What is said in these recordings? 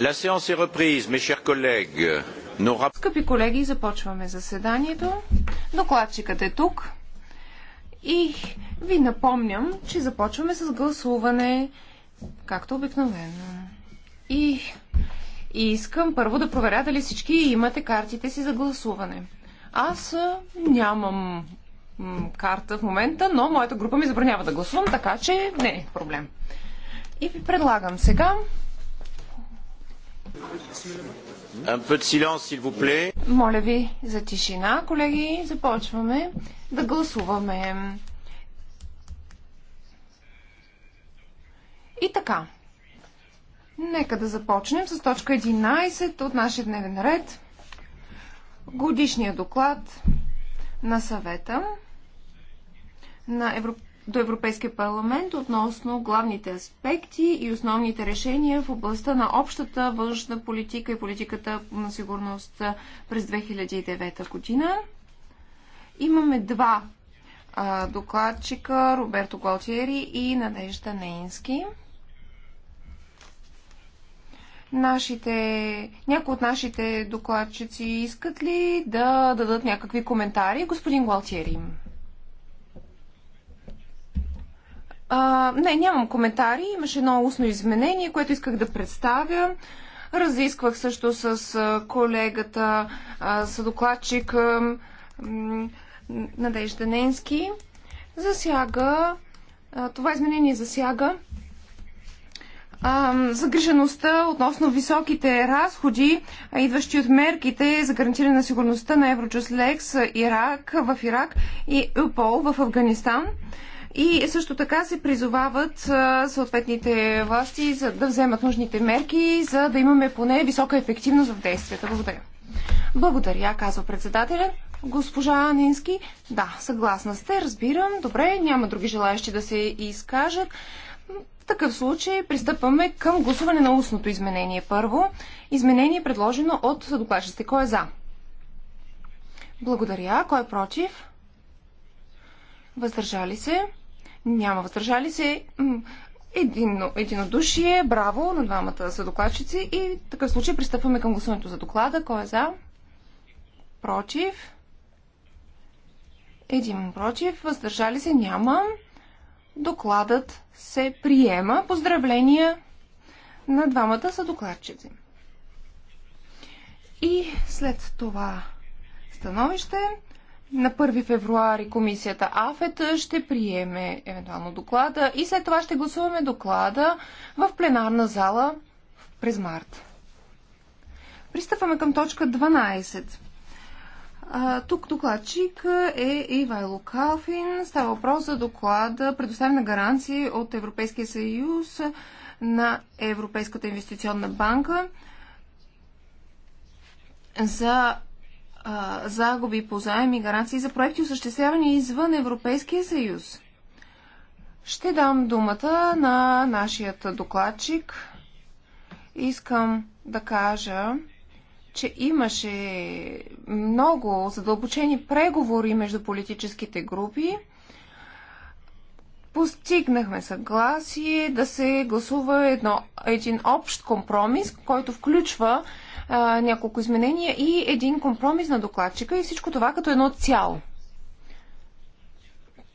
La séance est reprise, mes chers collègues. Nos... Скъпи колеги, започваме заседанието. Докладчикът е тук. И ви напомням, че започваме с гласуване, както обикновено. И, и искам първо да проверя дали всички имате картите си за гласуване. Аз нямам карта в момента, но моята група ми забранява да гласувам, така че не е проблем. И ви предлагам сега моля ви за тишина, колеги. Започваме да гласуваме. И така. Нека да започнем с точка 11 от нашия дневен ред. Годишния доклад на съвета на Европейския до Европейския парламент относно главните аспекти и основните решения в областта на общата външна политика и политиката на сигурност през 2009 година. Имаме два а, докладчика Роберто Голтиери и Надежда Нейнски. Нашите, някои от нашите докладчици искат ли да дадат някакви коментари? Господин Гуалтиери. А, не, нямам коментари. Имаше едно устно изменение, което исках да представя. Разисквах също с колегата, съдокладчик Надежда Ненски. Засяга, това изменение засяга загрижеността относно високите разходи, идващи от мерките за гарантиране на сигурността на Еврочус Лекс Ирак, в Ирак и ЮПОЛ в Афганистан. И също така се призовават съответните власти за да вземат нужните мерки, за да имаме поне висока ефективност в действията. Благодаря. Благодаря, казва председателя. Госпожа Анински, да, съгласна сте, разбирам. Добре, няма други желаящи да се изкажат. В такъв случай пристъпваме към гласуване на устното изменение първо. Изменение предложено от докладчиците. Кой е за? Благодаря. Кой е против? Въздържали се? Няма въздържали се. Едино, единодушие, браво на двамата са докладчици и в такъв случай пристъпваме към гласуването за доклада. Кой е за? Против? Един против. Въздържали се няма. Докладът се приема. Поздравления на двамата са докладчици. И след това становище на 1 февруари комисията АФЕТ ще приеме евентуално доклада и след това ще гласуваме доклада в пленарна зала през март. Пристъпваме към точка 12. А, тук докладчик е Ивайло Калфин. Става въпрос за доклада предоставяне на гаранции от Европейския съюз на Европейската инвестиционна банка за а, загуби по заеми гаранции за проекти, осъществявани извън Европейския съюз. Ще дам думата на нашият докладчик. Искам да кажа, че имаше много задълбочени преговори между политическите групи постигнахме съгласие да се гласува едно, един общ компромис, който включва а, няколко изменения и един компромис на докладчика и всичко това като едно цяло.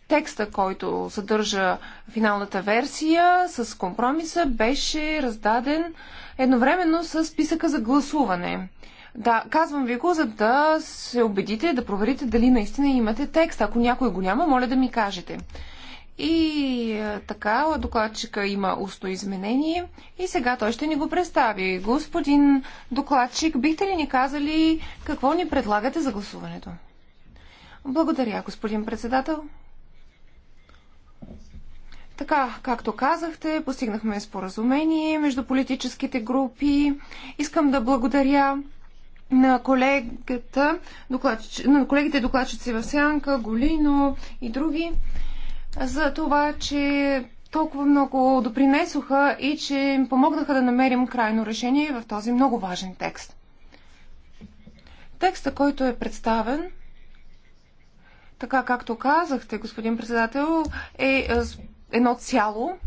Текста, който съдържа финалната версия с компромиса, беше раздаден едновременно с списъка за гласуване. Да, казвам ви го, за да се убедите, да проверите дали наистина имате текст. Ако някой го няма, моля да ми кажете. И е, така, докладчика има устно изменение и сега той ще ни го представи. Господин докладчик, бихте ли ни казали какво ни предлагате за гласуването? Благодаря, господин председател. Така, както казахте, постигнахме споразумение между политическите групи. Искам да благодаря на, колегата, на колегите докладчици в Сянка, Голино и други за това, че толкова много допринесоха и че им помогнаха да намерим крайно решение в този много важен текст. Текста, който е представен, така както казахте, господин председател, е, е едно цяло.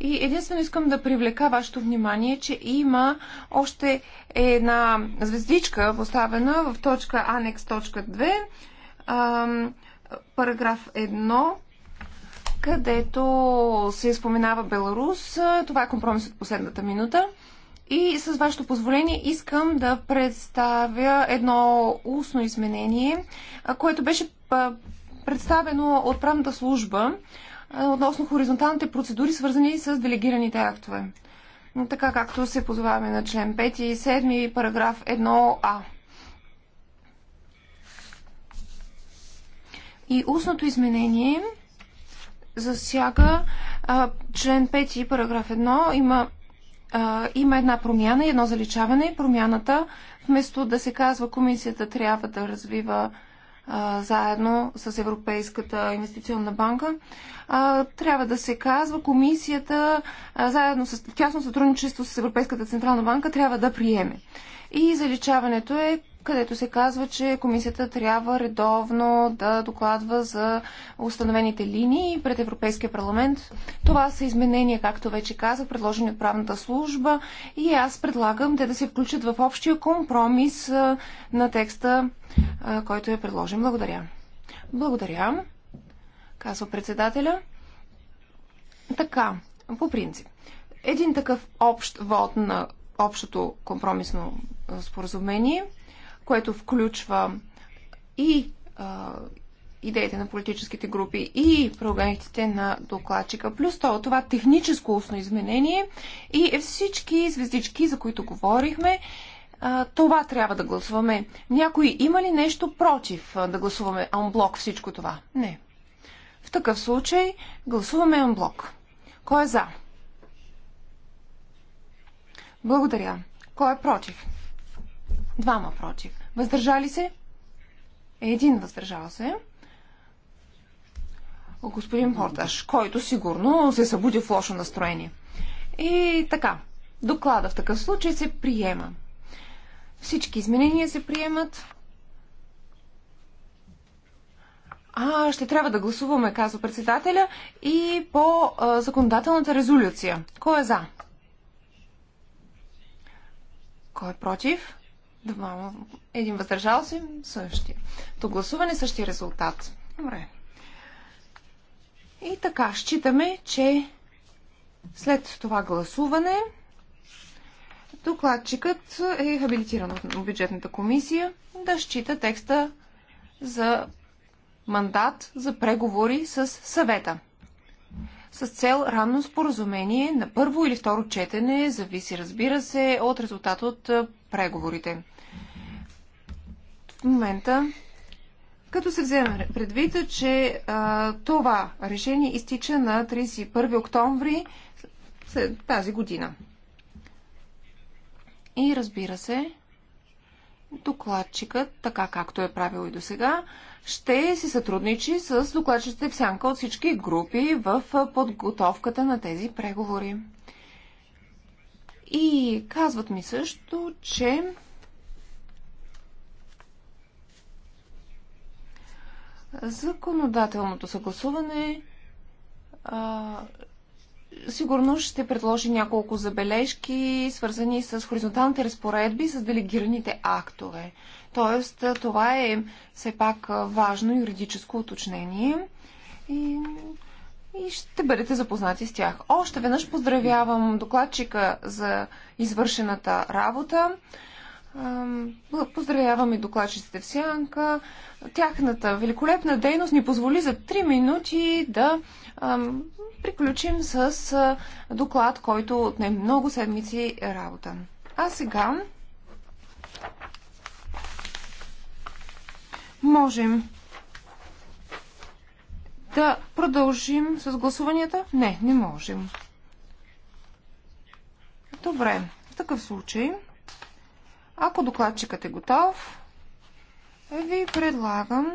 И единствено искам да привлека вашето внимание, че има още една звездичка поставена в точка Анекс точка 2, параграф 1, където се споменава Беларус. Това е компромис от последната минута. И с вашето позволение искам да представя едно устно изменение, което беше представено от правната служба относно хоризонталните процедури, свързани с делегираните актове. Така както се позоваваме на член 5 и 7, параграф 1а. И устното изменение засяга а, член 5 и параграф 1. Има, а, има една промяна и едно заличаване. Промяната, вместо да се казва комисията трябва да развива а, заедно с Европейската инвестиционна банка, а, трябва да се казва комисията а, заедно с тясно сътрудничество с Европейската централна банка трябва да приеме. И заличаването е където се казва, че комисията трябва редовно да докладва за установените линии пред Европейския парламент. Това са изменения, както вече казах, предложени от правната служба и аз предлагам те да се включат в общия компромис на текста, който е предложен. Благодаря. Благодаря, казва председателя. Така, по принцип, един такъв общ вод на общото компромисно споразумение – което включва и а, идеите на политическите групи и проблемите на докладчика, плюс то, това техническо устно изменение и всички звездички, за които говорихме, а, това трябва да гласуваме. Някой има ли нещо против да гласуваме анблок всичко това? Не. В такъв случай гласуваме анблок. Кой е за? Благодаря. Кой е против? Двама против. Въздържали се? Един въздържал се. Господин Порташ, който сигурно се събуди в лошо настроение. И така, доклада в такъв случай се приема. Всички изменения се приемат. А, ще трябва да гласуваме, казва председателя, и по а, законодателната резолюция. Кой е за? Кой е против? Двама. Един въздържал се, същия. То гласуване, същия резултат. Добре. И така, считаме, че след това гласуване докладчикът е хабилитиран от бюджетната комисия да счита текста за мандат за преговори с съвета с цел ранно споразумение на първо или второ четене, зависи разбира се от резултата от преговорите момента, като се вземе предвид, че а, това решение изтича на 31 октомври тази година. И разбира се, докладчикът, така както е правил и до сега, ще си сътрудничи с докладчиците в сянка от всички групи в подготовката на тези преговори. И казват ми също, че Законодателното съгласуване а, сигурно ще предложи няколко забележки, свързани с хоризонталните разпоредби, с делегираните актове. Тоест, това е все пак важно юридическо уточнение и, и ще бъдете запознати с тях. Още веднъж поздравявам докладчика за извършената работа. Поздравявам и докладчиците в Сянка. Тяхната великолепна дейност ни позволи за 3 минути да приключим с доклад, който отне много седмици работа. А сега можем да продължим с гласуванията? Не, не можем. Добре, в такъв случай. Ако докладчикът е готов, ви предлагам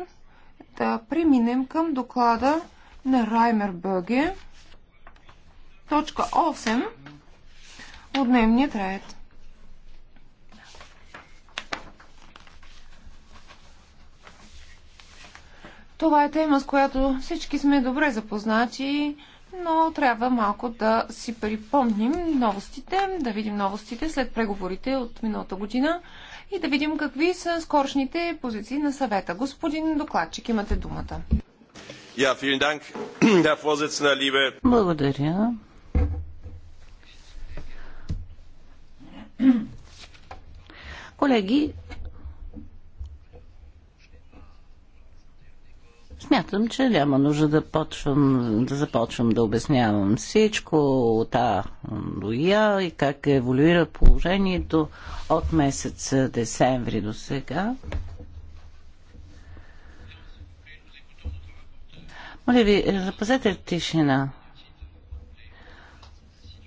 да преминем към доклада на Раймер Бъге, точка 8 от дневният ред. Това е тема, с която всички сме добре запознати но трябва малко да си припомним новостите, да видим новостите след преговорите от миналата година и да видим какви са скорошните позиции на съвета. Господин докладчик, имате думата. Благодаря. Колеги, Смятам, че няма нужда да, почвам, да започвам да обяснявам всичко от А до Я и как еволюира положението от месец декември до сега. Моля ви, запазете тишина.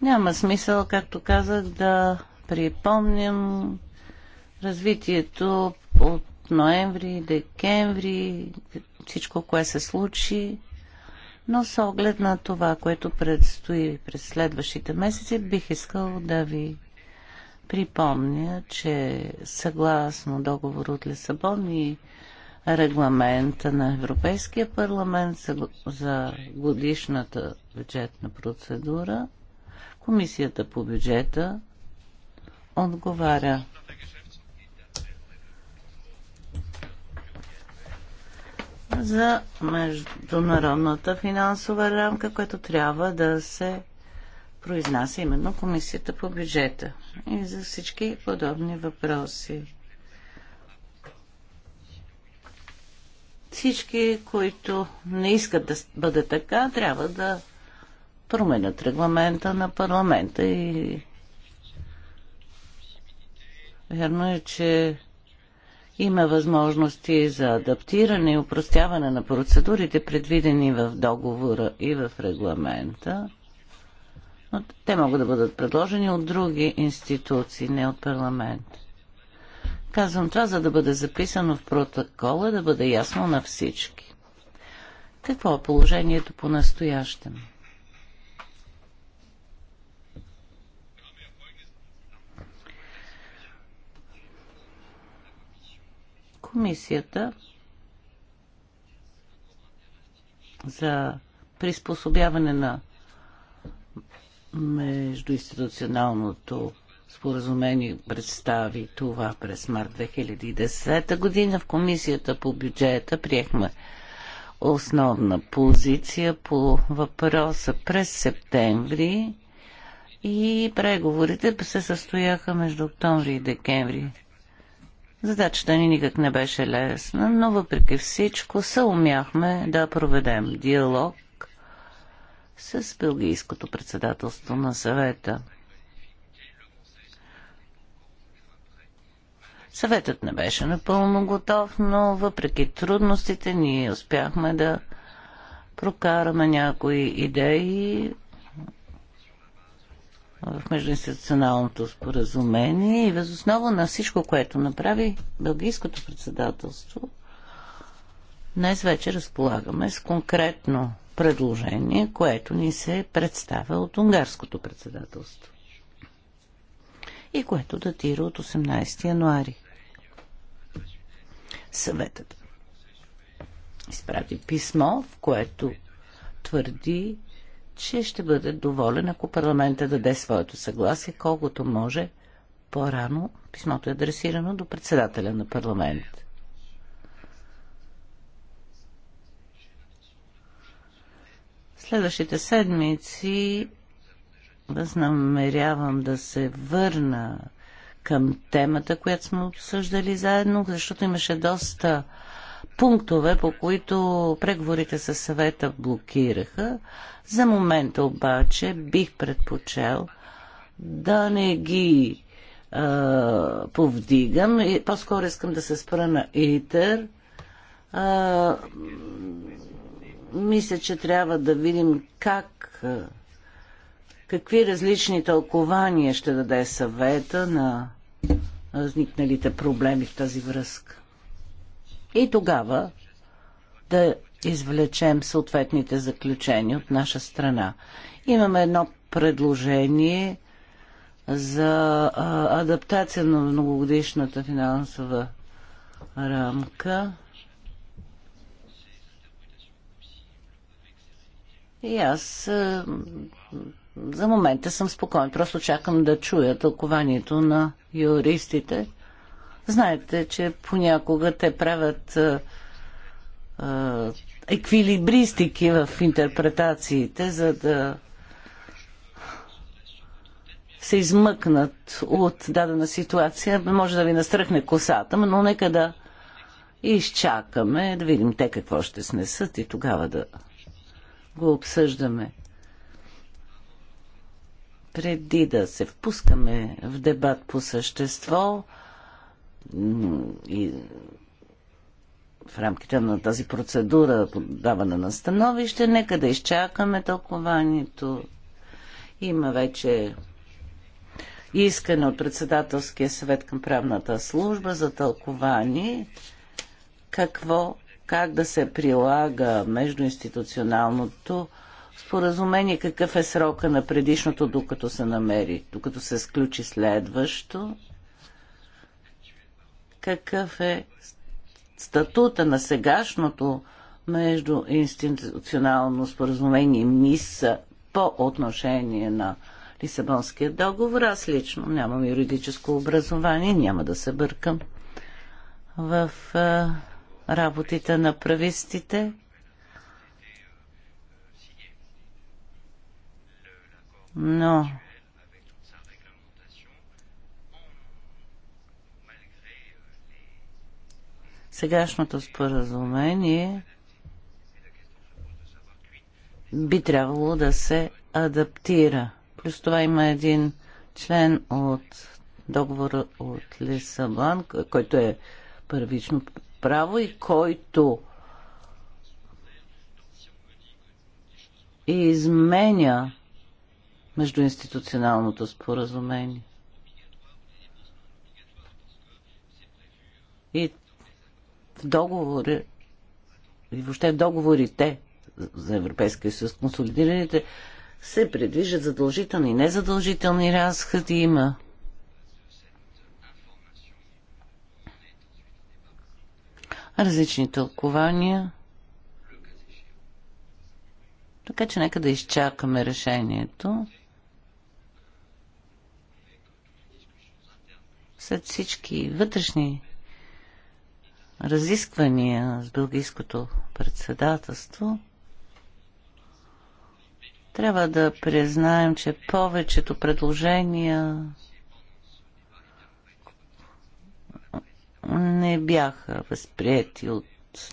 Няма смисъл, както казах, да припомням развитието от ноември, декември, всичко, кое се случи, но с оглед на това, което предстои през следващите месеци, бих искал да ви припомня, че съгласно договор от Лисабон и регламента на Европейския парламент за годишната бюджетна процедура, Комисията по бюджета отговаря за международната финансова рамка, която трябва да се произнася именно Комисията по бюджета и за всички подобни въпроси. Всички, които не искат да бъде така, трябва да променят регламента на парламента и Вярно е, че има възможности за адаптиране и упростяване на процедурите, предвидени в договора и в регламента. Но те могат да бъдат предложени от други институции, не от парламент. Казвам това, за да бъде записано в протокола, да бъде ясно на всички. Какво е положението по настоящем? комисията за приспособяване на междуинституционалното споразумение представи това през март 2010 година. В комисията по бюджета приехме основна позиция по въпроса през септември и преговорите се състояха между октомври и декември Задачата ни никак не беше лесна, но въпреки всичко се умяхме да проведем диалог с Белгийското председателство на съвета. Съветът не беше напълно готов, но въпреки трудностите ние успяхме да прокараме някои идеи, в междуинституционалното споразумение и възоснова на всичко, което направи Белгийското председателство, днес вече разполагаме с конкретно предложение, което ни се представя от унгарското председателство и което датира от 18 януари. Съветът изпрати писмо, в което твърди, че ще бъде доволен, ако парламента даде своето съгласие, колкото може по-рано. Писмото е адресирано до председателя на парламент. Следващите седмици възнамерявам да се върна към темата, която сме обсъждали заедно, защото имаше доста пунктове, по които преговорите със съвета блокираха. За момента обаче бих предпочел да не ги е, повдигам. И по-скоро искам да се спра на ИТЕР. Е, мисля, че трябва да видим как какви различни тълкования ще даде съвета на възникналите проблеми в тази връзка и тогава да извлечем съответните заключения от наша страна. Имаме едно предложение за адаптация на многогодишната финансова рамка. И аз за момента съм спокоен. Просто чакам да чуя тълкованието на юристите Знаете, че понякога те правят а, а, еквилибристики в интерпретациите, за да се измъкнат от дадена ситуация. Може да ви настръхне косата, но нека да изчакаме, да видим те какво ще снесат и тогава да го обсъждаме. Преди да се впускаме в дебат по същество, и в рамките на тази процедура подаване на становище, нека да изчакаме тълкованието. Има вече искане от председателския съвет към правната служба за тълкование какво, как да се прилага междуинституционалното споразумение, какъв е срока на предишното, докато се намери, докато се сключи следващо какъв е статута на сегашното между институционално споразумение МИСА по отношение на Лисабонския договор. Аз лично нямам юридическо образование, няма да се бъркам в а, работите на правистите. Но сегашното споразумение би трябвало да се адаптира. Плюс това има един член от договора от Лисабон, който е първично право и който изменя междуинституционалното споразумение. И в договора и въобще в договорите за Европейския съюз, консолидираните, се предвижат задължителни и незадължителни разходи. Има различни тълкования. Така че нека да изчакаме решението. След всички вътрешни разисквания с бългийското председателство, трябва да признаем, че повечето предложения не бяха възприяти от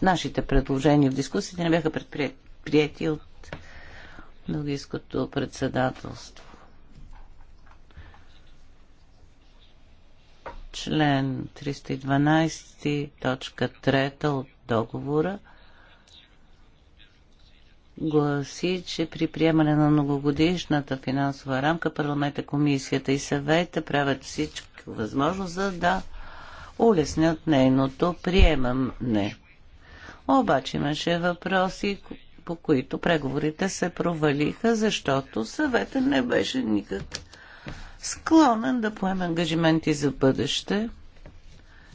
нашите предложения в дискусиите, не бяха предприяти от Белгийското председателство. член 312, точка 3 от договора гласи, че при приемане на многогодишната финансова рамка парламента, комисията и съвета правят всичко възможно, за да улеснят нейното приемане. Обаче имаше въпроси, по които преговорите се провалиха, защото съвета не беше никак склонен да поеме ангажименти за бъдеще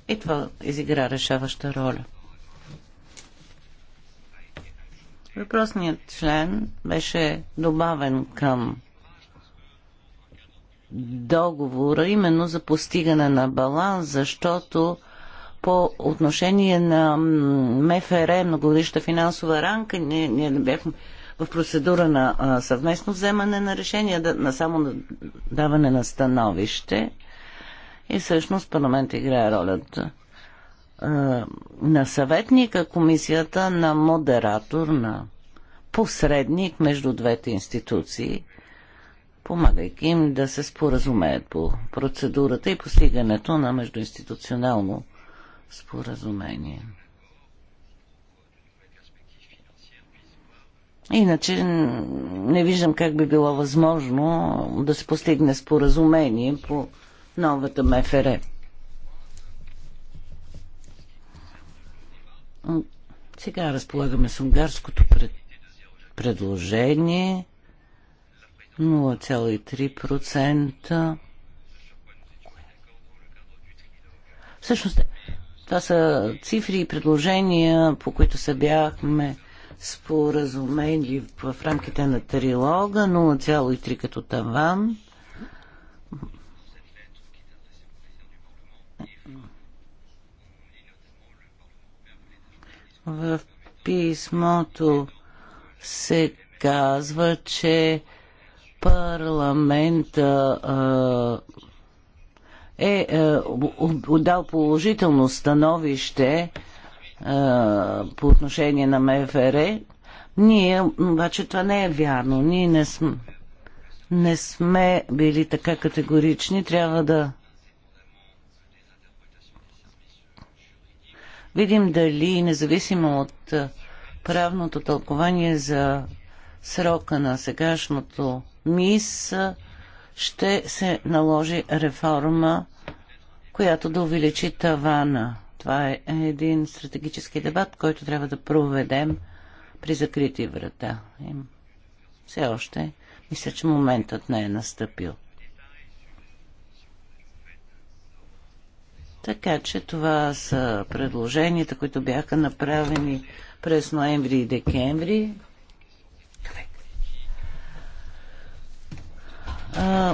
и това изигра решаваща роля. Въпросният член беше добавен към договора именно за постигане на баланс, защото по отношение на МФР, многогодишна финансова рамка, ние, ние не бяхме в процедура на а, съвместно вземане на решения, да, на само на даване на становище. И всъщност парламент играе ролята а, на съветника, комисията на модератор, на посредник между двете институции, помагайки им да се споразумеят по процедурата и постигането на междуинституционално споразумение. Иначе не виждам как би било възможно да се постигне споразумение по новата МФР. Сега разполагаме с унгарското пред... предложение 0,3%. Всъщност, е, това са цифри и предложения, по които се бяхме Споразумени в рамките на трилога 0,3 като таван. В писмото се казва, че парламента е, е, е отдал положително становище по отношение на МФР. Ние, обаче това не е вярно. Ние не сме, не сме били така категорични. Трябва да видим дали, независимо от правното тълкование за срока на сегашното МИС, ще се наложи реформа, която да увеличи тавана. Това е един стратегически дебат, който трябва да проведем при закрити врата. И все още мисля, че моментът не е настъпил. Така че това са предложенията, които бяха направени през ноември и декември.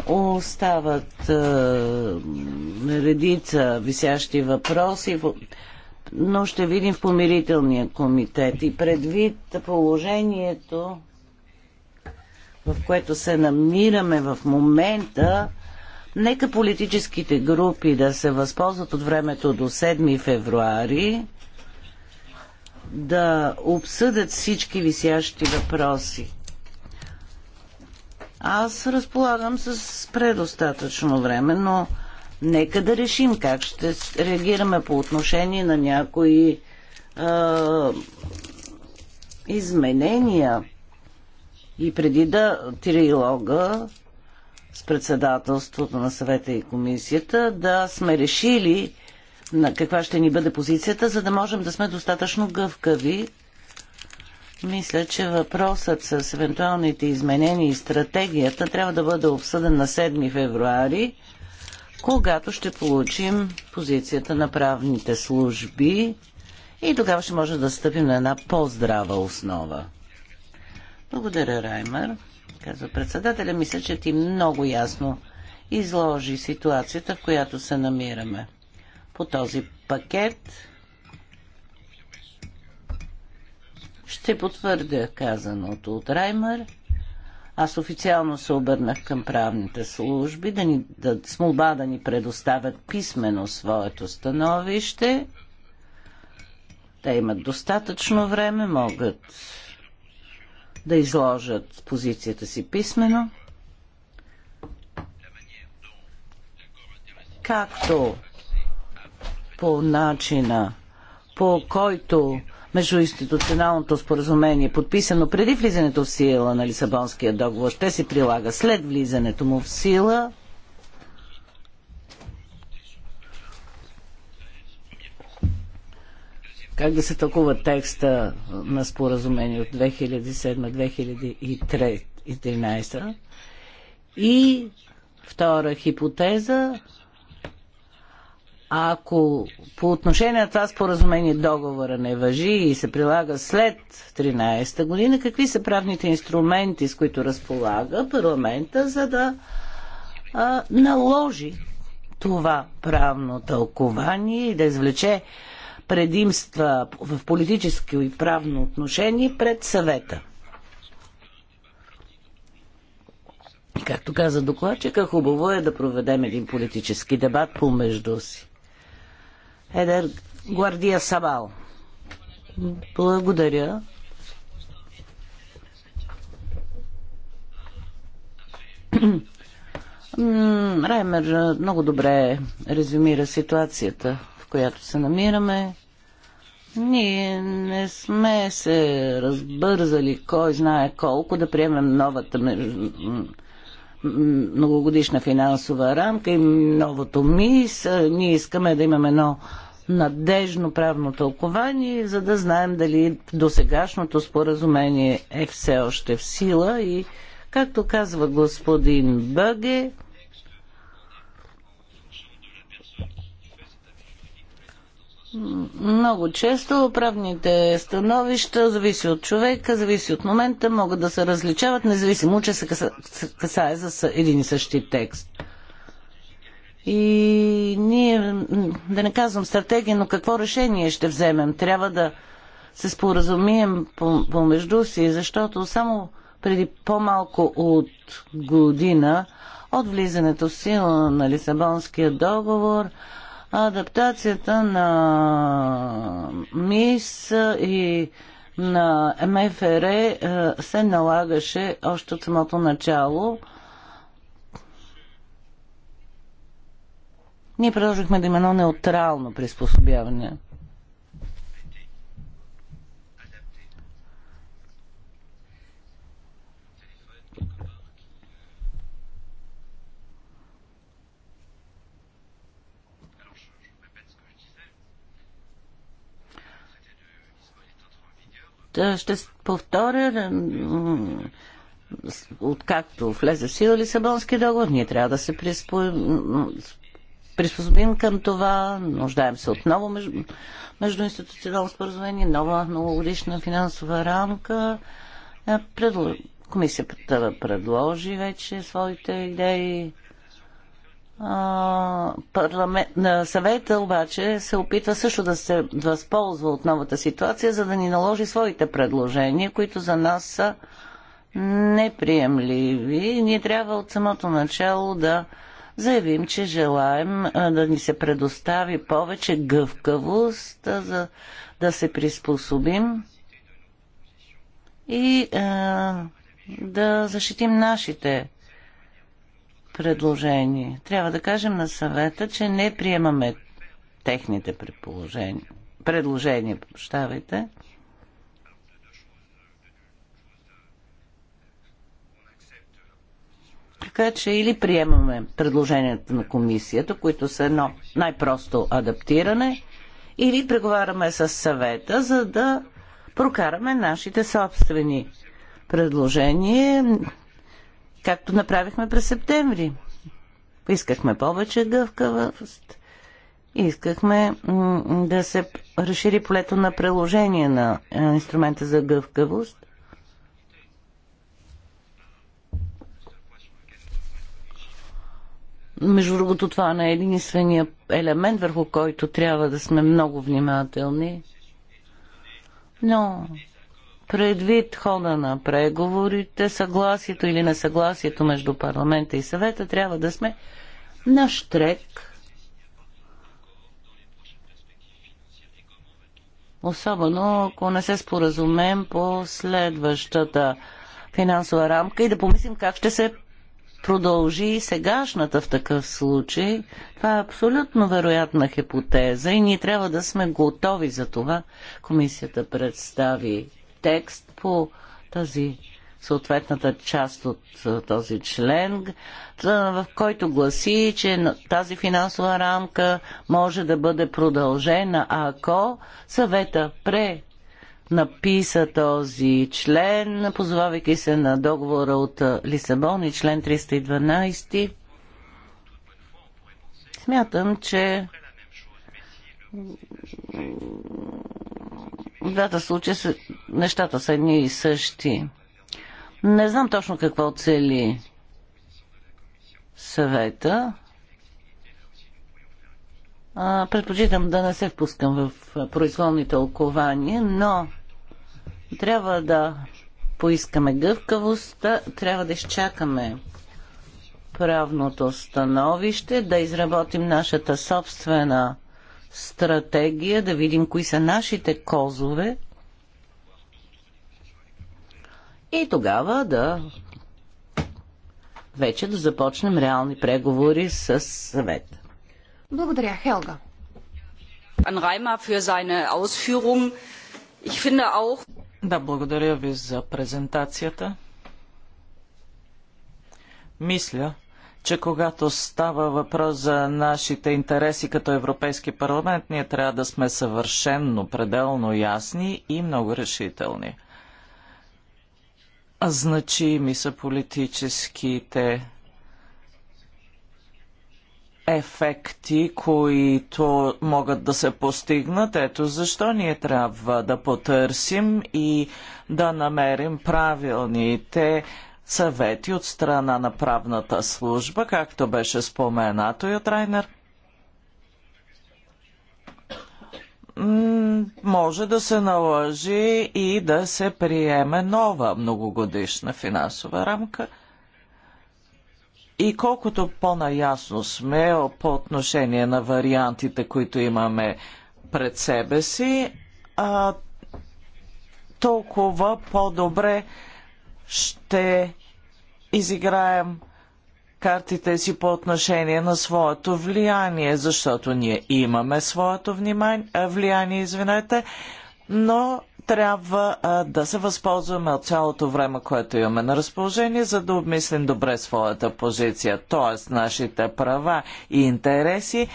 остават редица висящи въпроси, но ще видим в помирителния комитет. И предвид положението, в което се намираме в момента, нека политическите групи да се възползват от времето до 7 февруари, да обсъдят всички висящи въпроси аз разполагам с предостатъчно време, но нека да решим как ще реагираме по отношение на някои а, е, изменения. И преди да трилога с председателството на съвета и комисията, да сме решили на каква ще ни бъде позицията, за да можем да сме достатъчно гъвкави мисля, че въпросът с евентуалните изменения и стратегията трябва да бъде обсъден на 7 февруари, когато ще получим позицията на правните служби и тогава ще може да стъпим на една по-здрава основа. Благодаря, Раймер, казва председателя. Мисля, че ти много ясно изложи ситуацията, в която се намираме. По този пакет Ще потвърдя казаното от Раймър. Аз официално се обърнах към правните служби да ни, да, с молба да ни предоставят писмено своето становище. Те имат достатъчно време, могат да изложат позицията си писмено. Както по начина, по който междуинституционалното споразумение, подписано преди влизането в сила на Лисабонския договор, ще се прилага след влизането му в сила. Как да се тълкува текста на споразумение от 2007-2013? И втора хипотеза ако по отношение на това споразумение договора не въжи и се прилага след 13-та година, какви са правните инструменти, с които разполага парламента, за да а, наложи това правно тълкование и да извлече предимства в политическо и правно отношение пред съвета. И както каза докладчика, хубаво е да проведем един политически дебат помежду си. Едер Гвардия Сабал. Благодаря. Раймер много добре резюмира ситуацията, в която се намираме. Ние не сме се разбързали кой знае колко да приемем новата многогодишна финансова рамка и новото МИС. Ние искаме да имаме едно надежно правно тълкование, за да знаем дали досегашното споразумение е все още в сила и, както казва господин Бъге, Много често правните становища зависи от човека, зависи от момента, могат да се различават, независимо, че се, касае за един и същи текст. И ние, да не казвам стратегия, но какво решение ще вземем? Трябва да се споразумием помежду си, защото само преди по-малко от година от влизането в сила на Лисабонския договор – адаптацията на МИС и на МФР е, се налагаше още от самото начало. Ние продължихме да има едно неутрално приспособяване. Ще повторя, откакто влезе в сила Лисабонски договор, ние трябва да се приспособим към това. Нуждаем се от ново между... междуинституционално споразумение, нова многогодишна финансова рамка. Е, комисията предложи вече своите идеи. Парламент, съвета обаче се опитва също да се възползва от новата ситуация, за да ни наложи своите предложения, които за нас са неприемливи. Ние трябва от самото начало да заявим, че желаем да ни се предостави повече гъвкавост, за да се приспособим и е, да защитим нашите предложение. Трябва да кажем на съвета, че не приемаме техните предположения. Предложения, прощавайте. Така че или приемаме предложенията на комисията, които са едно най-просто адаптиране, или преговаряме с съвета, за да прокараме нашите собствени предложения както направихме през септември. Искахме повече гъвкавост. Искахме да се разшири полето на приложение на е, инструмента за гъвкавост. Между другото, това не е единствения елемент, върху който трябва да сме много внимателни. Но Предвид хода на преговорите, съгласието или несъгласието между парламента и съвета, трябва да сме на штрек. Особено ако не се споразумем по следващата финансова рамка и да помислим как ще се продължи и сегашната в такъв случай. Това е абсолютно вероятна хипотеза и ние трябва да сме готови за това. Комисията представи текст по тази съответната част от този член, в който гласи, че тази финансова рамка може да бъде продължена, ако съвета пре написа този член, позовавайки се на договора от Лисабон и член 312. Смятам, че в двата случая нещата са едни и същи. Не знам точно какво цели съвета. А, предпочитам да не се впускам в произволни тълкования, но трябва да поискаме гъвкавостта, трябва да изчакаме правното становище, да изработим нашата собствена стратегия, да видим кои са нашите козове и тогава да вече да започнем реални преговори с съвет. Благодаря, Хелга. Да, благодаря ви за презентацията. Мисля, че когато става въпрос за нашите интереси като Европейски парламент, ние трябва да сме съвършенно, пределно ясни и много решителни. Значими са политическите ефекти, които могат да се постигнат. Ето защо ние трябва да потърсим и да намерим правилните съвети от страна на правната служба, както беше споменато и от Райнер. Може да се наложи и да се приеме нова многогодишна финансова рамка. И колкото по-наясно сме по отношение на вариантите, които имаме пред себе си, толкова по-добре ще изиграем картите си по отношение на своето влияние, защото ние имаме своето внимание, влияние, извинете, но трябва а, да се възползваме от цялото време, което имаме на разположение, за да обмислим добре своята позиция. Т.е. нашите права и интереси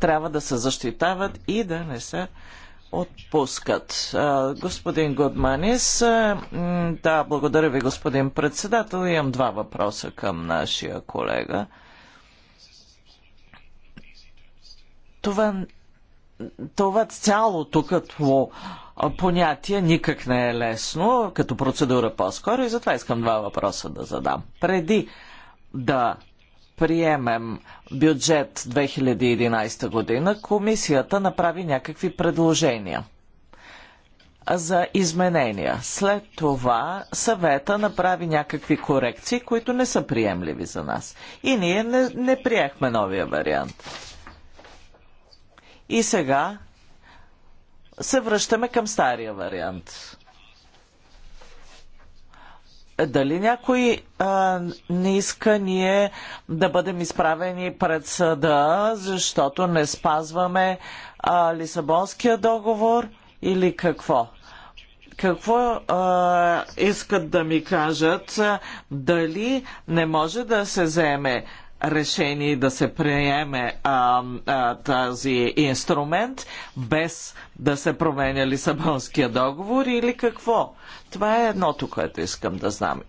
трябва да се защитават и да не се отпускат. Господин Гудманис, да, благодаря ви, господин председател. Имам два въпроса към нашия колега. Това, това цялото като понятие никак не е лесно, като процедура по-скоро и затова искам два въпроса да задам. Преди да приемем бюджет 2011 година, комисията направи някакви предложения за изменения. След това съвета направи някакви корекции, които не са приемливи за нас. И ние не, не приехме новия вариант. И сега се връщаме към стария вариант дали някой а, не иска ние да бъдем изправени пред съда, защото не спазваме а, Лисабонския договор или какво? Какво а, искат да ми кажат? Дали не може да се вземе решени да се приеме а, а, тази инструмент без да се променя Лисабонския договор или какво? Това е едното, което искам да знам.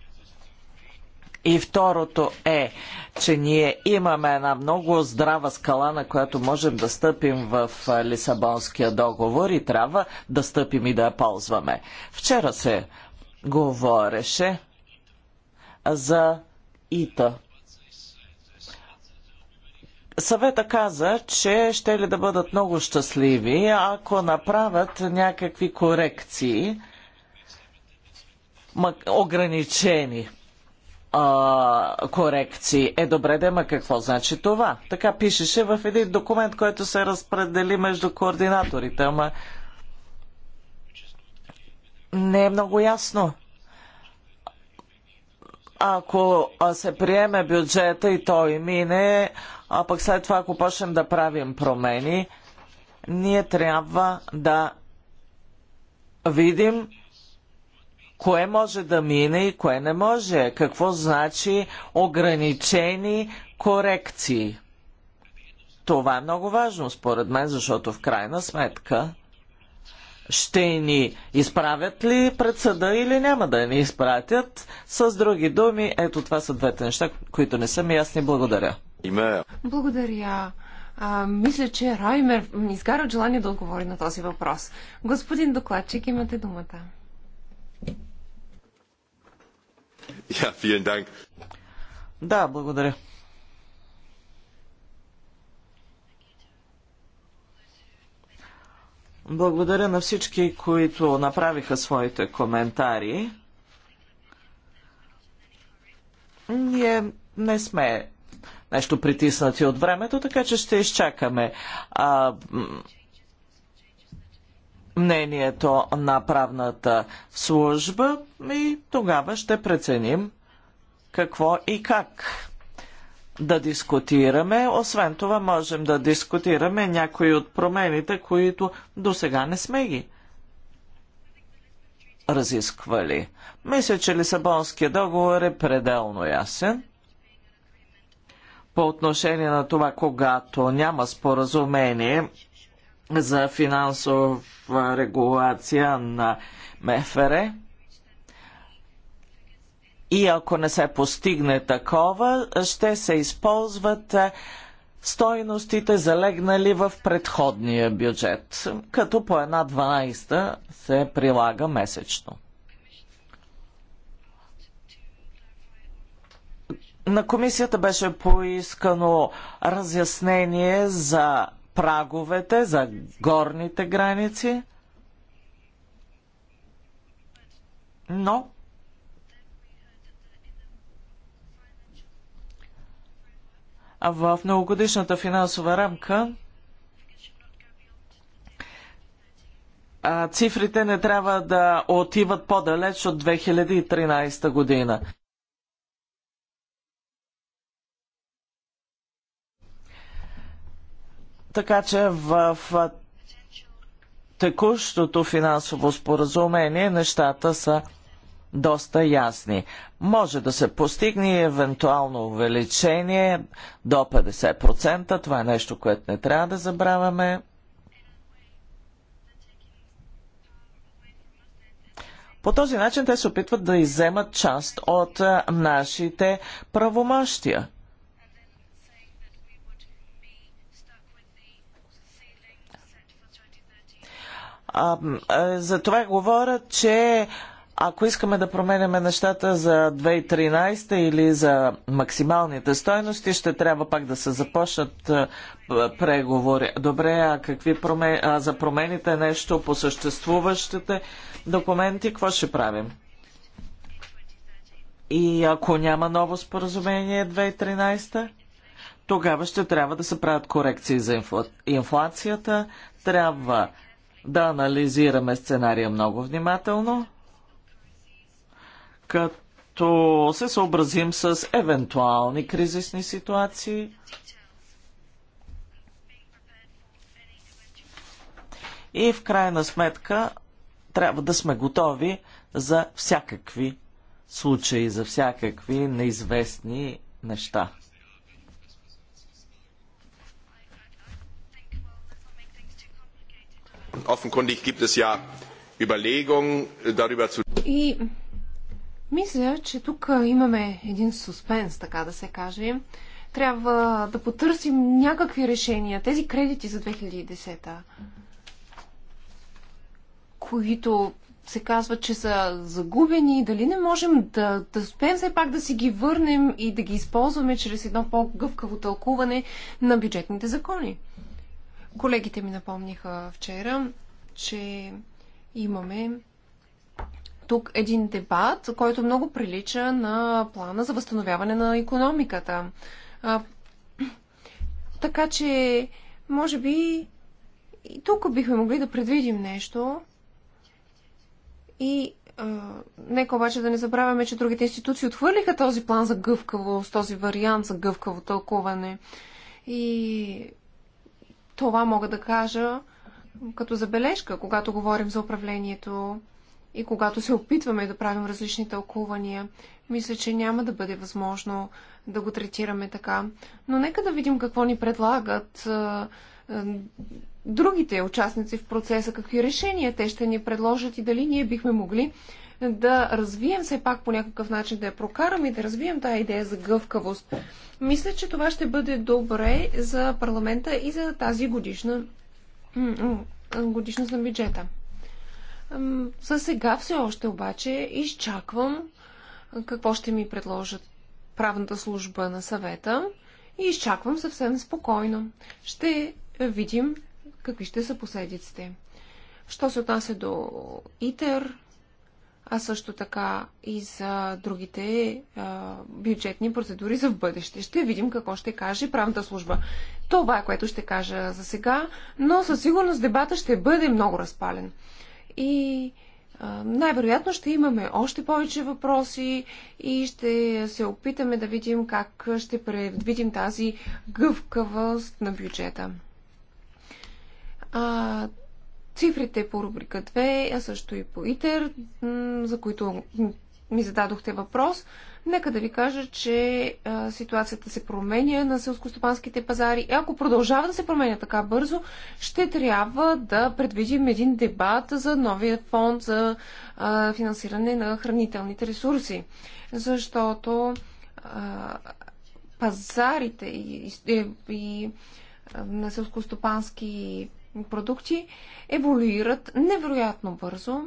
И второто е, че ние имаме една много здрава скала, на която можем да стъпим в Лисабонския договор и трябва да стъпим и да я ползваме. Вчера се говореше за ИТА Съвета каза, че ще ли да бъдат много щастливи, ако направят някакви корекции, ограничени а, корекции. Е, добре, да има какво значи това. Така пишеше в един документ, който се разпредели между координаторите, ама не е много ясно ако се приеме бюджета и той мине, а пък след това, ако почнем да правим промени, ние трябва да видим кое може да мине и кое не може. Какво значи ограничени корекции? Това е много важно, според мен, защото в крайна сметка ще ни изправят ли пред съда или няма да ни изпратят. С други думи, ето това са двете неща, които не са ми ясни. Благодаря. Благодаря. А, мисля, че Раймер изгара от желание да отговори на този въпрос. Господин докладчик, имате думата. Yeah, да, благодаря. Благодаря на всички, които направиха своите коментари. Ние не сме нещо притиснати от времето, така че ще изчакаме а, мнението на правната служба и тогава ще преценим какво и как да дискутираме. Освен това, можем да дискутираме някои от промените, които до сега не сме ги разисквали. Мисля, че Лисабонския договор е пределно ясен. По отношение на това, когато няма споразумение за финансова регулация на МФР, и ако не се постигне такова, ще се използват е, стойностите залегнали в предходния бюджет, като по една 12 се прилага месечно. На комисията беше поискано разяснение за праговете, за горните граници, но в многогодишната финансова рамка цифрите не трябва да отиват по-далеч от 2013 година. Така че в текущото финансово споразумение нещата са доста ясни. Може да се постигне евентуално увеличение до 50%. Това е нещо, което не трябва да забравяме. По този начин те се опитват да иземат част от нашите правомощия. А, а, е, за това говорят, че ако искаме да променяме нещата за 2013 или за максималните стойности, ще трябва пак да се започнат е, преговори. Добре, а какви промен а за промените нещо по съществуващите документи, какво ще правим? И ако няма ново споразумение 2013, тогава ще трябва да се правят корекции за инфла... инфлацията. Трябва да анализираме сценария много внимателно като се съобразим с евентуални кризисни ситуации. И в крайна сметка трябва да сме готови за всякакви случаи, за всякакви неизвестни неща. Offenkundig gibt es ja Überlegungen darüber zu. И мисля, че тук имаме един суспенс, така да се каже. Трябва да потърсим някакви решения. Тези кредити за 2010 които се казва, че са загубени, дали не можем да, да успеем все пак да си ги върнем и да ги използваме чрез едно по-гъвкаво тълкуване на бюджетните закони. Колегите ми напомниха вчера, че имаме тук един дебат, който много прилича на плана за възстановяване на економиката. А, така че, може би, и тук бихме могли да предвидим нещо. И а, нека обаче да не забравяме, че другите институции отхвърлиха този план за гъвкавост, този вариант за гъвкаво тълкуване. И това мога да кажа като забележка, когато говорим за управлението и когато се опитваме да правим различни тълкувания, мисля, че няма да бъде възможно да го третираме така. Но нека да видим какво ни предлагат другите участници в процеса, какви решения те ще ни предложат и дали ние бихме могли да развием все пак по някакъв начин, да я прокараме и да развием тази идея за гъвкавост. Мисля, че това ще бъде добре за парламента и за тази годишна годишност на бюджета. За сега все още обаче изчаквам какво ще ми предложат правната служба на съвета и изчаквам съвсем спокойно. Ще видим какви ще са последиците. Що се отнася до ИТЕР, а също така и за другите а, бюджетни процедури за в бъдеще. Ще видим какво ще каже правната служба. Това е което ще кажа за сега, но със сигурност дебата ще бъде много разпален и най-вероятно ще имаме още повече въпроси и ще се опитаме да видим как ще предвидим тази гъвкавост на бюджета. А, цифрите по рубрика 2, а също и по ИТЕР, за които ми зададохте въпрос, Нека да ви кажа, че а, ситуацията се променя на селскостопанските пазари. И ако продължава да се променя така бързо, ще трябва да предвидим един дебат за новия фонд за а, финансиране на хранителните ресурси. Защото а, пазарите и, и, и на селскостопански продукти еволюират невероятно бързо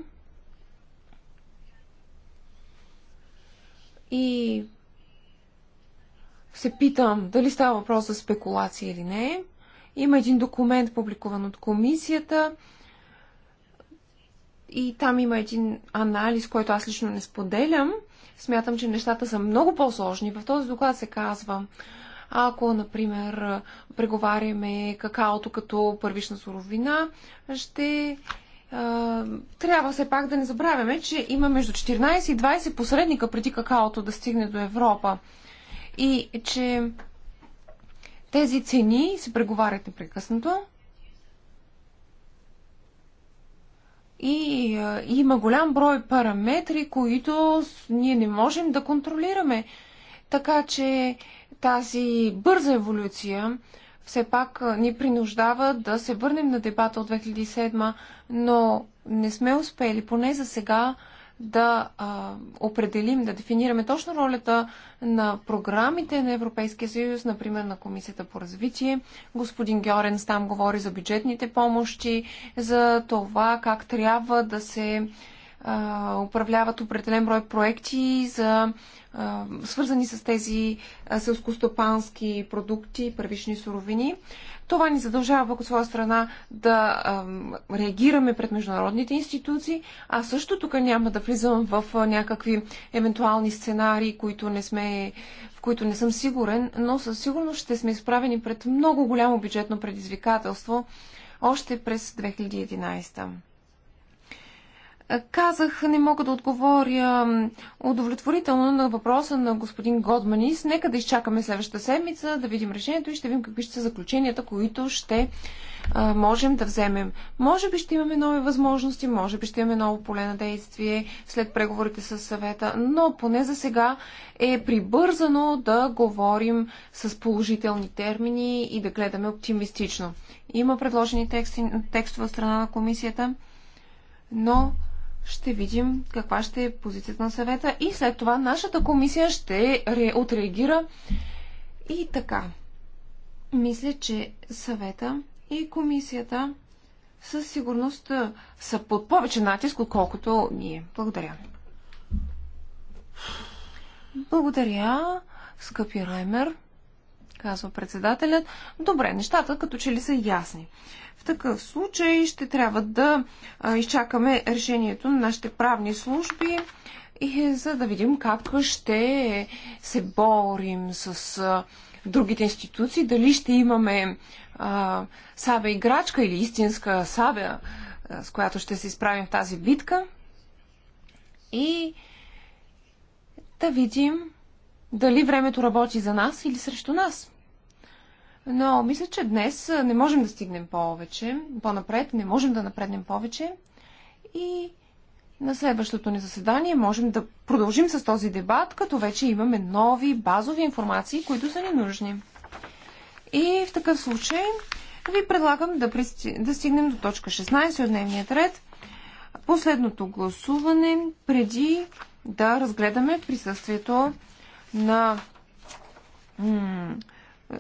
и се питам дали става въпрос за спекулация или не. Има един документ, публикуван от комисията, и там има един анализ, който аз лично не споделям. Смятам, че нещата са много по-сложни. В този доклад се казва, ако, например, преговаряме какаото като първична суровина, ще трябва все пак да не забравяме, че има между 14 и 20 посредника преди какаото да стигне до Европа. И че тези цени се преговарят непрекъснато. И а, има голям брой параметри, които ние не можем да контролираме. Така че тази бърза еволюция, все пак ни принуждава да се върнем на дебата от 2007, но не сме успели, поне за сега, да а, определим, да дефинираме точно ролята на програмите на Европейския съюз, например на Комисията по развитие. Господин Георенс там говори за бюджетните помощи, за това как трябва да се управляват определен брой проекти, за, а, свързани с тези селскостопански продукти, първични суровини. Това ни задължава от своя страна да а, реагираме пред международните институции, а също тук няма да влизам в някакви евентуални сценарии, които не сме, в които не съм сигурен, но със сигурност ще сме изправени пред много голямо бюджетно предизвикателство още през 2011. Казах, не мога да отговоря удовлетворително на въпроса на господин Годманис. Нека да изчакаме следващата седмица, да видим решението и ще видим какви ще са заключенията, които ще а, можем да вземем. Може би ще имаме нови възможности, може би ще имаме ново поле на действие след преговорите с съвета, но поне за сега е прибързано да говорим с положителни термини и да гледаме оптимистично. Има предложени текстове от страна на комисията, но ще видим каква ще е позицията на съвета и след това нашата комисия ще отреагира и така. Мисля, че съвета и комисията със сигурност са под повече натиск, отколкото ние. Благодаря. Благодаря, скъпи Раймер, казва председателят. Добре, нещата като че ли са ясни. В такъв случай ще трябва да изчакаме решението на нашите правни служби и за да видим как ще се борим с другите институции, дали ще имаме а, сабя играчка или истинска сабя, с която ще се изправим в тази битка. И да видим дали времето работи за нас или срещу нас. Но мисля, че днес не можем да стигнем повече, по-напред, не можем да напреднем повече. И на следващото ни заседание можем да продължим с този дебат, като вече имаме нови базови информации, които са ни нужни. И в такъв случай ви предлагам да, пристиг... да стигнем до точка 16 от дневният ред. Последното гласуване преди да разгледаме присъствието на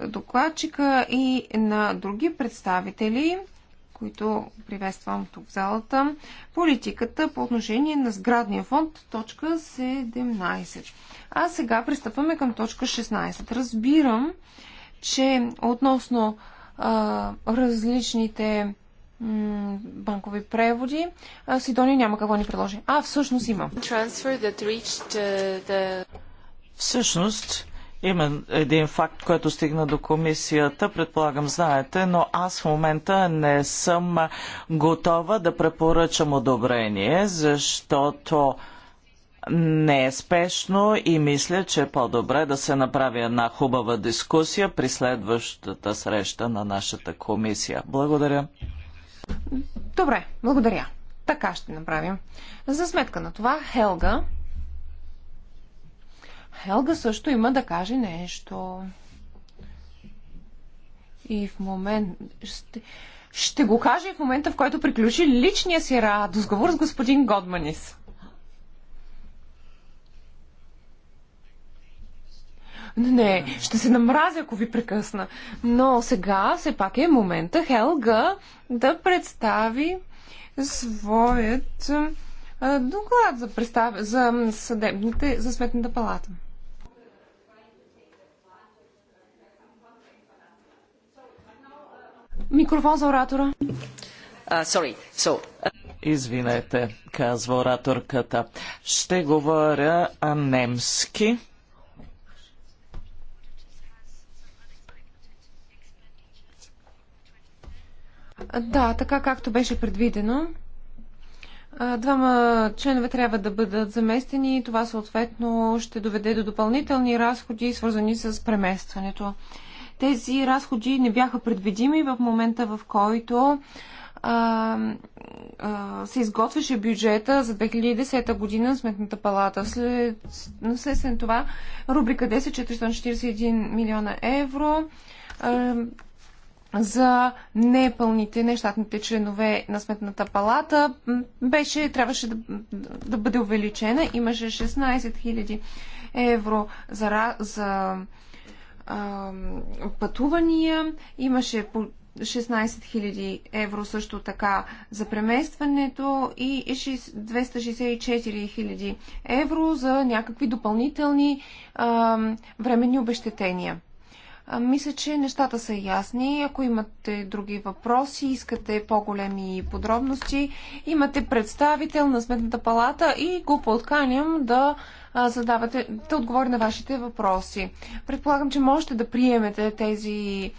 докладчика и на други представители, които приветствам тук в залата, политиката по отношение на сградния фонд, точка 17. А сега пристъпваме към точка 16. Разбирам, че относно а, различните банкови преводи, Сидония няма какво ни предложи. А, всъщност има. Uh, всъщност, има един факт, който стигна до комисията, предполагам знаете, но аз в момента не съм готова да препоръчам одобрение, защото не е спешно и мисля, че е по-добре да се направи една хубава дискусия при следващата среща на нашата комисия. Благодаря. Добре, благодаря. Така ще направим. За сметка на това, Хелга Хелга също има да каже нещо. И в момент... Ще, ще го каже в момента, в който приключи личния си разговор с господин Годманис. Не, ще се намразя, ако ви прекъсна. Но сега все пак е момента Хелга да представи своят доклад за, представ... за, съдебните... за сметната палата. Микрофон за оратора. sorry. So, Извинете, казва ораторката. Ще говоря немски. Да, така както беше предвидено. Двама членове трябва да бъдат заместени и това съответно ще доведе до допълнителни разходи, свързани с преместването. Тези разходи не бяха предвидими в момента, в който а, а, се изготвяше бюджета за 2010 година Сметната палата. След, след това рубрика 10 441 милиона евро а, за непълните, нещатните членове на Сметната палата беше, трябваше да, да бъде увеличена. Имаше 16 000 евро за, за а, пътувания, имаше по 16 000 евро също така за преместването и 264 000 евро за някакви допълнителни а, временни обещетения. мисля, че нещата са ясни. Ако имате други въпроси, искате по-големи подробности, имате представител на Сметната палата и го подканям да задавате, да отговори на вашите въпроси. Предполагам, че можете да приемете тези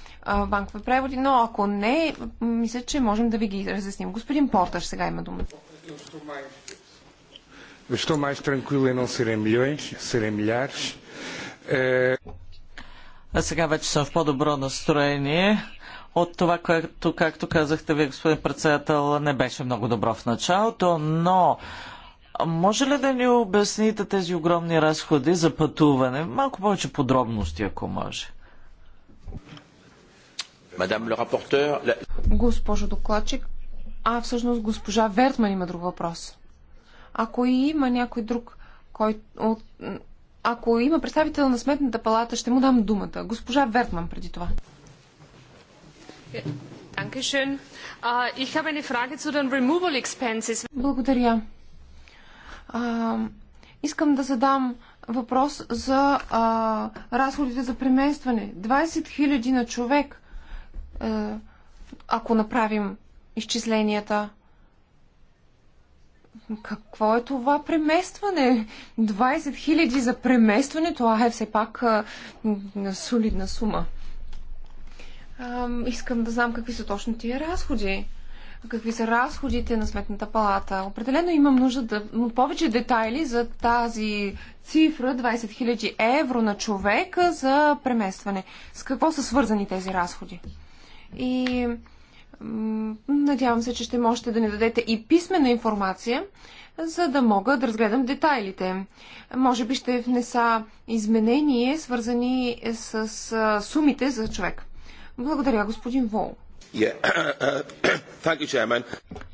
банкови преводи, но ако не, мисля, че можем да ви ги разясним. Господин Порташ сега има думата. Eu estou mais tranquilo em não serem milhões, serem milhares. Е, а сега вече съм в по-добро настроение. От това, което, както казахте вие, господин председател, не беше много добро в началото, но може ли да ни обясните тези огромни разходи за пътуване? Малко повече подробности, ако може. Госпожо докладчик, а всъщност госпожа Вертман има друг въпрос. Ако и има някой друг, кой, ако има представител на Сметната палата, ще му дам думата. Госпожа Вертман преди това. Е, Благодаря. А, искам да задам въпрос за а, разходите за преместване. 20 000 на човек, а, ако направим изчисленията. Какво е това преместване? 20 000 за преместване, това е все пак а, солидна сума. А, искам да знам какви са точно тия разходи какви са разходите на Сметната палата. Определено имам нужда да, от повече детайли за тази цифра 20 000 евро на човека за преместване. С какво са свързани тези разходи? И надявам се, че ще можете да ни дадете и писмена информация, за да мога да разгледам детайлите. Може би ще внеса изменения, свързани с сумите за човек. Благодаря, господин Вол.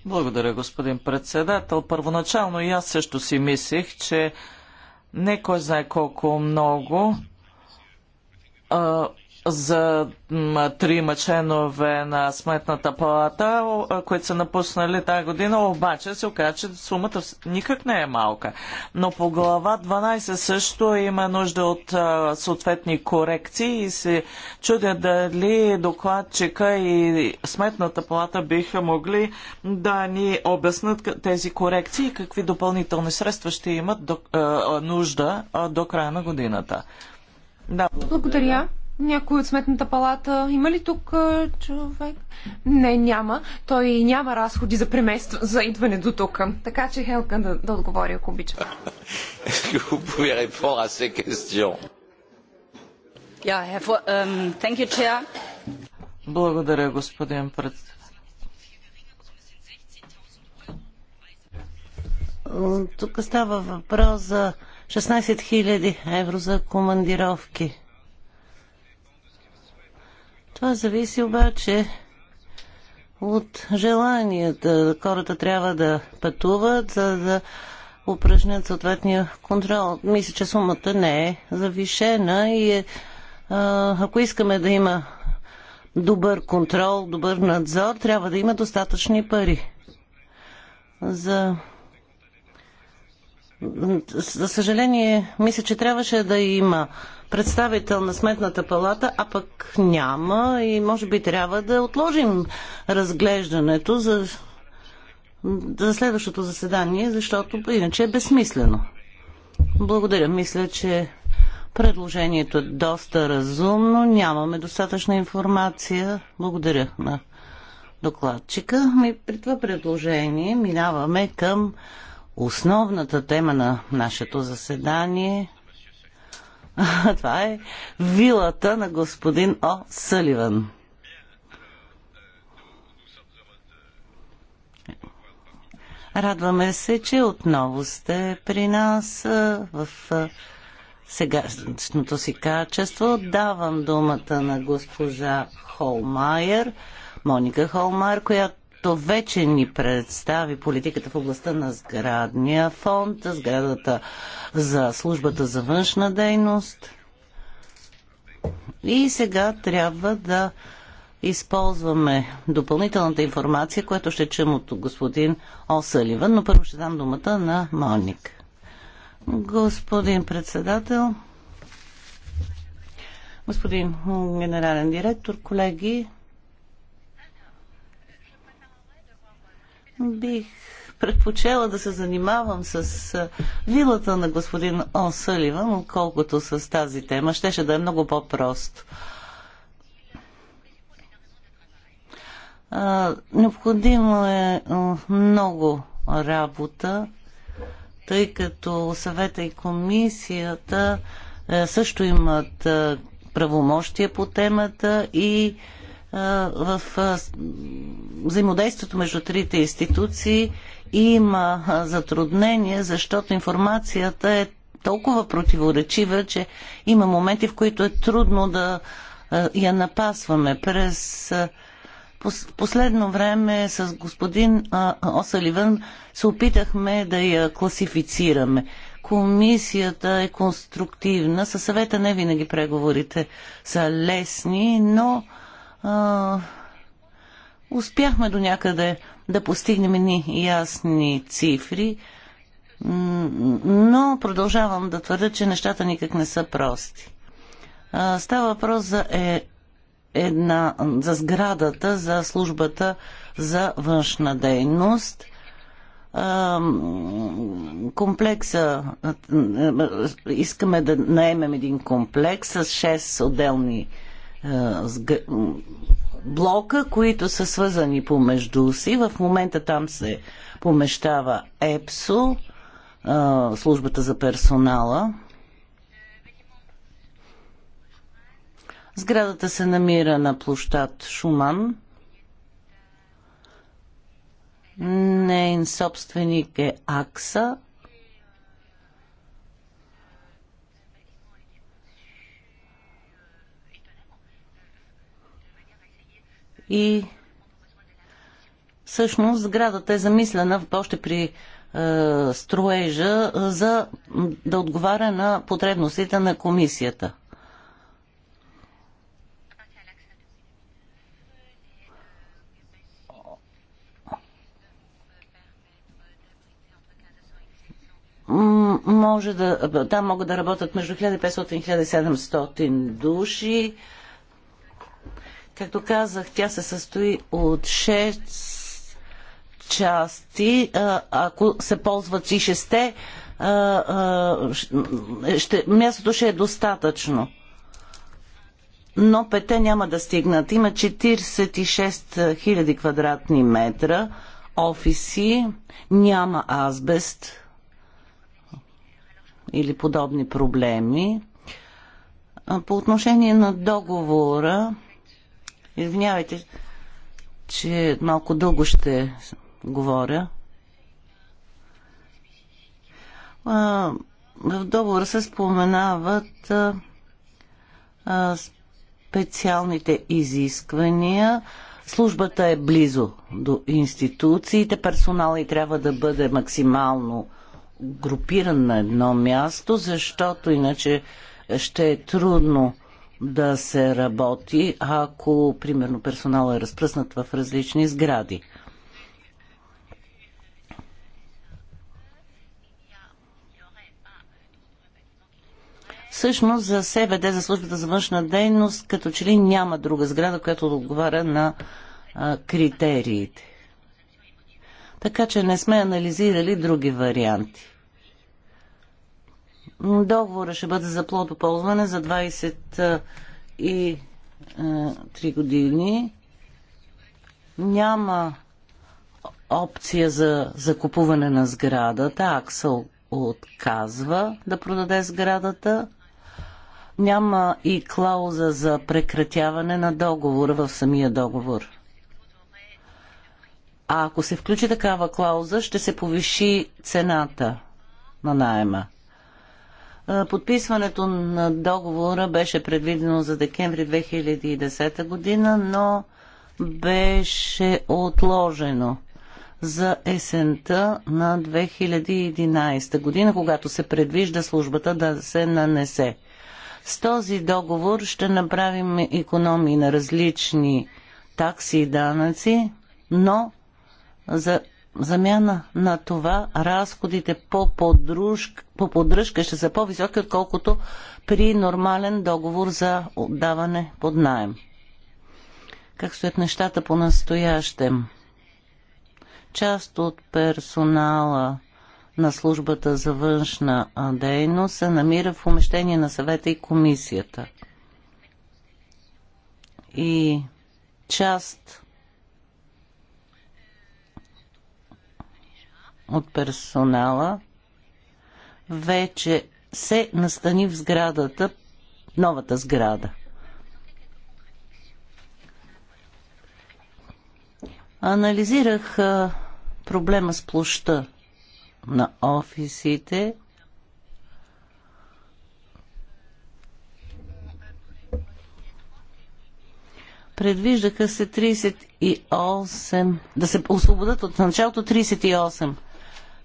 Благодаря, господин председател. Първоначално и аз също си мислех, че не кой знае колко много а, за трима членове на сметната палата, които са напуснали тази година, обаче се оказа, че сумата никак не е малка. Но по глава 12 също има нужда от съответни корекции и се чудя дали докладчика и сметната палата биха могли да ни обяснат тези корекции и какви допълнителни средства ще имат до, е, нужда до края на годината. Да, благодаря. Някой от сметната палата. Има ли тук човек? Не, няма. Той няма разходи за премест... за идване до тук. Така че Хелка да, да отговори, ако обича. Ähm, Благодаря, господин пред... Тук става въпрос за 16 000 евро за командировки. Това зависи обаче от желанията. Хората трябва да пътуват, за да упражнят съответния контрол. Мисля, че сумата не е завишена и е, ако искаме да има добър контрол, добър надзор, трябва да има достатъчни пари. За за съжаление, мисля, че трябваше да има представител на Сметната палата, а пък няма и може би трябва да отложим разглеждането за, за следващото заседание, защото иначе е безсмислено. Благодаря. Мисля, че предложението е доста разумно. Нямаме достатъчна информация. Благодаря на докладчика. Ми при това предложение минаваме към основната тема на нашето заседание Това е вилата на господин О. Съливан. Радваме се, че отново сте при нас в сегашното си качество. Давам думата на госпожа Холмайер, Моника Холмайер, която то вече ни представи политиката в областта на сградния фонд, сградата за службата за външна дейност. И сега трябва да използваме допълнителната информация, която ще чем от господин Осаливан, но първо ще дам думата на Моник. Господин председател, господин генерален директор, колеги, Бих предпочела да се занимавам с вилата на господин О. Съливан, отколкото с тази тема. Щеше да е много по-прост. Необходимо е много работа, тъй като съвета и комисията е, също имат правомощия по темата и в взаимодействието между трите институции има затруднение, защото информацията е толкова противоречива, че има моменти, в които е трудно да я напасваме. През последно време с господин Осаливън се опитахме да я класифицираме. Комисията е конструктивна, със съвета не винаги преговорите са лесни, но успяхме до някъде да постигнем ни ясни цифри, но продължавам да твърда, че нещата никак не са прости. става въпрос за е, една, за сградата, за службата за външна дейност. комплекса искаме да наемем един комплекс с 6 отделни блока, които са свързани помежду си. В момента там се помещава ЕПСО, службата за персонала. Сградата се намира на площад Шуман. Нейн собственик е Акса – И всъщност сградата е замислена още при е, строежа за да отговаря на потребностите на комисията. Може да, там могат да работят между 1500 и 1700 души. Както казах, тя се състои от 6 части. Ако се ползват и 6, ще, мястото ще е достатъчно. Но пете няма да стигнат. Има 46 000 квадратни метра офиси, няма азбест или подобни проблеми. По отношение на договора, Извинявайте, че малко дълго ще говоря. А, в договора се споменават а, а, специалните изисквания. Службата е близо до институциите, Персонал и трябва да бъде максимално групиран на едно място, защото иначе ще е трудно да се работи, ако, примерно, персонал е разпръснат в различни сгради. Всъщност за СВД, за службата за външна дейност, като че ли няма друга сграда, която да отговаря на а, критериите. Така че не сме анализирали други варианти. Договора ще бъде за плодоползване за 23 години. Няма опция за закупуване на сградата. Аксъл отказва да продаде сградата. Няма и клауза за прекратяване на договора в самия договор. А ако се включи такава клауза, ще се повиши цената на найема. Подписването на договора беше предвидено за декември 2010 година, но беше отложено за есента на 2011 година, когато се предвижда службата да се нанесе. С този договор ще направим економии на различни такси и данъци, но за замяна на това разходите по, подружк, по поддръжка ще са по-високи, отколкото при нормален договор за отдаване под найем. Как стоят нещата по настоящем? Част от персонала на службата за външна дейност се намира в помещение на съвета и комисията. И част от персонала вече се настани в сградата, новата сграда. Анализирах проблема с площа на офисите. Предвиждаха се 38, да се освободят от началото 38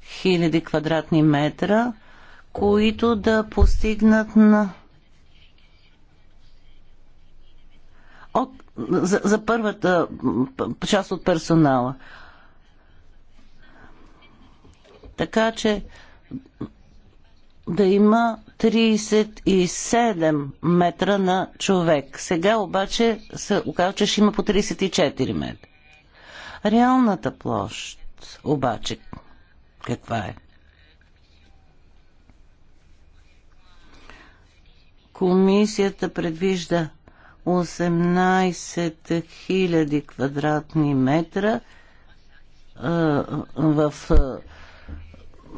Хиляди квадратни метра, които да постигнат на от, за, за първата част от персонала. Така че да има 37 метра на човек. Сега обаче се оказва, че ще има по 34 метра. Реалната площ обаче, каква е. Комисията предвижда 18 000 квадратни метра в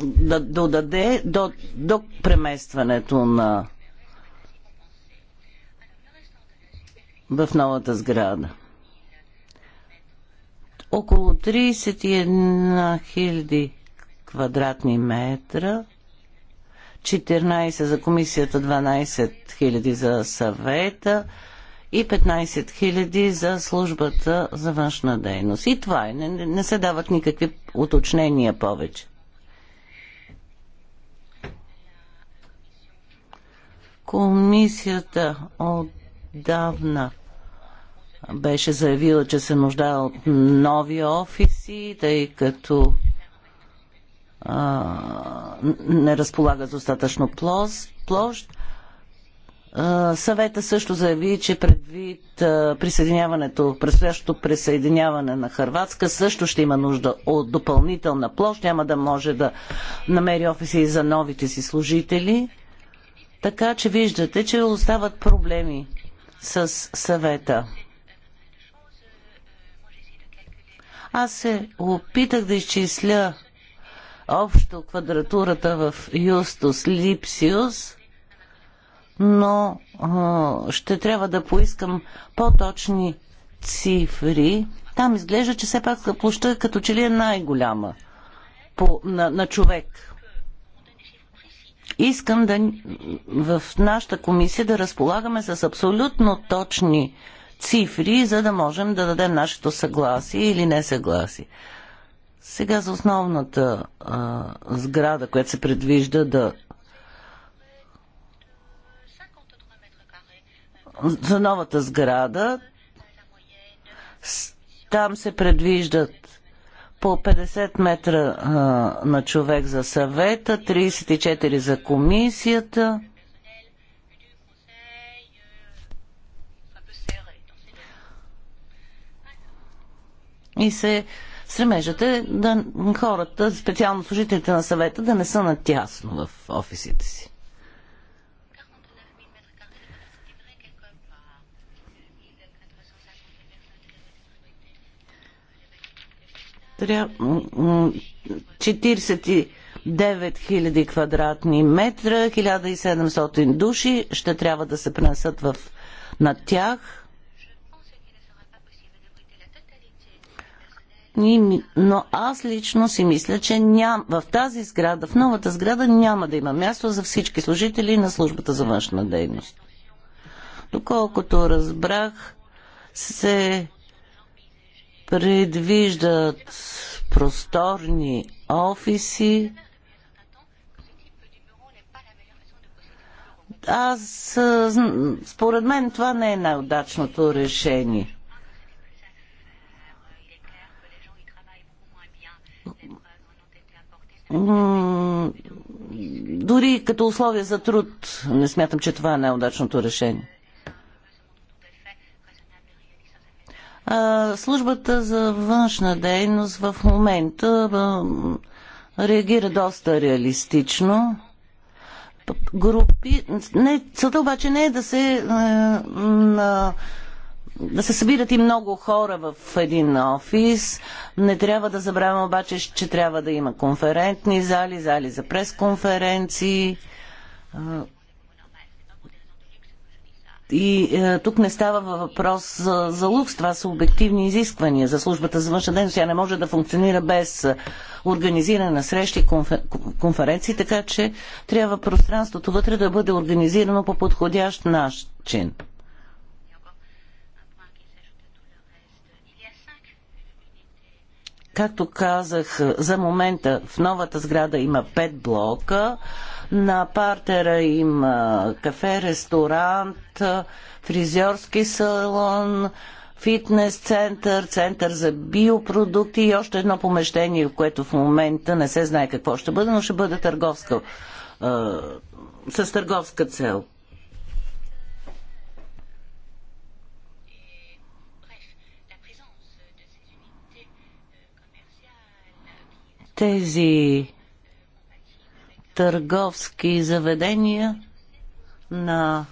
да додаде до, до преместването на в новата сграда. Около 31 000 квадратни метра, 14 за комисията, 12 000 за съвета и 15 000 за службата за външна дейност. И това е. Не, не се дават никакви уточнения повече. Комисията отдавна беше заявила, че се нуждае от нови офиси, тъй като не разполага с достатъчно площ. Съвета също заяви, че предвид присъединяването, предстоящото присъединяване на Харватска също ще има нужда от допълнителна площ. Няма да може да намери офиси за новите си служители. Така че виждате, че остават проблеми с съвета. Аз се опитах да изчисля общо квадратурата в Юстус Липсиус, но а, ще трябва да поискам по-точни цифри. Там изглежда, че все пак площа е като че ли е най-голяма по, на, на човек. Искам да в нашата комисия да разполагаме с абсолютно точни цифри, за да можем да дадем нашето съгласие или несъгласие. Сега за основната а, сграда, която се предвижда да. За новата сграда, там се предвиждат по 50 метра а, на човек за съвета, 34 за комисията. И се Стремежът е да хората, специално служителите на съвета, да не са натясно в офисите си. Трябва 49 000 квадратни метра, 1700 души ще трябва да се пренесат в, на тях но аз лично си мисля, че ням, в тази сграда, в новата сграда няма да има място за всички служители на службата за външна дейност. Доколкото разбрах, се предвиждат просторни офиси. Аз, според мен, това не е най-удачното решение. дори като условие за труд не смятам, че това е най-удачното решение. А, службата за външна дейност в момента а, реагира доста реалистично. Групи... Не, целта обаче не е да се а, е, на да се събират и много хора в един офис. Не трябва да забравяме обаче, че трябва да има конферентни зали, зали за пресконференции. И е, тук не става въпрос за, за лукс, това са обективни изисквания за службата за външна дейност. Тя не може да функционира без е, организиране на срещи, конфер, конференции, така че трябва пространството вътре да бъде организирано по подходящ начин. Както казах, за момента в новата сграда има пет блока. На партера има кафе, ресторант, фризьорски салон, фитнес център, център за биопродукти и още едно помещение, в което в момента не се знае какво ще бъде, но ще бъде търговска, е, с търговска цел. Тези търговски заведения на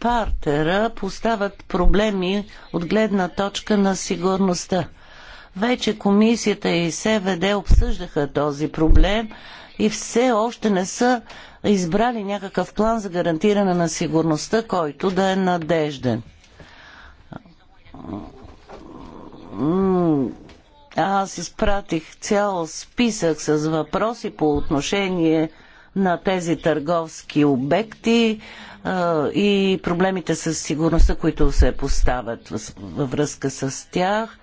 партера поставят проблеми от гледна точка на сигурността. Вече комисията и СВД обсъждаха този проблем и все още не са избрали някакъв план за гарантиране на сигурността, който да е надежден. Аз изпратих цял списък с въпроси по отношение на тези търговски обекти а, и проблемите с сигурността, които се поставят във връзка с тях.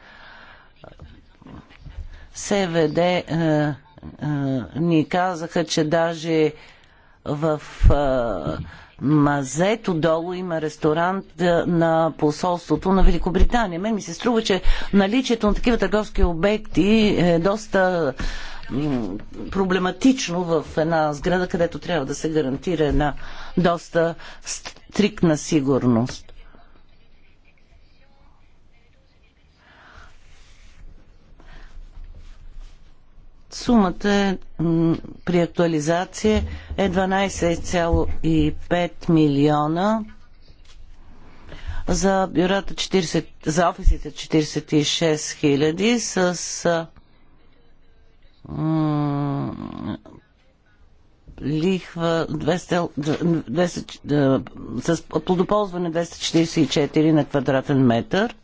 СВД е а, е, а, е, ни казаха, че даже в а, мазето долу има ресторант е, на посолството на Великобритания. Мен ми се струва, че наличието на такива търговски обекти е доста проблематично в една сграда, където трябва да се гарантира една доста стриктна сигурност. Сумата е, при актуализация е 12,5 милиона за бюрата 40, за офисите 46 хиляди с лихва 200, 200, с плодоползване 244 на квадратен метър.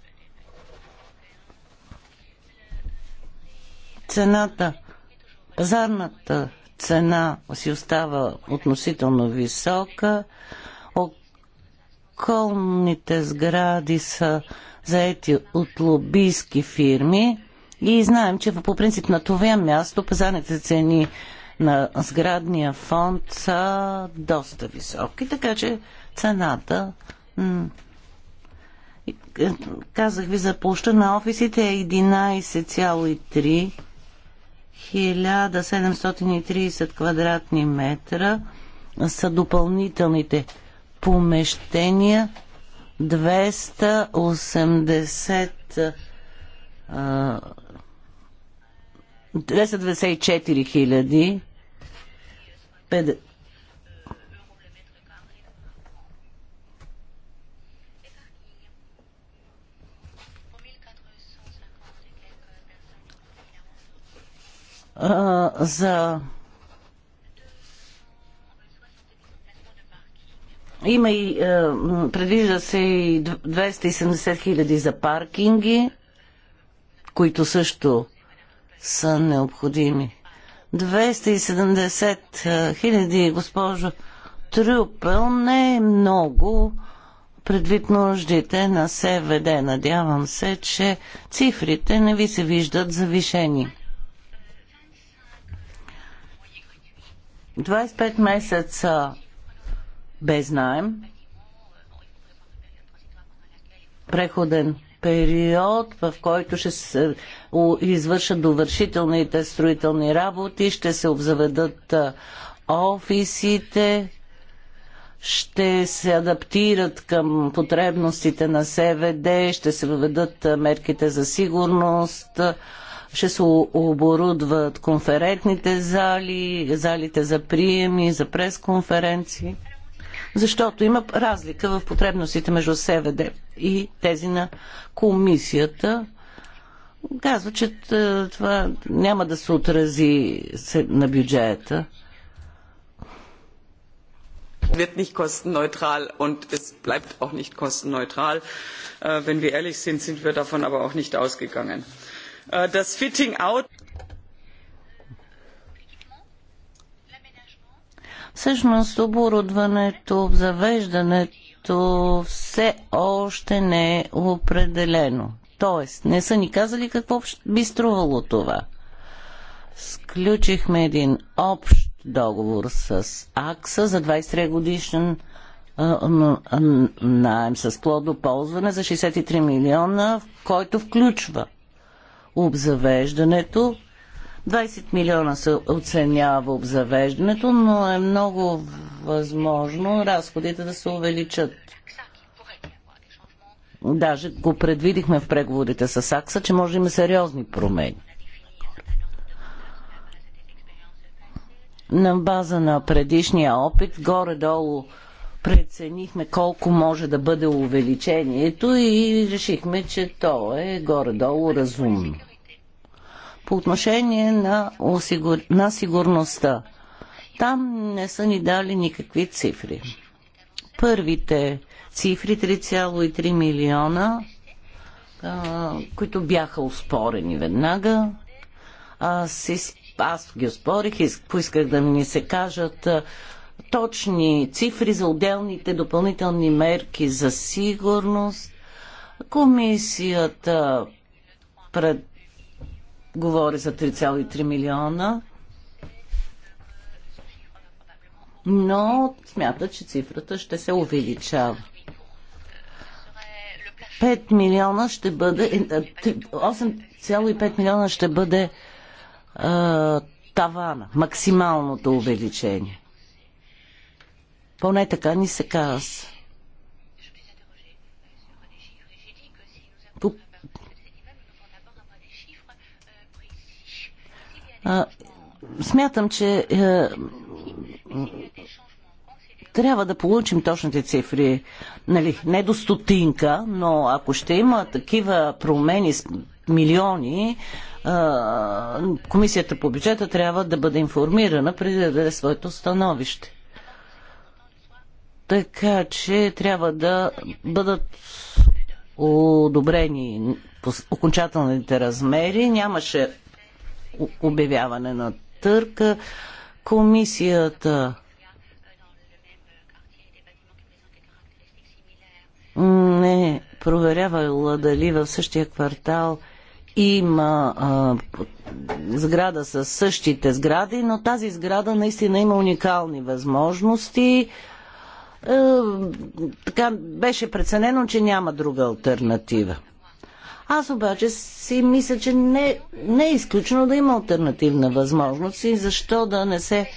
Цената Пазарната цена си остава относително висока. Околните сгради са заети от лобийски фирми и знаем, че по принцип на това място пазарните цени на сградния фонд са доста високи, така че цената е, казах ви за площа на офисите е 11,3 1730 квадратни метра са допълнителните помещения, 280 а, 294 хиляди за Има и, предвижда се и 270 хиляди за паркинги, които също са необходими. 270 хиляди, госпожо Трюпел, не е много предвид нуждите на СВД. Надявам се, че цифрите не ви се виждат завишени. 25 месеца без найем, преходен период, в който ще се извършат довършителните строителни работи, ще се обзаведат офисите, ще се адаптират към потребностите на СВД, ще се въведат мерките за сигурност, ще се оборудват конферентните зали, залите за приеми, за пресконференции, защото има разлика в потребностите между СВД и тези на комисията. Казва, че е, това няма да се отрази на бюджета wird nicht kostenneutral und es bleibt auch nicht kostenneutral. Äh, wenn wir ehrlich sind, sind wir davon aber auch nicht ausgegangen. Äh, das Fitting Out. Всъщност оборудването, завеждането все още не е определено. Тоест, не са ни казали какво би струвало това. Сключихме един общ договор с АКСА за 23 годишен найем с плодоползване за 63 милиона, който включва обзавеждането. 20 милиона се оценява обзавеждането, но е много възможно разходите да се увеличат. Даже го предвидихме в преговорите с АКСА, че може да има сериозни промени. На база на предишния опит, горе-долу преценихме колко може да бъде увеличението и решихме, че то е горе-долу разумно по отношение на, осигур... на сигурността. Там не са ни дали никакви цифри. Първите цифри 3,3 милиона, а, които бяха успорени веднага. Аз, си, аз ги успорих и поисках да ми се кажат а, точни цифри за отделните допълнителни мерки за сигурност. Комисията пред Говори за 3,3 милиона. Но смята, че цифрата ще се увеличава. 5 милиона ще бъде. 8,5 е, е, милиона ще бъде а, е, тавана, максималното увеличение. Поне така ни се казва. Смятам, че е, трябва да получим точните цифри, нали, не до стотинка, но ако ще има такива промени с милиони, е, комисията по бюджета трябва да бъде информирана преди да даде своето становище. Така че трябва да бъдат одобрени окончателните размери. Нямаше обявяване на търка. Комисията не проверявала дали в същия квартал има а, сграда с същите сгради, но тази сграда наистина има уникални възможности. А, е, така беше преценено, че няма друга альтернатива. Аз обаче си мисля, че не, не е изключено да има альтернативна възможност и защо да не се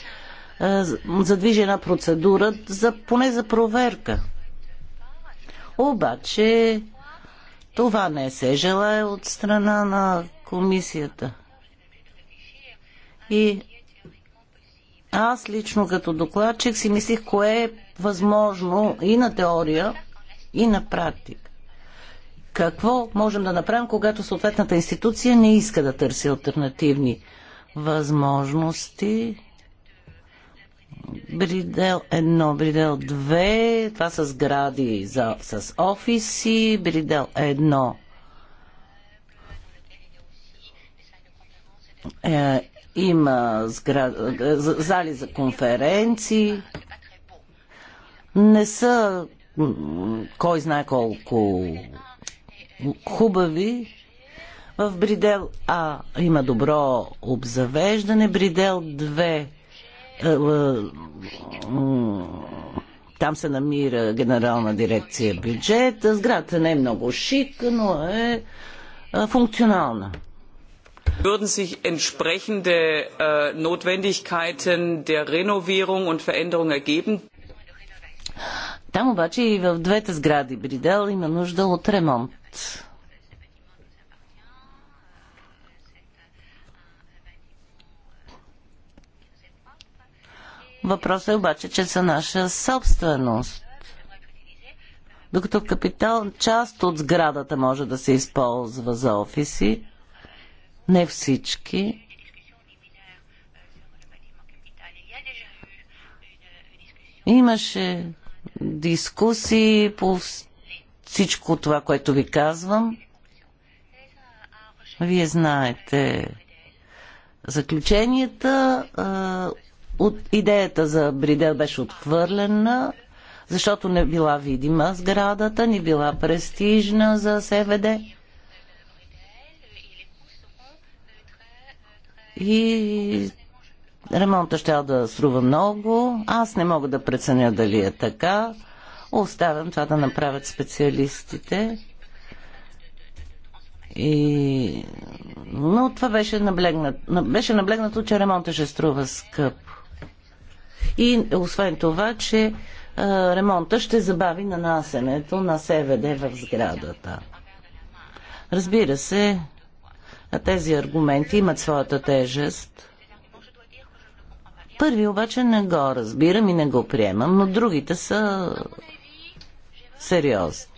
а, е, задвижи една процедура за, поне за проверка. Обаче това не се желая от страна на комисията. И аз лично като докладчик си мислих кое е възможно и на теория, и на практика. Какво можем да направим, когато съответната институция не иска да търси альтернативни възможности? Бридел 1, Бридел 2, това са сгради за, с офиси, Бридел 1 е, има сград, зали за конференции. Не са кой знае колко хубави. В Бридел А има добро обзавеждане, Бридел 2 е, е, там се намира генерална дирекция бюджет. Сградата не е много шик, но е, е функционална. Würden sich entsprechende äh, Notwendigkeiten der Renovierung und Veränderung ergeben? Там обаче и в двете сгради Бридел има нужда от ремонт. Въпросът е обаче, че са наша собственост. Докато капитал част от сградата може да се използва за офиси, не всички. Имаше дискусии по всичко това, което ви казвам. Вие знаете заключенията. От идеята за Бридел беше отхвърлена, защото не била видима сградата, не била престижна за СВД. И Ремонта ще да струва много. Аз не мога да преценя дали е така. Оставям това да направят специалистите. И... Но това беше наблегнато, беше наблегнато, че ремонта ще струва скъп. И освен това, че а, ремонта ще забави нанасенето на СВД в сградата. Разбира се, тези аргументи имат своята тежест – Първи обаче не го разбирам и не го приемам, но другите са сериозни.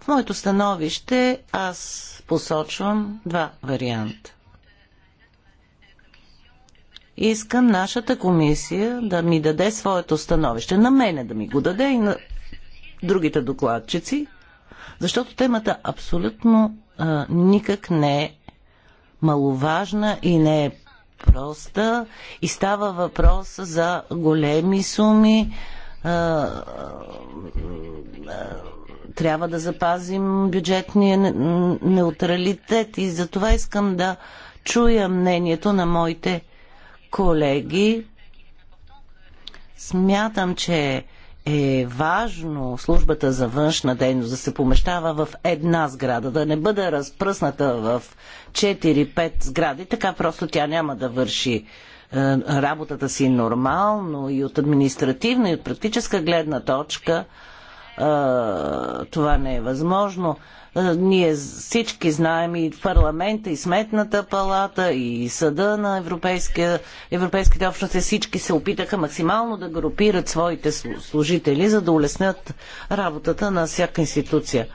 В моето становище аз посочвам два варианта. Искам нашата комисия да ми даде своето становище, на мене да ми го даде и на другите докладчици, защото темата абсолютно а, никак не е маловажна и не е проста и става въпрос за големи суми. Трябва да запазим бюджетния неутралитет и за това искам да чуя мнението на моите колеги. Смятам, че е важно службата за външна дейност да се помещава в една сграда, да не бъде разпръсната в 4-5 сгради, така просто тя няма да върши е, работата си нормално и от административна и от практическа гледна точка е, това не е възможно. Е, ние всички знаем и парламента, и сметната палата, и съда на европейските общности. Всички се опитаха максимално да групират своите служители, за да улеснят работата на всяка институция.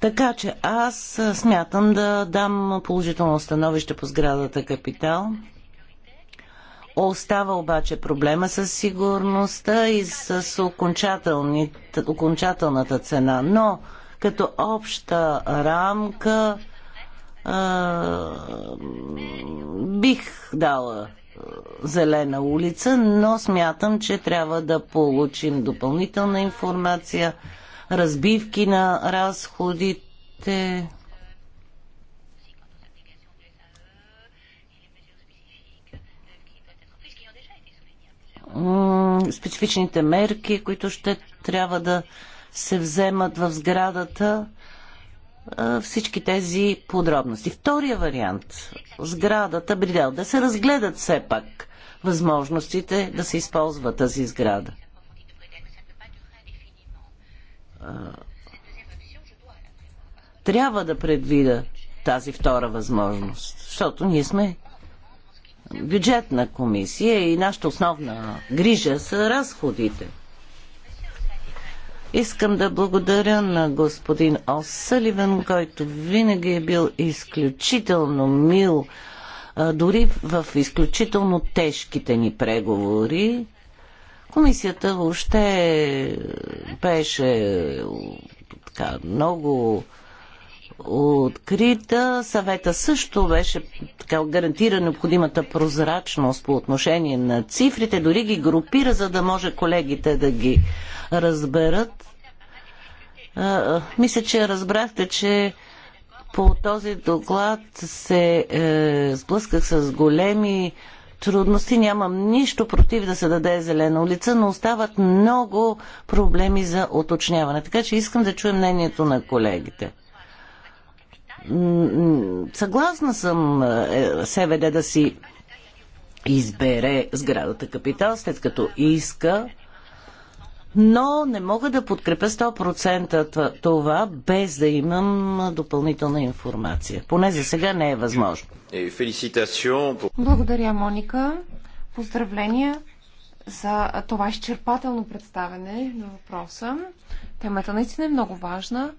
Така че аз смятам да дам положително становище по сградата Капитал. Остава обаче проблема с сигурността и с окончателната цена. Но като обща рамка а, бих дала зелена улица, но смятам, че трябва да получим допълнителна информация, разбивки на разходите. специфичните мерки, които ще трябва да се вземат в сградата всички тези подробности. Втория вариант сградата Бридел. Да се разгледат все пак възможностите да се използва тази сграда. Трябва да предвида тази втора възможност, защото ние сме бюджетна комисия и нашата основна грижа са разходите – Искам да благодаря на господин Осъливен, който винаги е бил изключително мил, дори в изключително тежките ни преговори. Комисията въобще беше така много открита. Съвета също беше така, гарантира необходимата прозрачност по отношение на цифрите, дори ги групира, за да може колегите да ги разберат. А, мисля, че разбрахте, че по този доклад се е, сблъсках с големи трудности. Нямам нищо против да се даде зелена улица, но остават много проблеми за оточняване. Така че искам да чуя мнението на колегите. Съгласна съм е, СВД да си избере сградата Капитал, след като иска, но не мога да подкрепя 100% това, без да имам допълнителна информация. Поне за сега не е възможно. Е, Благодаря, Моника. Поздравления за това изчерпателно представене на въпроса. Темата наистина е много важна.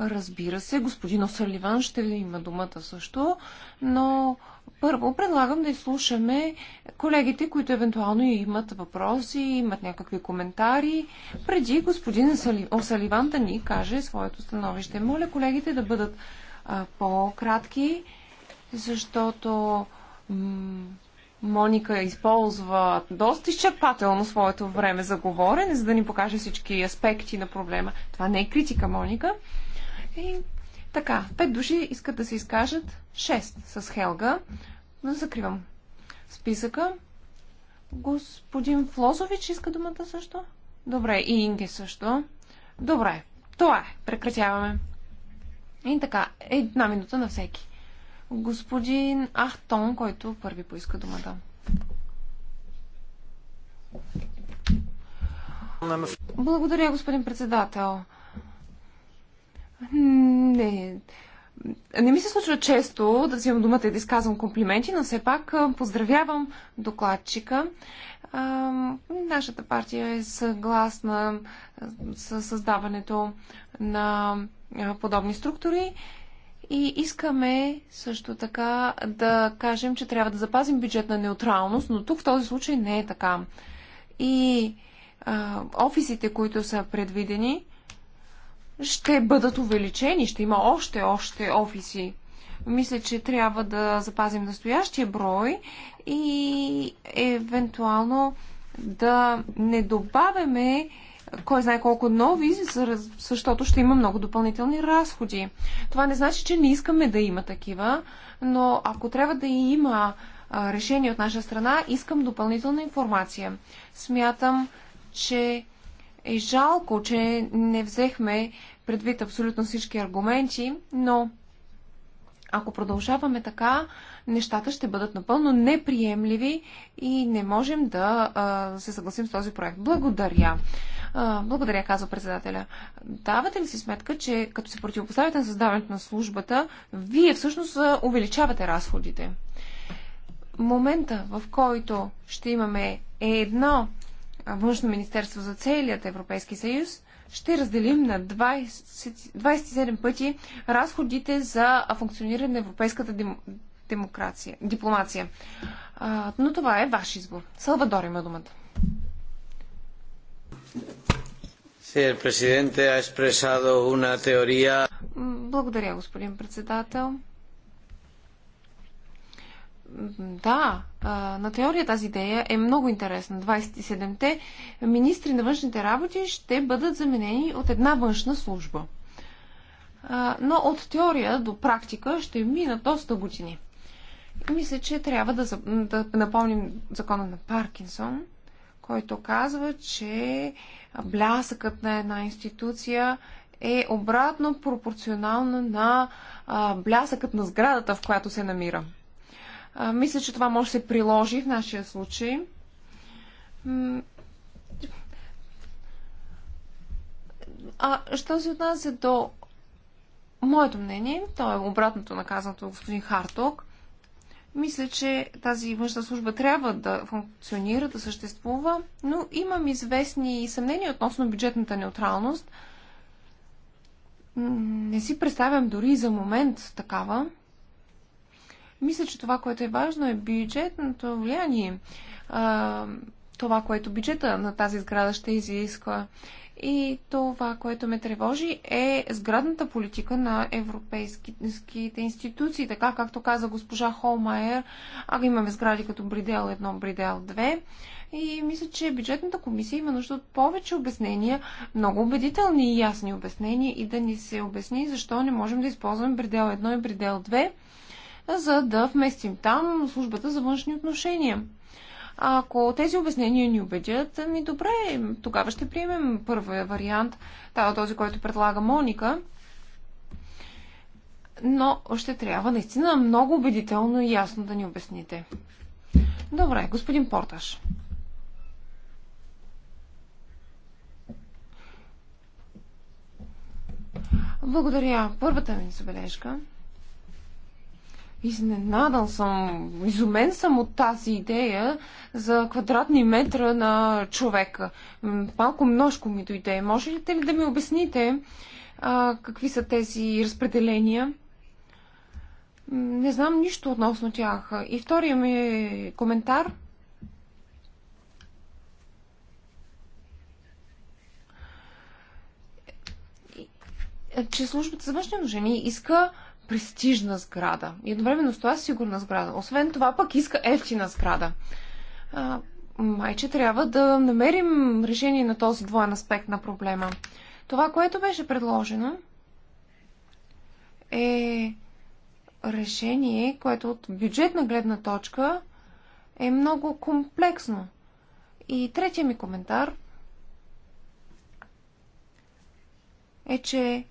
Разбира се, господин Осаливан ще има думата също, но първо предлагам да изслушаме колегите, които евентуално имат въпроси, имат някакви коментари, преди господин Осърливан да ни каже своето становище. Моля колегите да бъдат по-кратки, защото Моника използва доста изчерпателно своето време за говорене, за да ни покаже всички аспекти на проблема. Това не е критика, Моника. И така, пет души искат да се изкажат, шест с Хелга. Но закривам списъка. Господин Флозович иска думата също? Добре, и Инге също. Добре, това е. Прекратяваме. И така, една минута на всеки. Господин Ахтон, който първи поиска думата. Благодаря, господин председател. Не. Не ми се случва често да взимам думата и да изказвам комплименти, но все пак поздравявам докладчика. нашата партия е съгласна с създаването на подобни структури и искаме също така да кажем, че трябва да запазим бюджетна неутралност, но тук в този случай не е така. И а, офисите, които са предвидени, ще бъдат увеличени, ще има още, още офиси. Мисля, че трябва да запазим настоящия брой и евентуално да не добавяме кой знае колко нови, защото ще има много допълнителни разходи. Това не значи, че не искаме да има такива, но ако трябва да има решение от наша страна, искам допълнителна информация. Смятам, че е жалко, че не взехме предвид абсолютно всички аргументи, но ако продължаваме така, нещата ще бъдат напълно неприемливи и не можем да а, се съгласим с този проект. Благодаря. А, благодаря, казва председателя. Давате ли си сметка, че като се противопоставите на създаването на службата, вие всъщност увеличавате разходите? Момента, в който ще имаме едно Външно министерство за целият Европейски съюз, ще разделим на 20, 27 пъти разходите за функциониране на европейската дем, демокрация, дипломация. А, но това е ваш избор. Салвадор има думата. Благодаря, господин председател да, на теория тази идея е много интересна. 27-те министри на външните работи ще бъдат заменени от една външна служба. Но от теория до практика ще минат доста години. Мисля, че трябва да, да напомним закона на Паркинсон, който казва, че блясъкът на една институция е обратно пропорционално на блясъкът на сградата, в която се намира. А, мисля, че това може да се приложи в нашия случай. А що се отнася до моето мнение, то е обратното наказаното господин Харток, мисля, че тази външна служба трябва да функционира, да съществува, но имам известни съмнения относно бюджетната неутралност. Не си представям дори за момент такава. Мисля, че това, което е важно е бюджетното влияние. А, това, което бюджета на тази сграда ще изисква. И това, което ме тревожи е сградната политика на европейските институции, така както каза госпожа Холмайер, а имаме сгради като Бридел 1, Бридел 2. И мисля, че бюджетната комисия има нужда от повече обяснения, много убедителни и ясни обяснения и да ни се обясни защо не можем да използваме Бридел 1 и Бридел 2 за да вместим там службата за външни отношения. Ако тези обяснения ни убедят, ми добре, тогава ще приемем първия вариант, този, който предлага Моника. Но ще трябва наистина много убедително и ясно да ни обясните. Добре, господин Порташ. Благодаря. Първата ми забележка Изненадан съм, изумен съм от тази идея за квадратни метра на човека. Малко множко ми дойде. Може ли да ми обясните а, какви са тези разпределения? Не знам нищо относно тях. И втория ми е коментар. Е, че службата за външни жени иска престижна сграда. И едновременно с това сигурна сграда. Освен това пък иска ефтина сграда. А, майче трябва да намерим решение на този двоен аспект на проблема. Това, което беше предложено, е решение, което от бюджетна гледна точка е много комплексно. И третия ми коментар е, че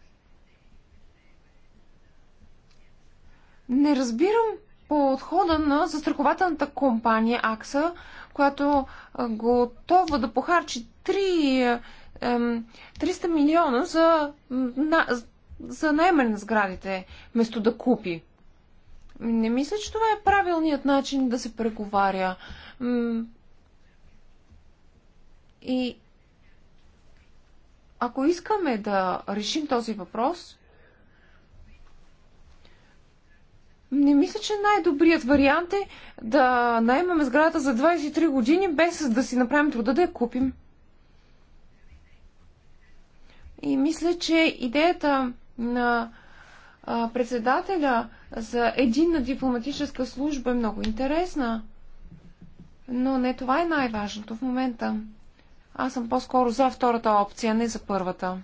Не разбирам по отхода на застрахователната компания АКСА, която готова да похарчи 3, 300 милиона за, за найемане на сградите, вместо да купи. Не мисля, че това е правилният начин да се преговаря. И ако искаме да решим този въпрос, Не мисля, че най-добрият вариант е да наймаме сградата за 23 години, без да си направим труда да я купим. И мисля, че идеята на председателя за единна дипломатическа служба е много интересна. Но не това е най-важното в момента. Аз съм по-скоро за втората опция, не за първата.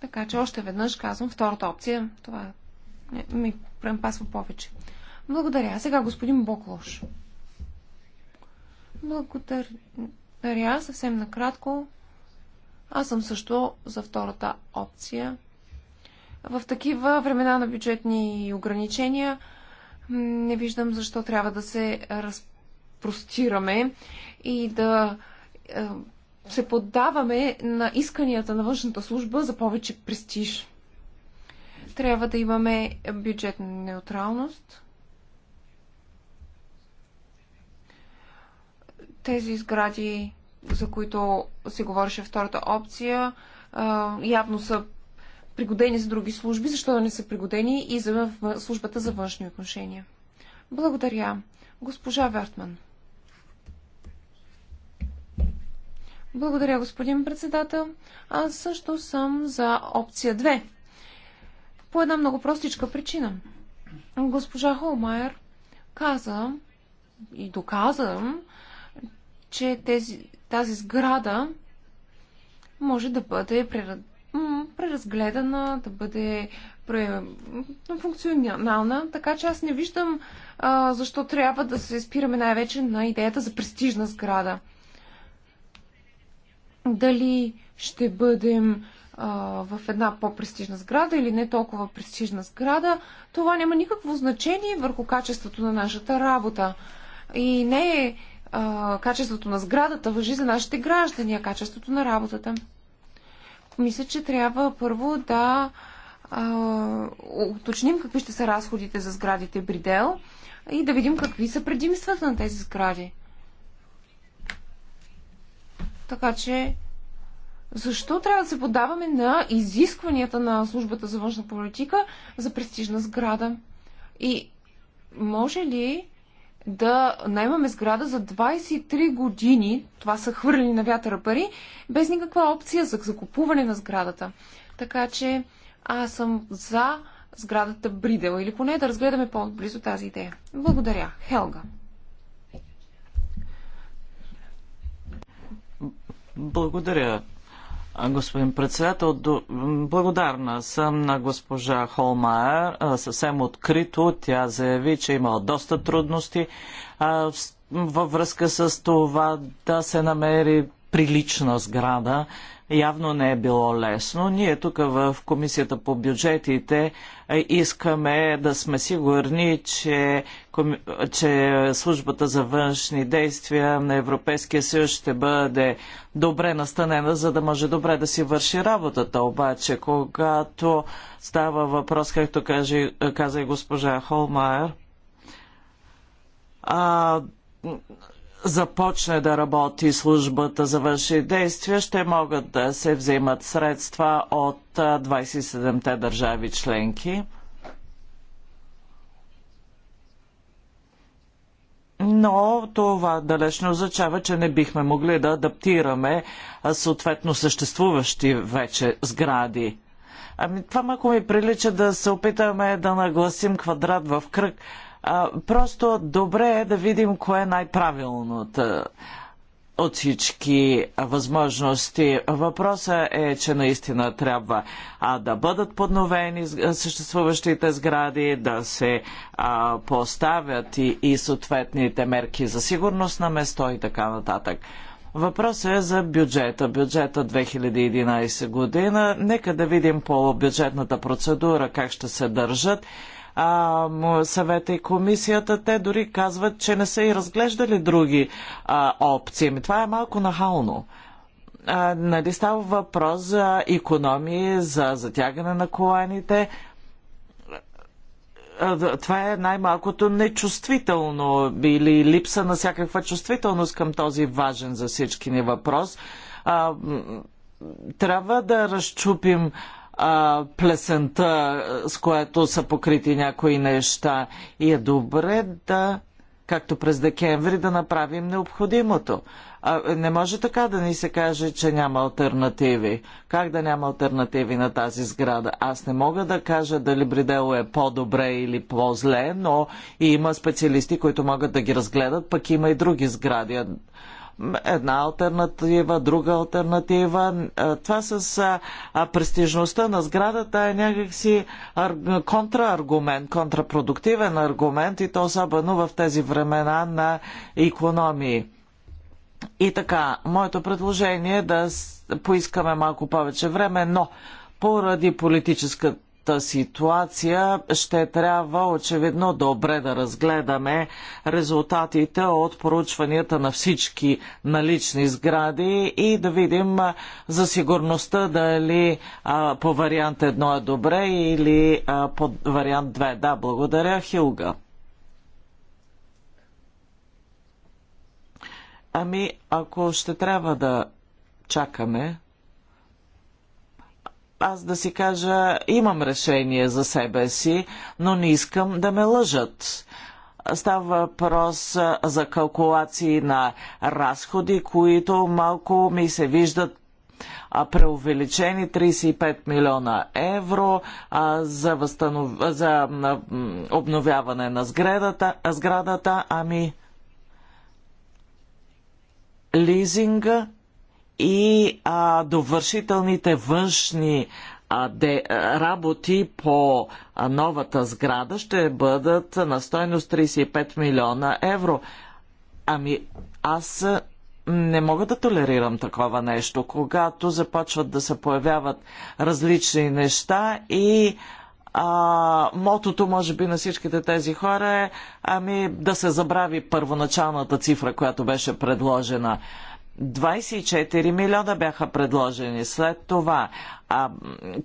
Така че още веднъж казвам втората опция. Това ми премпасва повече. Благодаря. Сега господин Боклош. Благодаря. Съвсем накратко. Аз съм също за втората опция. В такива времена на бюджетни ограничения не виждам защо трябва да се разпростираме и да е, се поддаваме на исканията на външната служба за повече престиж. Трябва да имаме бюджетна неутралност. Тези сгради, за които се говореше втората опция, явно са пригодени за други служби, защото не са пригодени и за службата за външни отношения. Благодаря. Госпожа Вертман. Благодаря, господин председател. Аз също съм за опция 2. По една много простичка причина. Госпожа Холмайер каза и доказа, че тези, тази сграда може да бъде преразгледана, да бъде функционална, така че аз не виждам а, защо трябва да се спираме най-вече на идеята за престижна сграда дали ще бъдем в една по-престижна сграда или не толкова престижна сграда, това няма никакво значение върху качеството на нашата работа. И не е качеството на сградата въжи за нашите граждани, а качеството на работата. Мисля, че трябва първо да а, уточним какви ще са разходите за сградите Бридел и да видим какви са предимствата на тези сгради. Така че, защо трябва да се подаваме на изискванията на службата за външна политика за престижна сграда? И може ли да наймаме сграда за 23 години, това са хвърлени на вятъра пари, без никаква опция за закупуване на сградата. Така че аз съм за сградата Бридел или поне да разгледаме по-близо тази идея. Благодаря. Хелга. Благодаря, господин председател. Благодарна съм на госпожа Холмайер. Съвсем открито тя заяви, че има доста трудности във връзка с това да се намери прилична сграда явно не е било лесно. Ние тук в Комисията по бюджетите е, искаме да сме сигурни, че, че службата за външни действия на Европейския съюз ще бъде добре настанена, за да може добре да си върши работата. Обаче, когато става въпрос, както каже, каза и госпожа Холмайер, а, започне да работи службата за външни действия, ще могат да се вземат средства от 27-те държави членки. Но това далеч не означава, че не бихме могли да адаптираме съответно съществуващи вече сгради. Ами това малко ми прилича да се опитаме да нагласим квадрат в кръг, а, просто добре е да видим кое е най-правилното от всички възможности. Въпросът е, че наистина трябва а, да бъдат подновени съществуващите сгради, да се а, поставят и, и съответните мерки за сигурност на место и така нататък. Въпросът е за бюджета. Бюджета 2011 година. Нека да видим по бюджетната процедура как ще се държат а, съвета и комисията, те дори казват, че не са и разглеждали други а, опции. Ами, това е малко нахално а, нали става въпрос за економии, за затягане на коланите. Това е най-малкото нечувствително или липса на всякаква чувствителност към този важен за всички ни въпрос. А, трябва да разчупим а, плесента, с което са покрити някои неща. И е добре да, както през декември, да направим необходимото. А, не може така да ни се каже, че няма альтернативи. Как да няма альтернативи на тази сграда? Аз не мога да кажа дали Бридело е по-добре или по-зле, но има специалисти, които могат да ги разгледат, пък има и други сгради една альтернатива, друга альтернатива. Е, това с престижността на сградата е някакси контрааргумент, контрапродуктивен аргумент и то особено в тези времена на економии. И така, моето предложение е да поискаме малко повече време, но поради политическата новата ситуация ще трябва очевидно добре да разгледаме резултатите от проучванията на всички налични сгради и да видим за сигурността дали а, по вариант 1 е добре или а, по вариант 2. Да, благодаря, Хилга. Ами, ако ще трябва да чакаме, аз да си кажа, имам решение за себе си, но не искам да ме лъжат. Става въпрос за калкулации на разходи, които малко ми се виждат преувеличени 35 милиона евро а, за, възстанов... за обновяване на сградата, сградата ами лизинга и а, довършителните външни а, де, работи по а, новата сграда ще бъдат на стойност 35 милиона евро. Ами аз не мога да толерирам такова нещо, когато започват да се появяват различни неща и а, мотото, може би, на всичките тези хора е ами да се забрави първоначалната цифра, която беше предложена. 24 милиона бяха предложени. След това, а,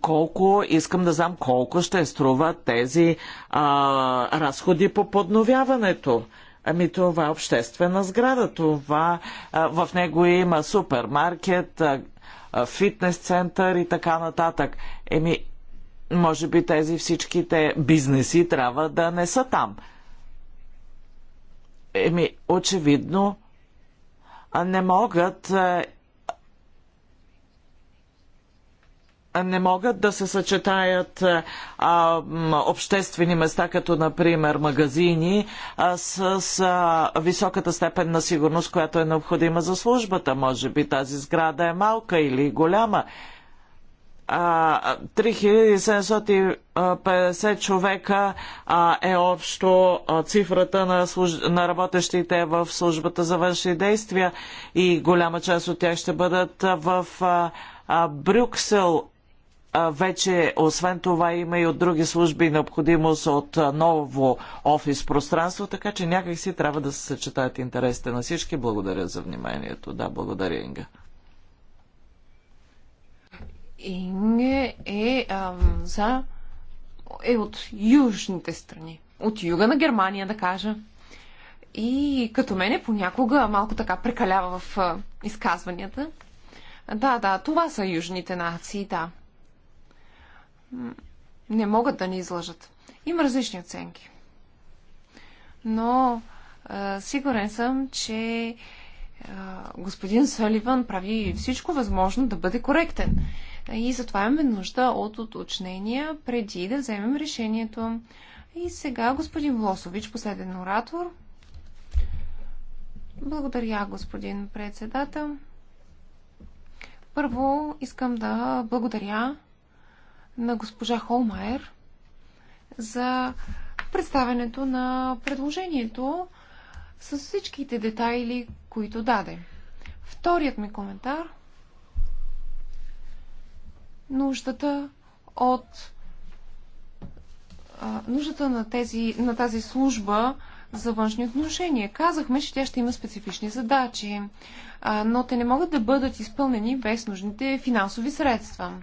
колко, искам да знам колко ще струват тези а, разходи по подновяването. Ами това е обществена сграда, това а, в него има супермаркет, а, фитнес център и така нататък. Еми, може би тези всичките бизнеси трябва да не са там. Еми, очевидно, не могат е, не могат да се съчетаят е, а, обществени места, като например магазини, а, с, с а, високата степен на сигурност, която е необходима за службата. Може би тази сграда е малка или голяма. 3750 човека е общо цифрата на, служ... на работещите в службата за външни действия и голяма част от тях ще бъдат в Брюксел вече освен това има и от други служби необходимост от ново офис пространство, така че някакси трябва да се съчетаят интересите на всички. Благодаря за вниманието. Да, благодаря, Инга. Инге е, а, за, е от южните страни. От юга на Германия, да кажа. И като мене понякога малко така прекалява в а, изказванията. Да, да, това са южните нации, да. Не могат да ни излъжат. Има различни оценки. Но а, сигурен съм, че господин Съливан прави всичко възможно да бъде коректен. И затова имаме нужда от уточнения преди да вземем решението. И сега господин Влосович, последен оратор. Благодаря, господин председател. Първо искам да благодаря на госпожа Холмайер за представенето на предложението с всичките детайли, които даде. Вторият ми коментар – нуждата от а, нуждата на, тези, на тази служба за външни отношения. Казахме, че тя ще има специфични задачи, а, но те не могат да бъдат изпълнени без нужните финансови средства.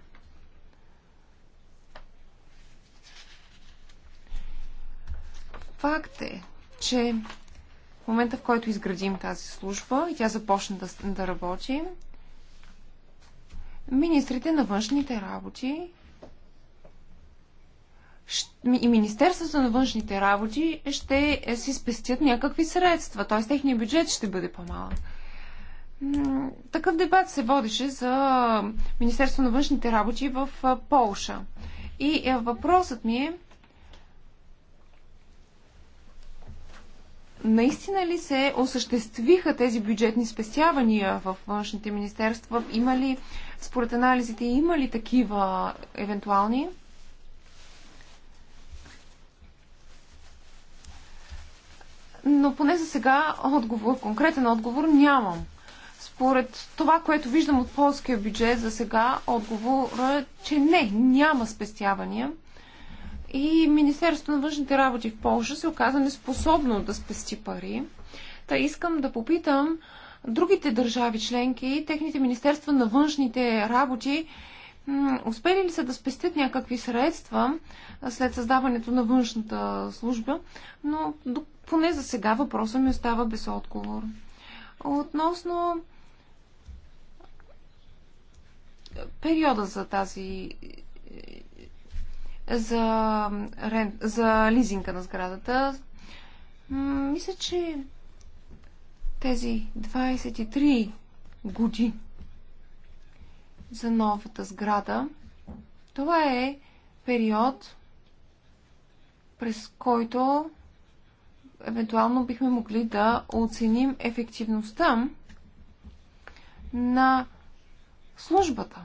Факт е, че в момента, в който изградим тази служба и тя започне да, да работи, министрите на външните работи и Министерството на външните работи ще си спестят някакви средства, т.е. техния бюджет ще бъде по-малък. Такъв дебат се водеше за Министерство на външните работи в Полша. И е, въпросът ми е наистина ли се осъществиха тези бюджетни спестявания в външните министерства? Има ли според анализите има ли такива евентуални? Но поне за сега отговор, конкретен отговор нямам. Според това, което виждам от полския бюджет за сега, отговор, е, че не, няма спестявания. И Министерството на външните работи в Польша се оказа неспособно да спести пари. Та искам да попитам другите държави членки, техните министерства на външните работи, успели ли са да спестят някакви средства след създаването на външната служба, но поне за сега въпросът ми остава без отговор. Относно периода за тази за, рен... за лизинка на сградата, мисля, че тези 23 години за новата сграда, това е период, през който евентуално бихме могли да оценим ефективността на службата.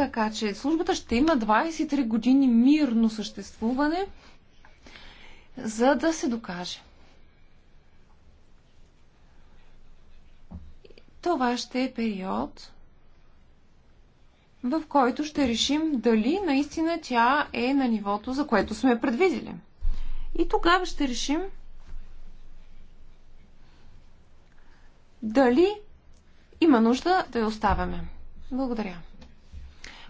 Така че службата ще има 23 години мирно съществуване, за да се докаже. Това ще е период, в който ще решим дали наистина тя е на нивото, за което сме предвидели. И тогава ще решим дали има нужда да я оставяме. Благодаря.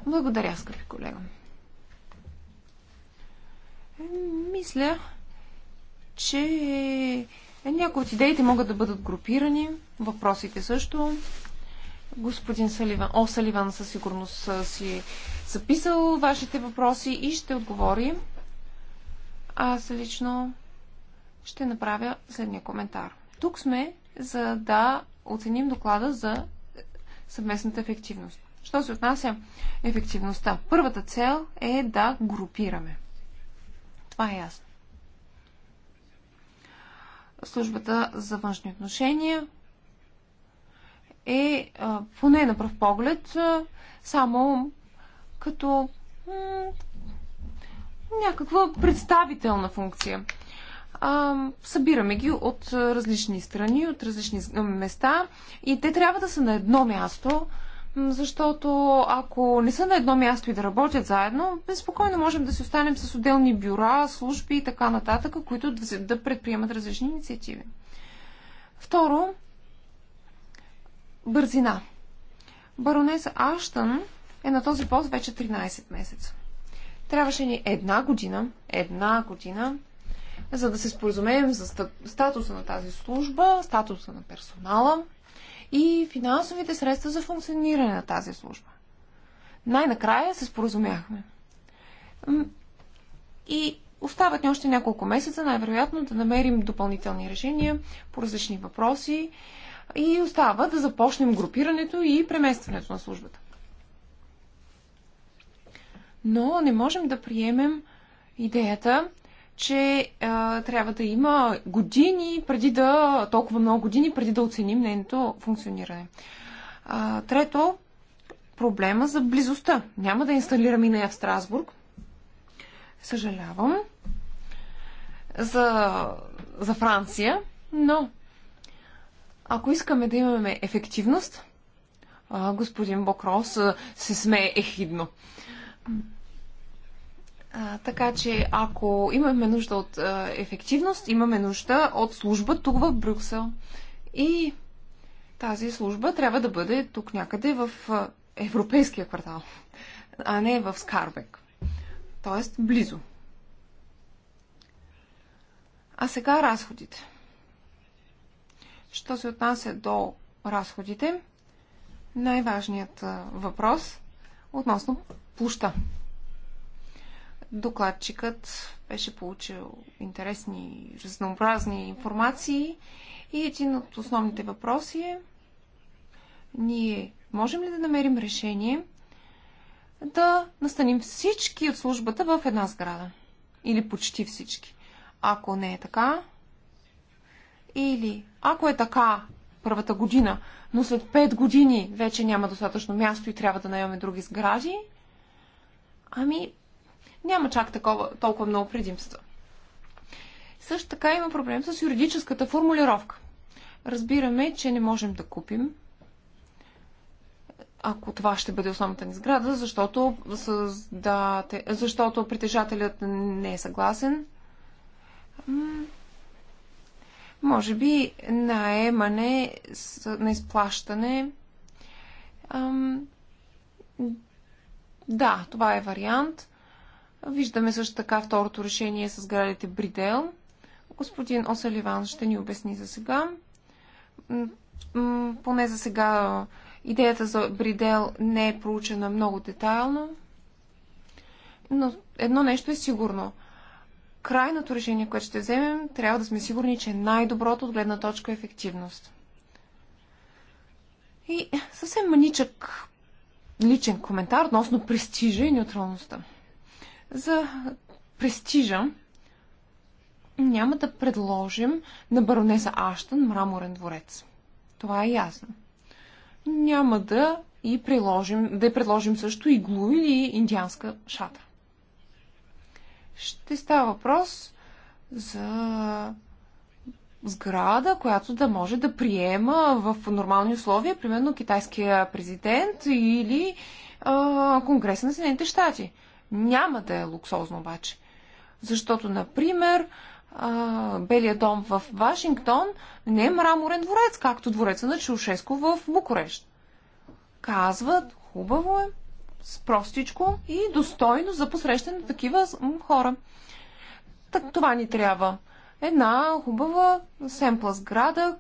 Благодаря, скъпи колега. Е, мисля, че някои от идеите могат да бъдат групирани, въпросите също. Господин Саливан, О, Саливан със сигурност си е записал вашите въпроси и ще отговори. Аз лично ще направя следния коментар. Тук сме, за да оценим доклада за съвместната ефективност. Що се отнася ефективността? Първата цел е да групираме. Това е ясно. Службата за външни отношения е, поне на пръв поглед, само като някаква представителна функция. събираме ги от различни страни, от различни места и те трябва да са на едно място, защото ако не са на едно място и да работят заедно, безпокойно можем да си останем с отделни бюра, служби и така нататък, които да предприемат различни инициативи. Второ, бързина. Баронеса Аштън е на този пост вече 13 месеца. Трябваше ни една година, една година, за да се споразумеем за статуса на тази служба, статуса на персонала – и финансовите средства за функциониране на тази служба. Най-накрая се споразумяхме. И остават ни още няколко месеца, най-вероятно да намерим допълнителни решения по различни въпроси и остава да започнем групирането и преместването на службата. Но не можем да приемем идеята че а, трябва да има години преди да, толкова много години преди да оценим нейното функциониране. А, трето, проблема за близостта. Няма да инсталираме нея в Страсбург. Съжалявам за, за Франция, но ако искаме да имаме ефективност, а, господин Бокрос се смее ехидно. А, така че, ако имаме нужда от а, ефективност, имаме нужда от служба тук в Брюксел. И тази служба трябва да бъде тук някъде в а, европейския квартал, а не в Скарбек. Тоест, близо. А сега разходите. Що се отнася до разходите, най-важният въпрос относно площа. Докладчикът беше получил интересни, разнообразни информации и един от основните въпроси е ние можем ли да намерим решение да настаним всички от службата в една сграда? Или почти всички? Ако не е така, или ако е така първата година, но след 5 години вече няма достатъчно място и трябва да наемаме други сгради, ами няма чак такова, толкова много предимства. Също така има проблем с юридическата формулировка. Разбираме, че не можем да купим, ако това ще бъде основната ни сграда, защото, създате, защото притежателят не е съгласен. Може би наемане на изплащане. Да, това е вариант. Виждаме също така второто решение с градите Бридел. Господин Оселиван, ще ни обясни за сега. Поне за сега идеята за Бридел не е проучена много детайлно. Но едно нещо е сигурно. Крайното решение, което ще вземем, трябва да сме сигурни, че е най-доброто от гледна точка е ефективност. И съвсем маничък личен коментар относно престижа и неутралността за престижа, няма да предложим на баронеса Аштън мраморен дворец. Това е ясно. Няма да и приложим, да й предложим също иглу или индианска шата. Ще става въпрос за сграда, която да може да приема в нормални условия, примерно китайския президент или а, Конгреса на Съединените щати. Няма да е луксозно обаче. Защото, например, Белия дом в Вашингтон не е мраморен дворец, както двореца на Чаушеско в Букурещ. Казват, хубаво е, с простичко и достойно за посрещане на такива хора. Так, това ни трябва. Една хубава семпла сграда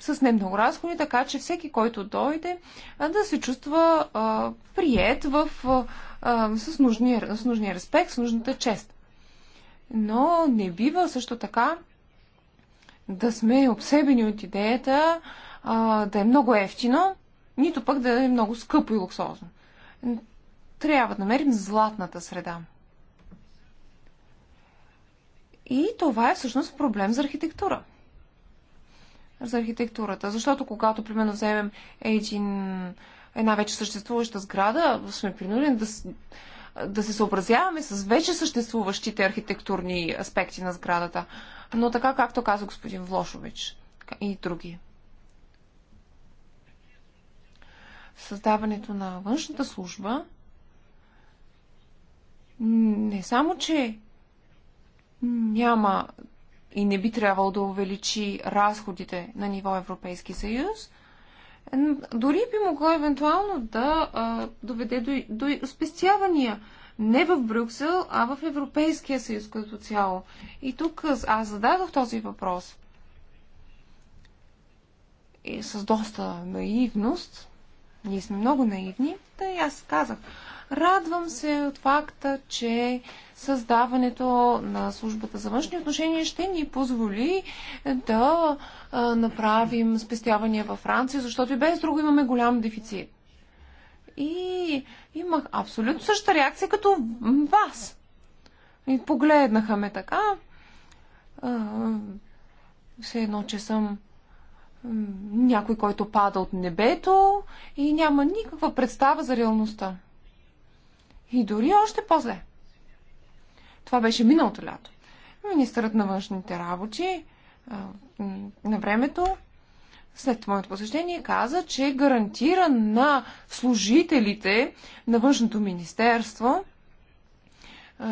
с не много разходи, така че всеки, който дойде, да се чувства а, прият в а, а, с, нужния, с нужния респект, с нужната чест. Но не бива също така да сме обсебени от идеята а, да е много ефтино, нито пък да е много скъпо и луксозно. Трябва да намерим златната среда. И това е всъщност проблем за архитектура. За архитектурата. Защото когато, примерно, вземем един една вече съществуваща сграда, сме принудени да, да се съобразяваме с вече съществуващите архитектурни аспекти на сградата. Но така, както каза господин Влошович и други. Създаването на външната служба не само, че няма и не би трябвало да увеличи разходите на ниво Европейски съюз, дори би могло евентуално да а, доведе до, до спестявания не в Брюксел, а в Европейския съюз като цяло. И тук аз зададох този въпрос. И с доста наивност. Ние сме много наивни. Да и аз казах. Радвам се от факта, че създаването на службата за външни отношения ще ни позволи е, да е, направим спестявания във Франция, защото и без друго имаме голям дефицит. И имах абсолютно същата реакция като вас. И погледнаха ме така. Е, все едно, че съм някой, който пада от небето и няма никаква представа за реалността. И дори още по-зле. Това беше миналото лято. Министърът на външните работи на времето, след моето посещение, каза, че гарантира на служителите на външното министерство,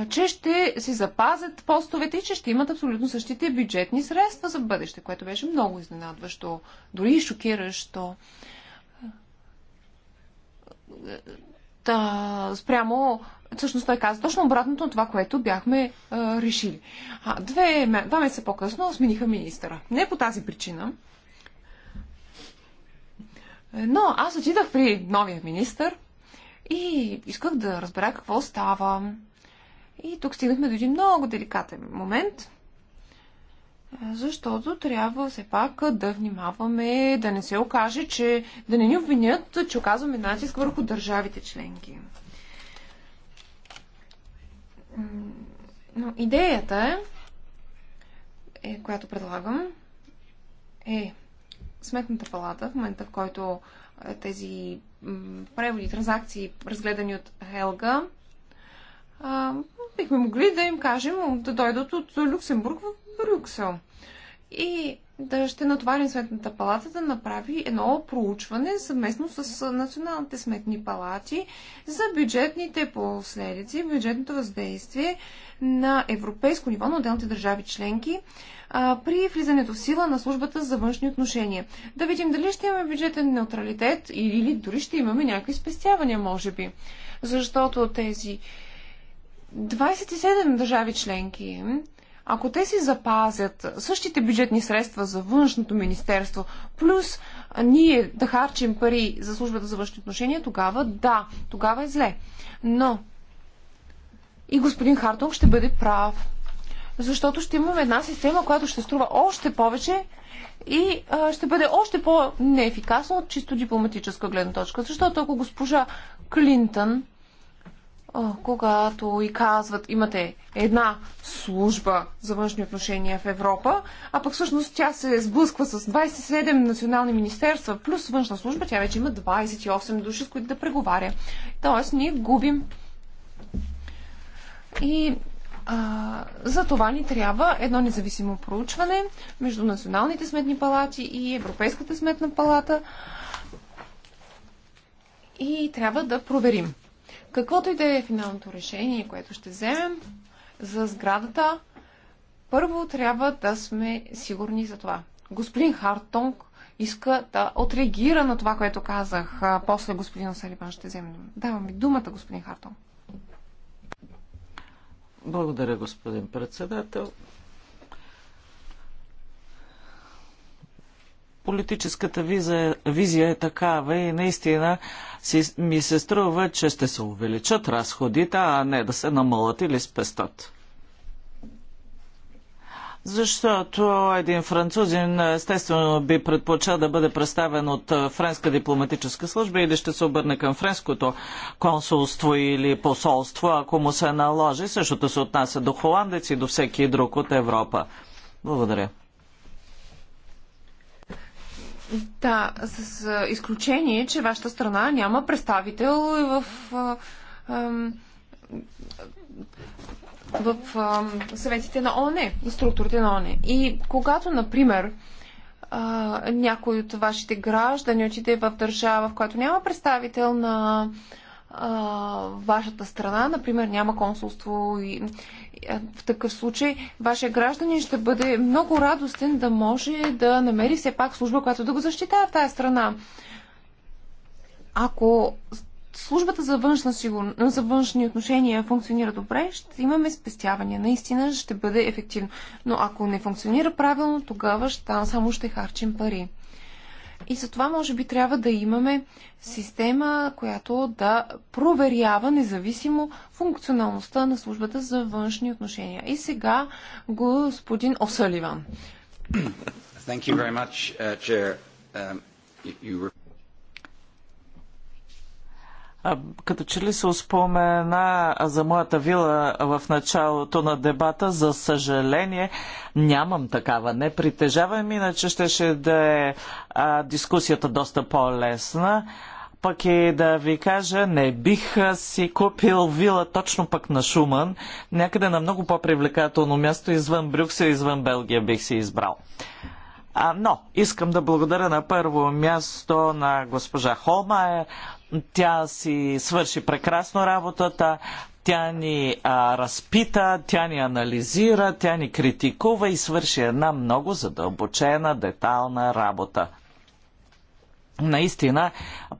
че ще си запазят постовете и че ще имат абсолютно същите бюджетни средства за бъдеще, което беше много изненадващо, дори и шокиращо. Та, спрямо всъщност той каза точно обратното на това, което бяхме а, решили. А, две, два месеца по-късно смениха министъра. Не по тази причина. Но аз отидах при новия министър и исках да разбера какво става. И тук стигнахме до един много деликатен момент, защото трябва все пак да внимаваме, да не се окаже, че да не ни обвинят, че оказваме натиск върху държавите членки. Но идеята е, е която предлагам, е сметната палата, в момента в който е, тези преводи, транзакции, разгледани от Хелга, бихме могли да им кажем да дойдат от Люксембург в Брюксел. И да ще натоварим Сметната палата да направи едно проучване съвместно с националните сметни палати за бюджетните последици, бюджетното въздействие на европейско ниво на отделните държави членки а, при влизането в сила на службата за външни отношения. Да видим дали ще имаме бюджетен неутралитет или дори ще имаме някакви спестявания, може би. Защото тези 27 държави членки ако те си запазят същите бюджетни средства за външното министерство, плюс ние да харчим пари за службата за външни отношения, тогава да, тогава е зле. Но и господин Хартунг ще бъде прав. Защото ще имаме една система, която ще струва още повече и а, ще бъде още по-неефикасна от чисто дипломатическа гледна точка. Защото ако госпожа Клинтън когато и казват, имате една служба за външни отношения в Европа, а пък всъщност тя се сблъсква с 27 национални министерства, плюс външна служба, тя вече има 28 души, с които да преговаря. Тоест, ние губим. И а, за това ни трябва едно независимо проучване между националните сметни палати и Европейската сметна палата. И трябва да проверим Каквото и да е финалното решение, което ще вземем за сградата, първо трябва да сме сигурни за това. Господин Хартонг иска да отреагира на това, което казах. После господин Салибан ще вземе Давам ви думата, господин Хартонг. Благодаря, господин председател. политическата виза, е, визия е такава и наистина си, ми се струва, че ще се увеличат разходите, а не да се намалят или спестат. Защото един французин естествено би предпочел да бъде представен от френска дипломатическа служба или ще се обърне към френското консулство или посолство, ако му се наложи. Същото се отнася до холандец и до всеки друг от Европа. Благодаря. Да, с изключение, че вашата страна няма представител в, в, в съветите на ОНЕ и структурите на ОНЕ. И когато, например, някой от вашите граждани отиде в държава, в която няма представител на вашата страна, например, няма консулство и в такъв случай вашия гражданин ще бъде много радостен да може да намери все пак служба, която да го защитава в тази страна. Ако службата за, външна сигур... за външни отношения функционира добре, ще имаме спестявания. Наистина ще бъде ефективно. Но ако не функционира правилно, тогава ще... само ще харчим пари. И затова може би трябва да имаме система, която да проверява независимо функционалността на службата за външни отношения. И сега господин Осаливан. Thank you very much, uh, Chair. Um, you were като че ли се спомена за моята вила в началото на дебата, за съжаление нямам такава. Не притежавам, иначе щеше да е а, дискусията доста по-лесна. Пък и да ви кажа, не бих си купил вила точно пък на Шуман, някъде на много по-привлекателно място извън Брюксел, извън Белгия бих си избрал. А, но искам да благодаря на първо място на госпожа Холмайер, тя си свърши прекрасно работата, тя ни а, разпита, тя ни анализира, тя ни критикува и свърши една много задълбочена, детална работа. Наистина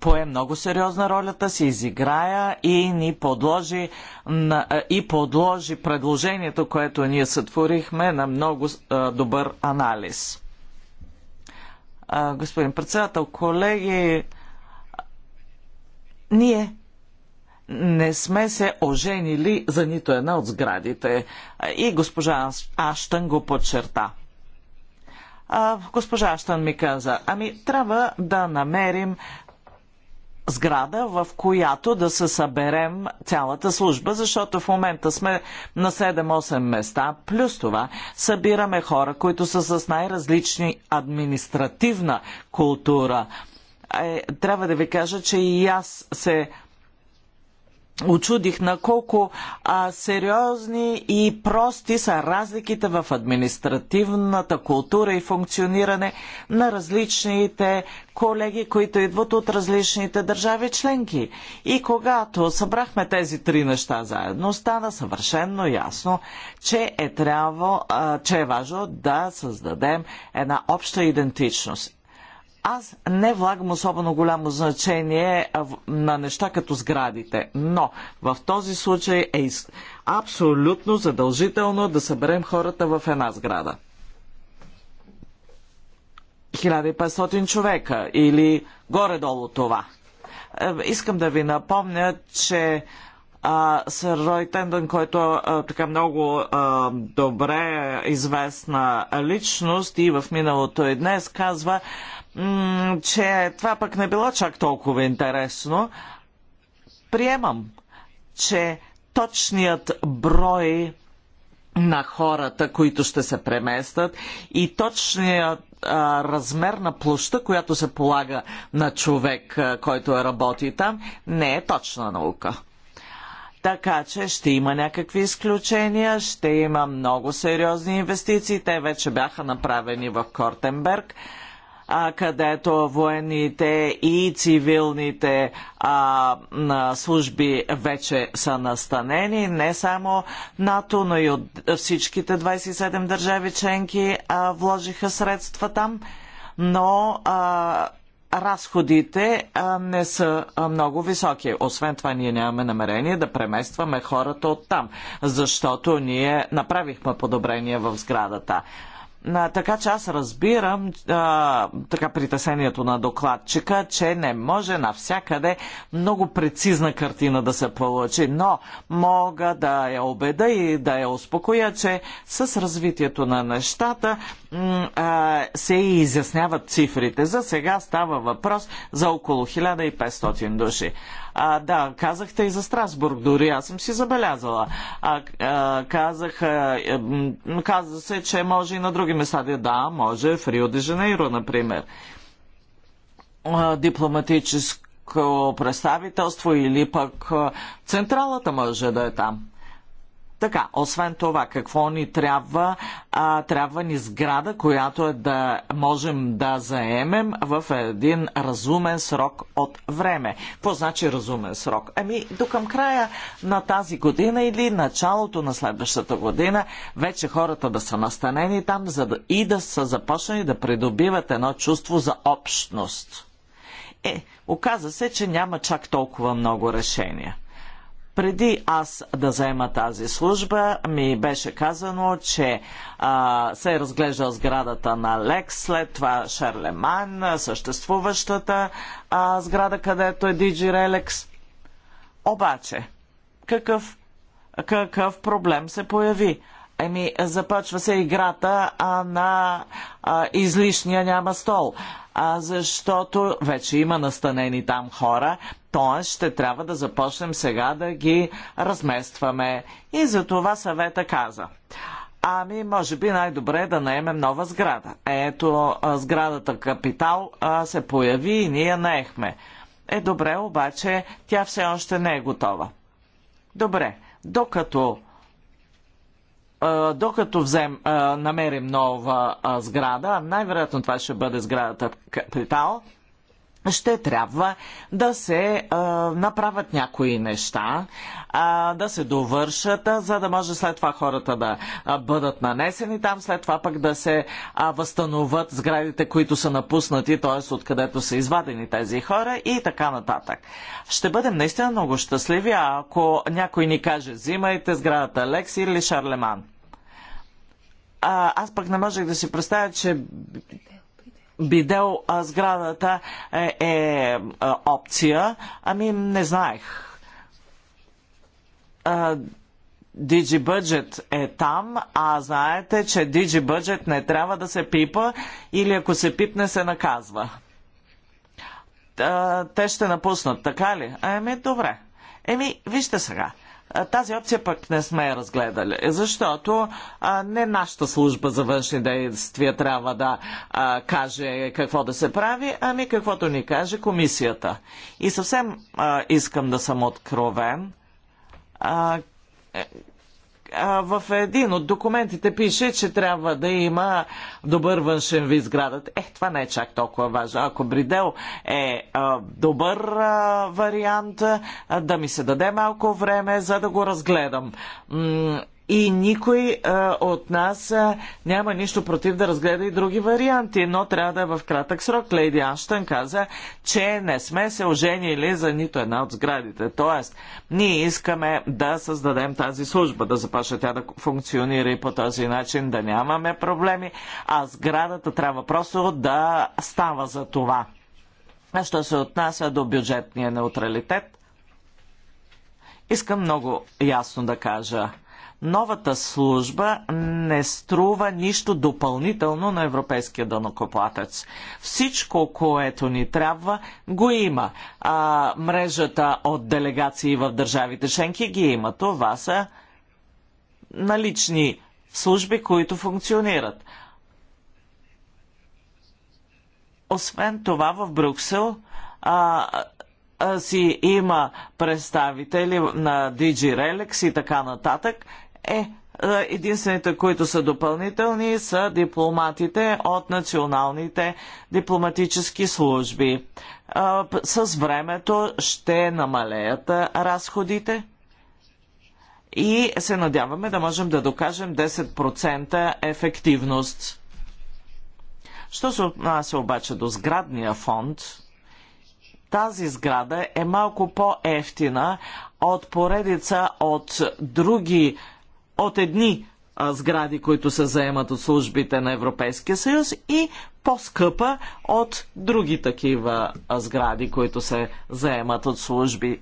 пое много сериозна ролята си, изиграя и ни подложи, на, и подложи предложението, което ние сътворихме на много а, добър анализ. А, господин председател, колеги, ние не сме се оженили за нито една от сградите. И госпожа Аштън го подчерта. А, госпожа Аштън ми каза, ами трябва да намерим сграда, в която да се съберем цялата служба, защото в момента сме на 7-8 места, плюс това събираме хора, които са с най-различни административна култура, е, трябва да ви кажа, че и аз се очудих на колко а, сериозни и прости са разликите в административната култура и функциониране на различните колеги, които идват от различните държави членки. И когато събрахме тези три неща заедно, стана съвършенно ясно, че е, трябва, а, че е важно да създадем една обща идентичност. Аз не влагам особено голямо значение на неща като сградите, но в този случай е абсолютно задължително да съберем хората в една сграда. 1500 човека или горе-долу това. Е, искам да ви напомня, че сър Рой Тендън, който е така много а, добре известна личност и в миналото и днес, казва, че това пък не било чак толкова интересно, приемам, че точният брой на хората, които ще се преместят и точният а, размер на площа, която се полага на човек, а, който е работи там, не е точна наука. Така че ще има някакви изключения, ще има много сериозни инвестиции. Те вече бяха направени в Кортенберг а, където военните и цивилните а, служби вече са настанени, не само НАТО, но и от всичките 27 държави членки а, вложиха средства там, но а, разходите а, не са а, много високи. Освен това, ние нямаме намерение да преместваме хората от там, защото ние направихме подобрение в сградата така че аз разбирам а, така притесението на докладчика, че не може навсякъде много прецизна картина да се получи, но мога да я убеда и да я успокоя, че с развитието на нещата а, се и изясняват цифрите. За сега става въпрос за около 1500 души. А, да, казахте и за Страсбург дори, аз съм си забелязала. А, а, казах, а, е, каза се, че може и на други места. Е. Да, може в Рио де Жанейро, например. А, дипломатическо представителство или пък централата може да е там. Така, освен това, какво ни трябва? А, трябва ни сграда, която е да можем да заемем в един разумен срок от време. Какво значи разумен срок? Ами, до към края на тази година или началото на следващата година, вече хората да са настанени там за да, и да са започнали да придобиват едно чувство за общност. Е, оказа се, че няма чак толкова много решения. Преди аз да заема тази служба, ми беше казано, че а, се е разглеждал сградата на Лекс, след това Шарлеман, съществуващата а, сграда, където е Диджи Релекс. Обаче, какъв, какъв проблем се появи? Еми, започва се играта а, на а, излишния няма стол. А, защото вече има настанени там хора, т.е. ще трябва да започнем сега да ги разместваме. И за това съвета каза. Ами, може би най-добре е да наемем нова сграда. Ето, сградата Капитал а, се появи и ние наехме. Е, добре, обаче тя все още не е готова. Добре, докато докато взем, намерим нова сграда, най-вероятно това ще бъде сградата Капитал, ще трябва да се а, направят някои неща, а, да се довършат, а, за да може след това хората да а, бъдат нанесени там, след това пък да се а, възстановят сградите, които са напуснати, т.е. откъдето са извадени тези хора и така нататък. Ще бъдем наистина много щастливи, ако някой ни каже, взимайте сградата Лекси или Шарлеман. А, аз пък не можех да си представя, че бидел сградата е, е опция. Ами не знаех. А, DigiBudget е там, а знаете, че DigiBudget не трябва да се пипа или ако се пипне се наказва. те ще напуснат, така ли? Еми, добре. Еми, вижте сега тази опция пък не сме я разгледали, защото а, не нашата служба за външни действия трябва да а, каже какво да се прави, ами каквото ни каже комисията. И съвсем а, искам да съм откровен. А, е, в един от документите пише, че трябва да има добър външен вид сградът. Е, това не е чак толкова важно. Ако Бридел е добър вариант, да ми се даде малко време, за да го разгледам и никой а, от нас а, няма нищо против да разгледа и други варианти, но трябва да е в кратък срок. Лейди Анштън каза, че не сме се оженили за нито една от сградите. Тоест, ние искаме да създадем тази служба, да започне тя да функционира и по този начин, да нямаме проблеми, а сградата трябва просто да става за това. А що се отнася до бюджетния неутралитет, искам много ясно да кажа – новата служба не струва нищо допълнително на европейския дънокоплатец. Всичко, което ни трябва, го има. А, мрежата от делегации в държавите шенки ги има. Това са налични служби, които функционират. Освен това, в Брюксел а, а, си има представители на DG Relex и така нататък е, е единствените, които са допълнителни, са дипломатите от националните дипломатически служби. С времето ще намалеят разходите и се надяваме да можем да докажем 10% ефективност. Що се отнася обаче до сградния фонд, тази сграда е малко по-ефтина от поредица от други от едни сгради, които се заемат от службите на Европейския съюз и по-скъпа от други такива сгради, които се заемат от служби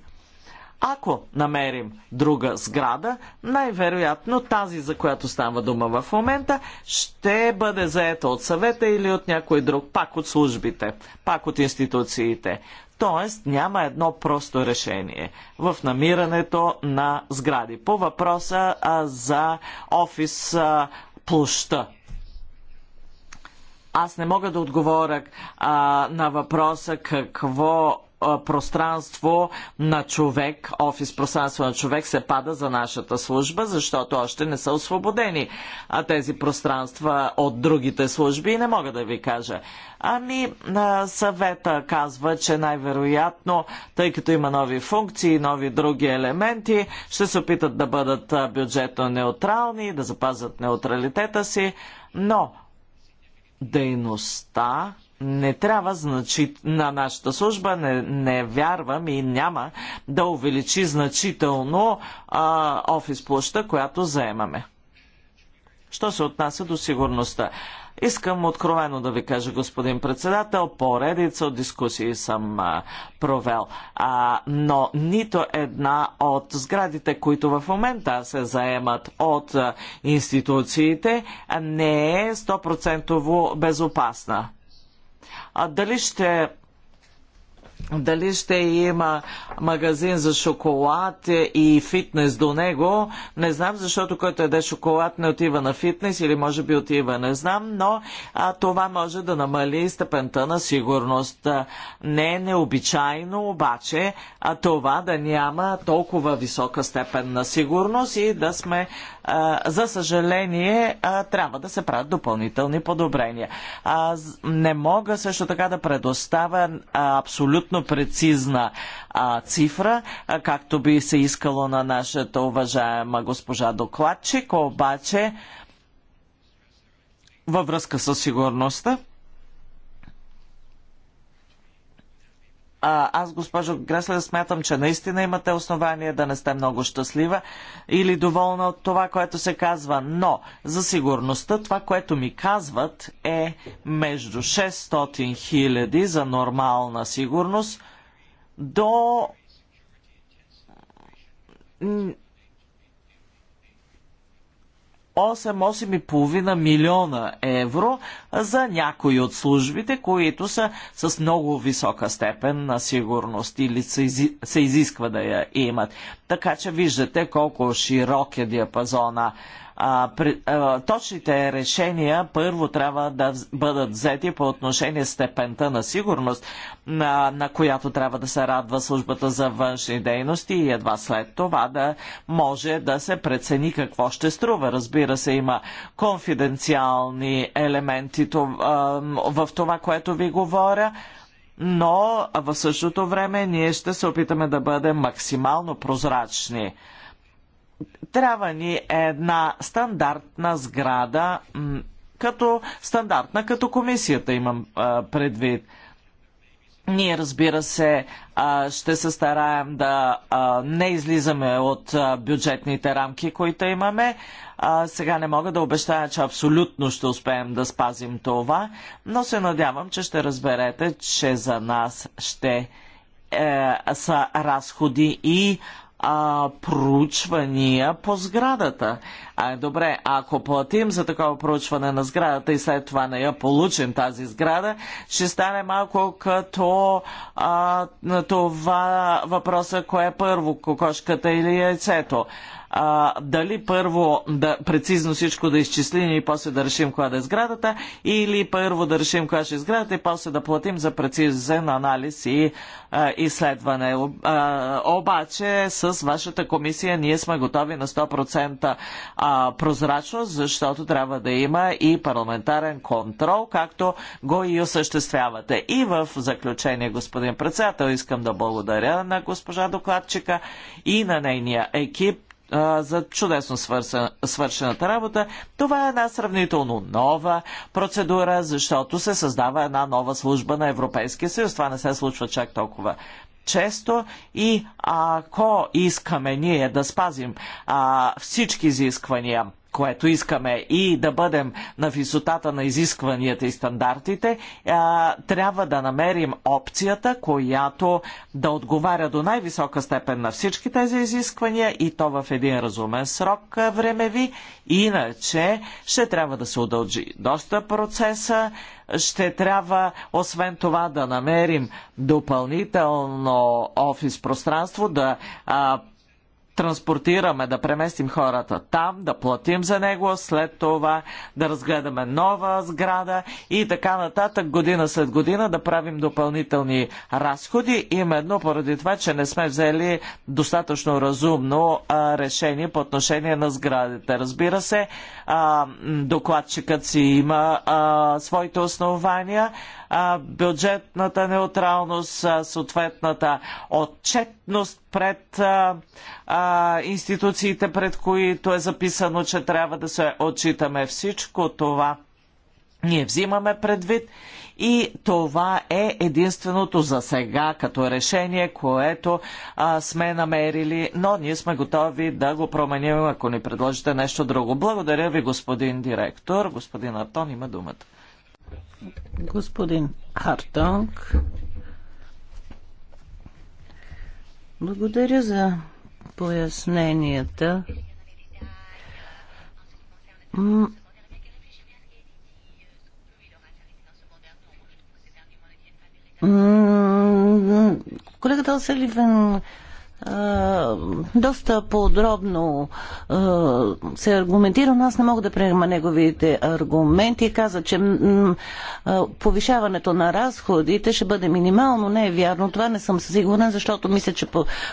ако намерим друга сграда, най-вероятно тази, за която става дума в момента, ще бъде заета от съвета или от някой друг, пак от службите, пак от институциите. Тоест няма едно просто решение в намирането на сгради. По въпроса а, за офис а, площа. Аз не мога да отговоря а, на въпроса какво пространство на човек, офис пространство на човек се пада за нашата служба, защото още не са освободени а тези пространства от другите служби и не мога да ви кажа. Ами, съвета казва, че най-вероятно, тъй като има нови функции, нови други елементи, ще се опитат да бъдат бюджетно неутрални, да запазят неутралитета си, но дейността не трябва значит... на нашата служба, не, не вярвам и няма да увеличи значително а, офис площа, която заемаме. Що се отнася до сигурността? Искам откровено да ви кажа, господин председател, поредица от дискусии съм а, провел. А, но нито една от сградите, които в момента се заемат от а, институциите, не е 100% безопасна. А дали ще дали ще има магазин за шоколад и фитнес до него, не знам, защото който яде шоколад не отива на фитнес или може би отива, не знам, но а, това може да намали степента на сигурност. Не е необичайно обаче а това да няма толкова висока степен на сигурност и да сме за съжаление, трябва да се правят допълнителни подобрения. Аз не мога също така да предоставя абсолютно прецизна цифра, както би се искало на нашата уважаема госпожа докладчик, обаче във връзка с сигурността а, аз, госпожо Гресле, смятам, че наистина имате основание да не сте много щастлива или доволна от това, което се казва. Но за сигурността това, което ми казват е между 600 хиляди за нормална сигурност до 8-8,5 милиона евро за някои от службите, които са с много висока степен на сигурност или се изисква да я имат. Така че виждате колко широк е диапазона а, при, а, точните решения първо трябва да бъдат взети по отношение степента на сигурност, на, на която трябва да се радва службата за външни дейности и едва след това да може да се прецени какво ще струва. Разбира се, има конфиденциални елементи това, в това, което ви говоря но в същото време ние ще се опитаме да бъдем максимално прозрачни трябва ни една стандартна сграда, като стандартна, като комисията имам предвид. Ние, разбира се, ще се стараем да не излизаме от бюджетните рамки, които имаме. сега не мога да обещая, че абсолютно ще успеем да спазим това, но се надявам, че ще разберете, че за нас ще е, са разходи и а, проучвания по сградата. А, добре, ако платим за такова проучване на сградата и след това не я получим тази сграда, ще стане малко като а, това въпроса, кое е първо, кокошката или яйцето а, дали първо да прецизно всичко да изчислим и после да решим коя да е сградата, или първо да решим коя ще е сградата и после да платим за прецизен анализ и а, изследване. А, обаче с вашата комисия ние сме готови на 100% а, прозрачност, защото трябва да има и парламентарен контрол, както го и осъществявате. И в заключение, господин председател, искам да благодаря на госпожа докладчика и на нейния екип за чудесно свършената работа. Това е една сравнително нова процедура, защото се създава една нова служба на Европейския съюз. Това не се случва чак толкова често и ако искаме ние да спазим а, всички изисквания което искаме и да бъдем на висотата на изискванията и стандартите, трябва да намерим опцията, която да отговаря до най-висока степен на всички тези изисквания и то в един разумен срок времеви. Иначе ще трябва да се удължи доста процеса, ще трябва освен това да намерим допълнително офис пространство, да а, транспортираме, да преместим хората там, да платим за него, след това да разгледаме нова сграда и така нататък година след година да правим допълнителни разходи, именно поради това, че не сме взели достатъчно разумно а, решение по отношение на сградите. Разбира се, а, докладчикът си има а, своите основания, а, бюджетната неутралност, а, съответната отчетност пред а, а, институциите, пред които е записано, че трябва да се отчитаме всичко това. Ние взимаме предвид и това е единственото за сега като решение, което а, сме намерили, но ние сме готови да го променим, ако ни предложите нещо друго. Благодаря ви, господин директор. Господин Артон има думата. Господин Артонг, благодаря за поясненията. Колегата Оселивен доста подробно се аргументира, но аз не мога да приема неговите аргументи. Каза, че повишаването на разходите ще бъде минимално. Не е вярно. Това не съм сигурна, защото мисля, че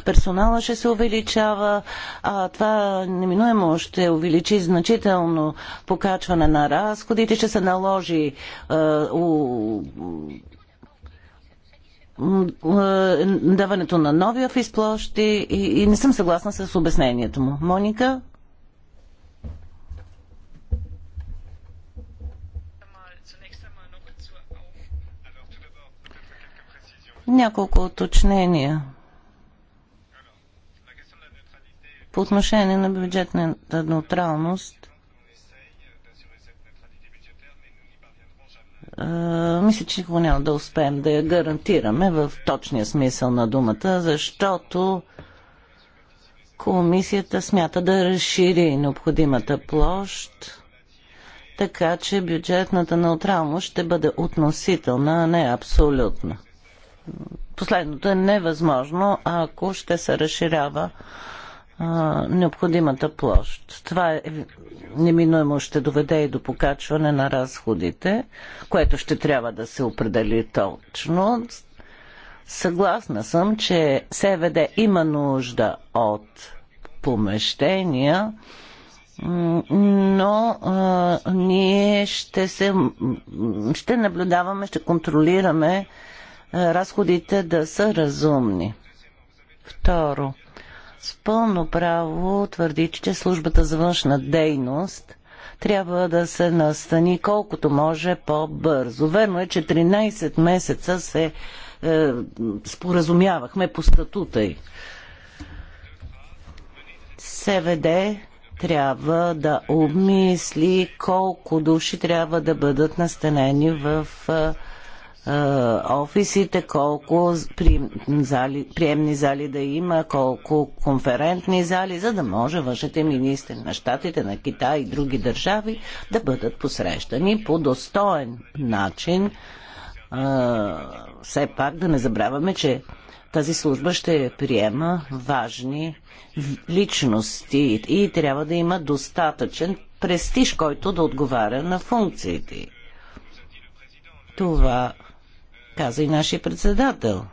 персонала ще се увеличава. А това неминуемо ще увеличи значително покачване на разходите. Ще се наложи даването на нови офис площи и, и не съм съгласна с обяснението му. Моника? Няколко уточнения по отношение на бюджетната неутралност. мисля, че никога няма да успеем да я гарантираме в точния смисъл на думата, защото комисията смята да разшири необходимата площ, така че бюджетната неутралност ще бъде относителна, а не абсолютна. Последното е невъзможно, ако ще се разширява а, необходимата площ. Това е неминуемо ще доведе и до покачване на разходите, което ще трябва да се определи точно. Съгласна съм, че СВД има нужда от помещения, но а, ние ще се ще наблюдаваме, ще контролираме а, разходите да са разумни. Второ, с пълно право твърди, че службата за външна дейност трябва да се настани колкото може по-бързо. Верно е, че 13 месеца се е, споразумявахме по статута й. СВД е трябва да обмисли колко души трябва да бъдат настанени в е, е, офисите, колко зали, приемни зали да има, колко конферентни зали, за да може вашите министри на щатите, на Китай и други държави да бъдат посрещани по достоен начин. Е, все пак да не забравяме, че тази служба ще приема важни личности и трябва да има достатъчен престиж, който да отговаря на функциите. Това каза и нашия председател.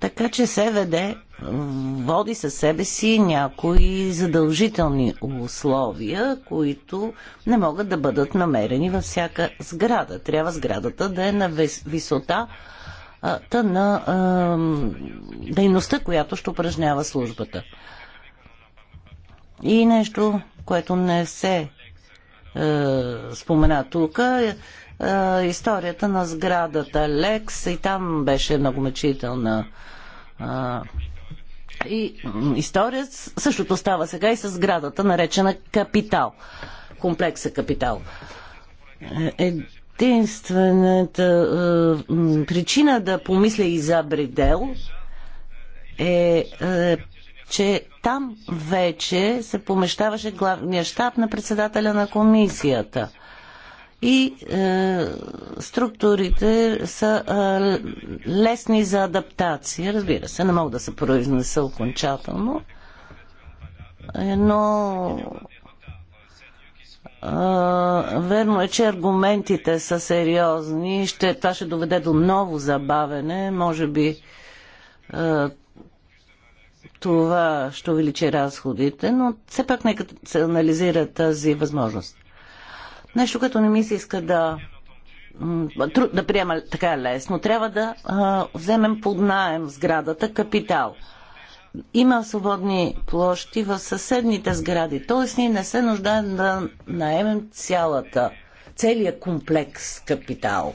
Така че СВД води със себе си някои задължителни условия, които не могат да бъдат намерени във всяка сграда. Трябва сградата да е на висота та на а, дейността, която ще упражнява службата. И нещо, което не се а, е, спомена тук, е, е, историята на сградата Лекс и там беше много мъчителна е, и история. Същото става сега и с сградата, наречена Капитал. Комплекса Капитал. Е, единствената е, причина да помисля и за Бридел е, е че там вече се помещаваше главния щаб на председателя на комисията – и е, структурите са е, лесни за адаптация. Разбира се, не мога да се произнеса окончателно, е, но е, верно е, че аргументите са сериозни. Ще, това ще доведе до ново забавене. Може би е, това ще увеличи разходите, но все пак нека се анализира тази възможност. Нещо, което не ми се иска да, да приема така лесно. Трябва да а, вземем под наем сградата капитал. Има свободни площи в съседните сгради, т.е. ние не се нуждаем да наемем цялата, целия комплекс капитал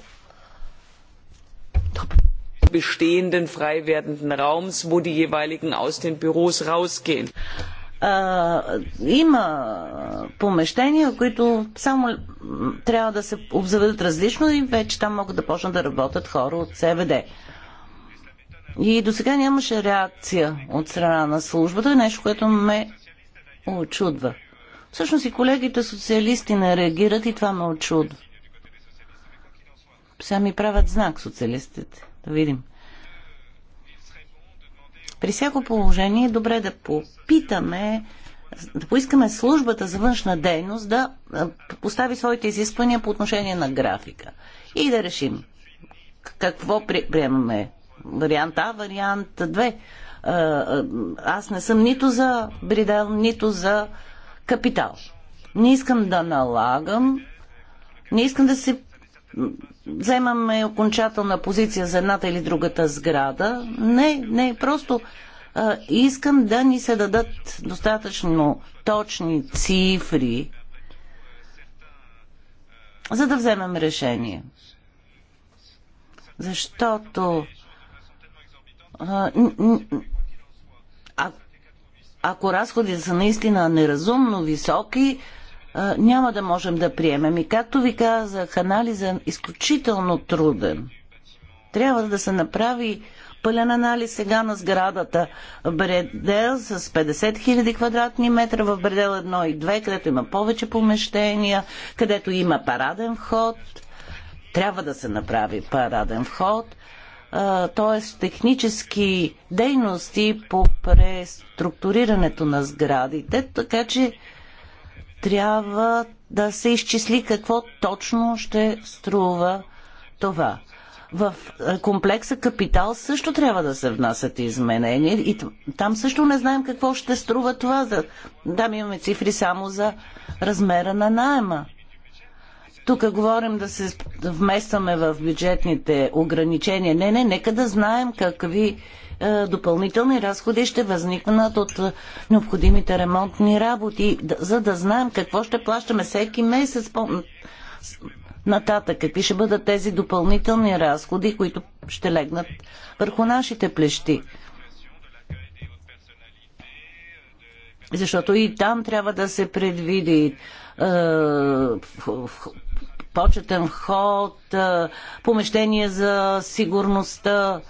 bestehenden frei werdenden raums wo die jeweiligen aus den büros rausgehen а, има помещения, които само трябва да се обзаведат различно и вече там могат да почнат да работят хора от СВД. И до сега нямаше реакция от страна на службата, нещо, което ме очудва. Всъщност и колегите социалисти не реагират и това ме очудва. Сега ми правят знак социалистите. Да видим. При всяко положение е добре да попитаме, да поискаме службата за външна дейност да постави своите изисквания по отношение на графика и да решим какво приемаме. Вариант А, вариант 2. Аз не съм нито за Бридел, нито за капитал. Не искам да налагам, не искам да се вземаме окончателна позиция за едната или другата сграда. Не, не, просто а, искам да ни се дадат достатъчно точни цифри, за да вземем решение. Защото а, а, ако разходите са наистина неразумно високи, няма да можем да приемем. И както ви казах, анализът е изключително труден. Трябва да се направи пълен анализ сега на сградата Бредел с 50 000 квадратни метра в Бредел 1 и 2, където има повече помещения, където има параден вход. Трябва да се направи параден вход т.е. технически дейности по преструктурирането на сградите, така че трябва да се изчисли какво точно ще струва това. В е, комплекса капитал също трябва да се внасят изменения и там също не знаем какво ще струва това. Там имаме цифри само за размера на найема. Тук говорим да се вместваме в бюджетните ограничения. Не, не, нека да знаем какви е, допълнителни разходи ще възникнат от е, необходимите ремонтни работи, за да знаем какво ще плащаме всеки месец нататък, какви ще бъдат тези допълнителни разходи, които ще легнат върху нашите плещи. Защото и там трябва да се предвиди е, почетен ход, е, помещение за сигурността,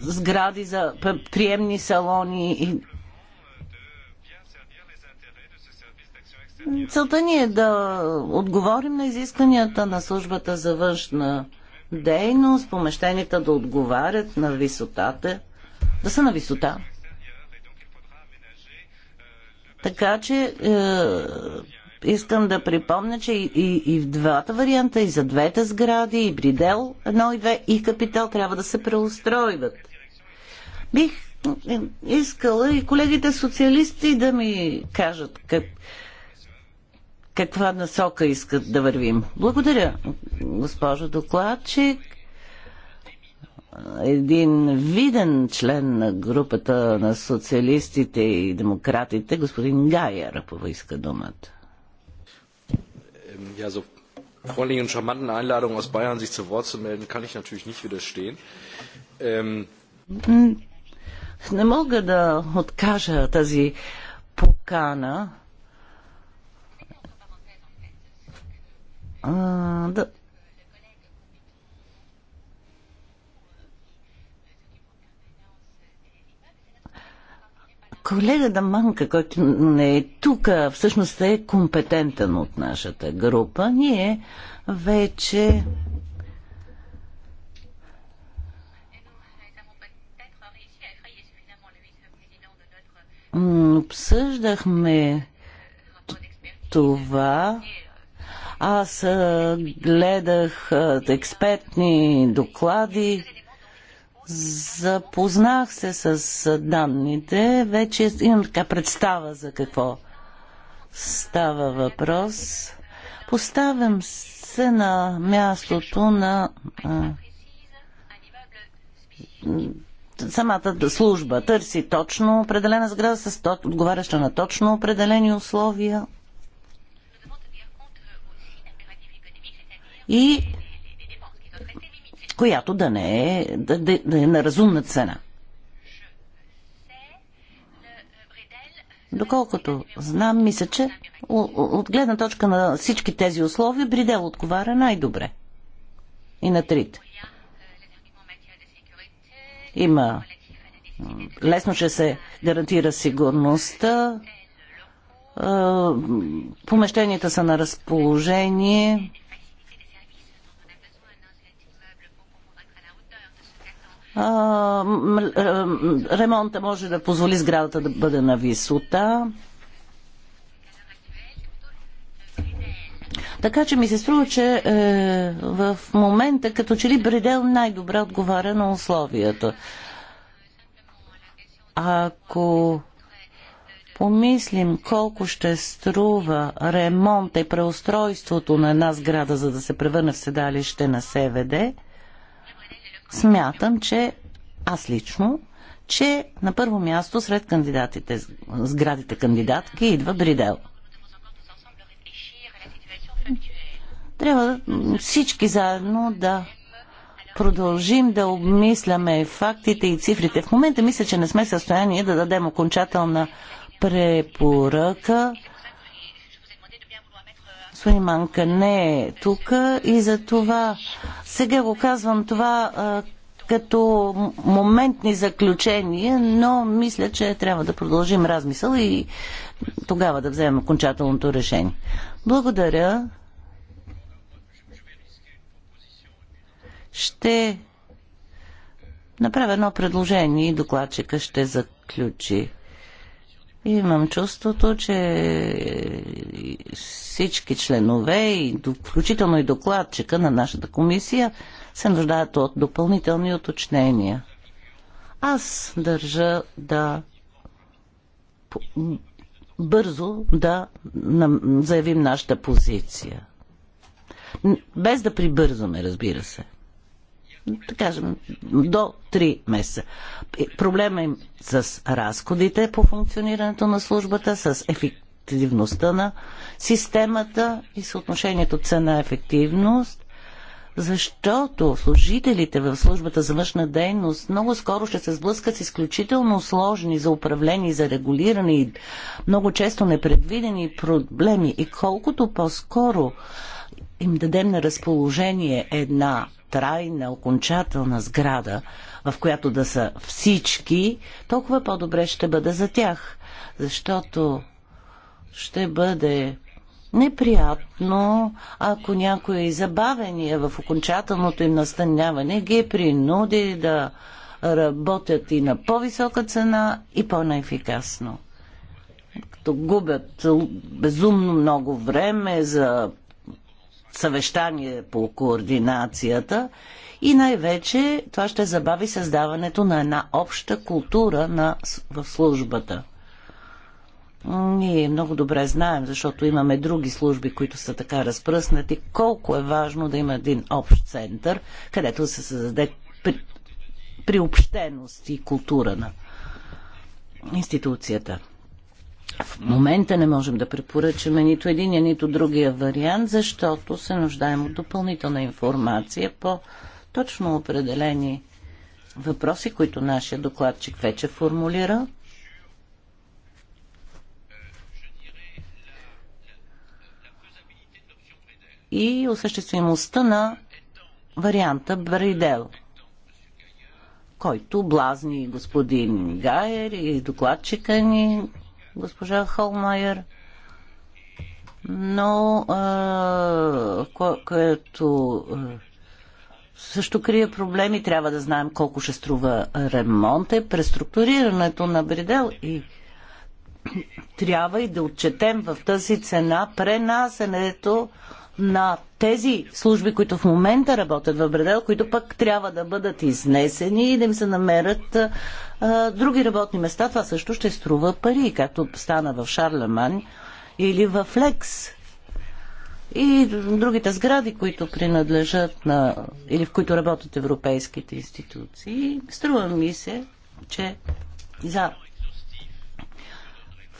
сгради за приемни салони Целта ни е да отговорим на изискванията на службата за външна дейност, помещенията да отговарят на висотата, да са на висота. Така че е, искам да припомня, че и, и, и в двата варианта, и за двете сгради, и Бридел 1 и 2, и Капитал трябва да се преустройват. Бих искала и колегите социалисти да ми кажат как, каква насока искат да вървим. Благодаря, госпожо докладчик. Един виден член на групата на социалистите и демократите, господин Гайер, поиска думата in ja, so freundlichen und charmanten Einladung aus Bayern sich zu Wort zu melden, kann ich natürlich nicht widerstehen. Ähm... Не мога да откажа тази покана. А, да, Колега Даманка, който не е тук, всъщност е компетентен от нашата група. Ние вече обсъждахме това. Аз гледах експертни доклади Запознах се с данните. Вече имам така представа за какво става въпрос. Поставям се на мястото на а, самата служба. Търси точно определена сграда, с то, отговаряща на точно определени условия. И която да не е, да, да, да е на разумна цена. Доколкото знам, мисля, че от гледна точка на всички тези условия, Бридел отговаря най-добре. И на трите. Има. Лесно че се гарантира сигурността. Е, помещенията са на разположение. ремонта може да позволи сградата да бъде на висота. Така че ми се струва, че е, в момента като че ли Бридел най-добре отговаря на условията. Ако помислим колко ще струва ремонта и преустройството на една сграда, за да се превърне в седалище на СВД, смятам, че аз лично, че на първо място сред кандидатите, сградите кандидатки идва Бридел. Трябва всички заедно да продължим да обмисляме фактите и цифрите. В момента мисля, че не сме в състояние да дадем окончателна препоръка Господин не е тук и за това сега го казвам това а, като моментни заключения, но мисля, че трябва да продължим размисъл и тогава да вземем окончателното решение. Благодаря. Ще направя едно предложение и докладчика ще заключи. Имам чувството, че всички членове, включително и докладчика на нашата комисия, се нуждаят от допълнителни уточнения. Аз държа да бързо да заявим нашата позиция. Без да прибързаме, разбира се да кажем, до 3 месеца. Е, проблема им с разходите по функционирането на службата, с ефективността на системата и съотношението цена-ефективност, защото служителите в службата за външна дейност много скоро ще се сблъскат с изключително сложни за управление, за регулиране и много често непредвидени проблеми. И колкото по-скоро им дадем на разположение една трайна, окончателна сграда, в която да са всички, толкова по-добре ще бъде за тях. Защото ще бъде неприятно, ако някои е забавения е в окончателното им настаняване ги е принуди да работят и на по-висока цена и по-неефикасно. Като губят безумно много време за съвещание по координацията и най-вече това ще забави създаването на една обща култура на, в службата. Ние много добре знаем, защото имаме други служби, които са така разпръснати, колко е важно да има един общ център, където се създаде при, приобщеност и култура на институцията. В момента не можем да препоръчаме нито един, нито другия вариант, защото се нуждаем от допълнителна информация по точно определени въпроси, които нашия докладчик вече формулира. И осъществимостта на варианта брайдел, който блазни господин Гайер и докладчика ни госпожа Холмайер, но което също крие проблеми. Трябва да знаем колко ще струва ремонт, е преструктурирането на Бридел и трябва и да отчетем в тази цена пренасенето на тези служби, които в момента работят в Бредел, които пък трябва да бъдат изнесени и да им се намерят а, други работни места. Това също ще струва пари, както стана в Шарлеман или в Лекс. И другите сгради, които принадлежат на, или в които работят европейските институции, струва ми се, че за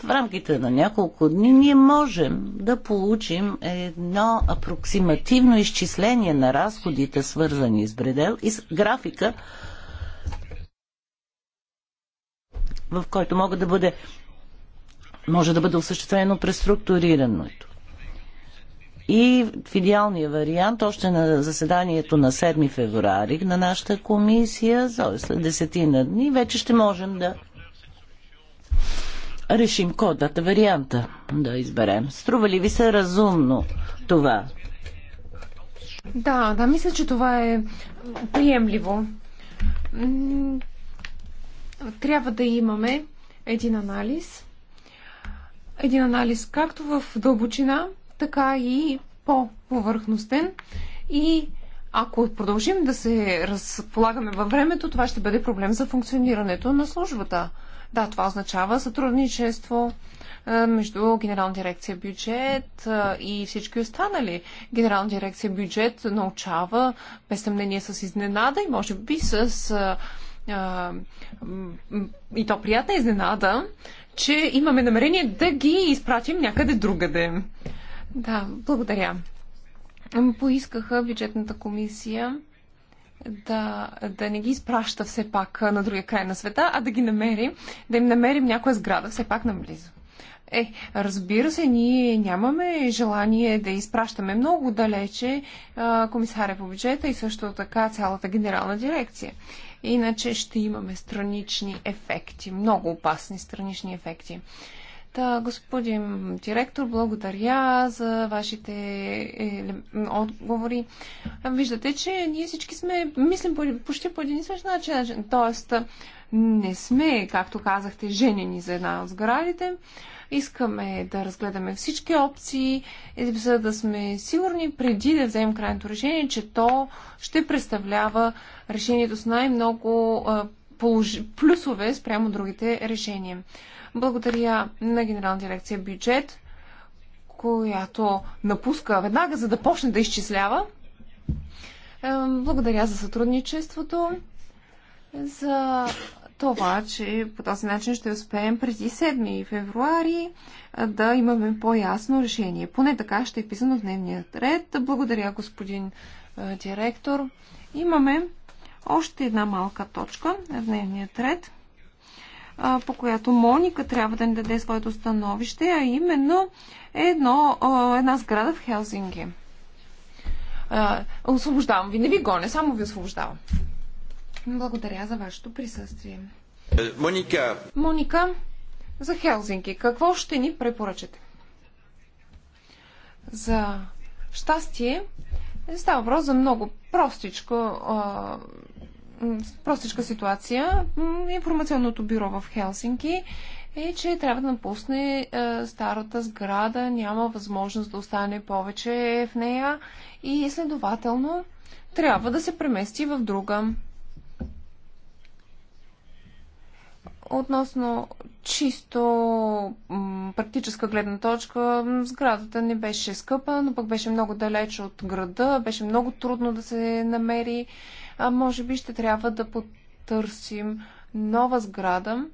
в рамките на няколко дни ние можем да получим едно апроксимативно изчисление на разходите, свързани с бредел и с графика, в който мога да бъде, може да бъде осъществено преструктурираното. И в идеалния вариант, още на заседанието на 7 февруари на нашата комисия, след десетина дни, вече ще можем да решим кодата, варианта да изберем. Струва ли ви се разумно това? Да, да, мисля, че това е приемливо. Трябва да имаме един анализ. Един анализ както в дълбочина, така и по-повърхностен. И ако продължим да се разполагаме във времето, това ще бъде проблем за функционирането на службата. Да, това означава сътрудничество е, между Генерална дирекция бюджет е, и всички останали. Генерална дирекция бюджет научава, без съмнение с изненада и може би с е, и то приятна изненада, че имаме намерение да ги изпратим някъде другаде. Да, благодаря. Поискаха бюджетната комисия да, да не ги изпраща все пак на другия край на света, а да ги намерим, да им намерим някоя сграда все пак наблизо. Е, разбира се, ние нямаме желание да изпращаме много далече а, комисаря по бюджета и също така цялата генерална дирекция. Иначе ще имаме странични ефекти, много опасни странични ефекти. Та, господин директор, благодаря за вашите е, отговори. Виждате, че ние всички сме, мислим почти по един и същ начин. Тоест, не сме, както казахте, женени за една от сградите. Искаме да разгледаме всички опции, е, за да сме сигурни преди да вземем крайното решение, че то ще представлява решението с най-много е, плюсове спрямо другите решения. Благодаря на Генерална дирекция бюджет, която напуска веднага, за да почне да изчислява. Благодаря за сътрудничеството, за това, че по този начин ще успеем преди 7 февруари да имаме по-ясно решение. Поне така ще е писано в дневния ред. Благодаря, господин директор. Имаме още една малка точка в дневния ред по която Моника трябва да ни даде своето становище, а именно едно, една сграда в Хелзинги. Освобождавам ви, не ви гоня, само ви освобождавам. Благодаря за вашето присъствие. Е, Моника. Моника, за Хелзинки, какво ще ни препоръчате? За щастие, става въпрос за много простичко простичка ситуация. Информационното бюро в Хелсинки е, че трябва да напусне е, старата сграда, няма възможност да остане повече в нея и следователно трябва да се премести в друга. Относно чисто практическа гледна точка, сградата не беше скъпа, но пък беше много далеч от града, беше много трудно да се намери а може би ще трябва да потърсим нова сграда.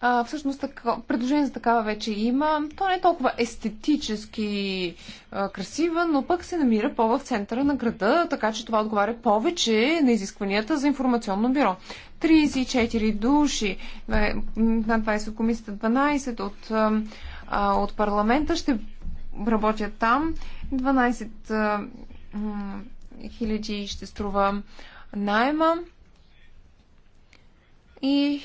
А, всъщност така, предложение за такава вече има. То не е толкова естетически а, красива, но пък се намира по в центъра на града, така че това отговаря повече на изискванията за информационно бюро. 34 души, е, над 20 от комисията, 12 от, а, от парламента ще работят там. 12 хиляди ще струва найема. И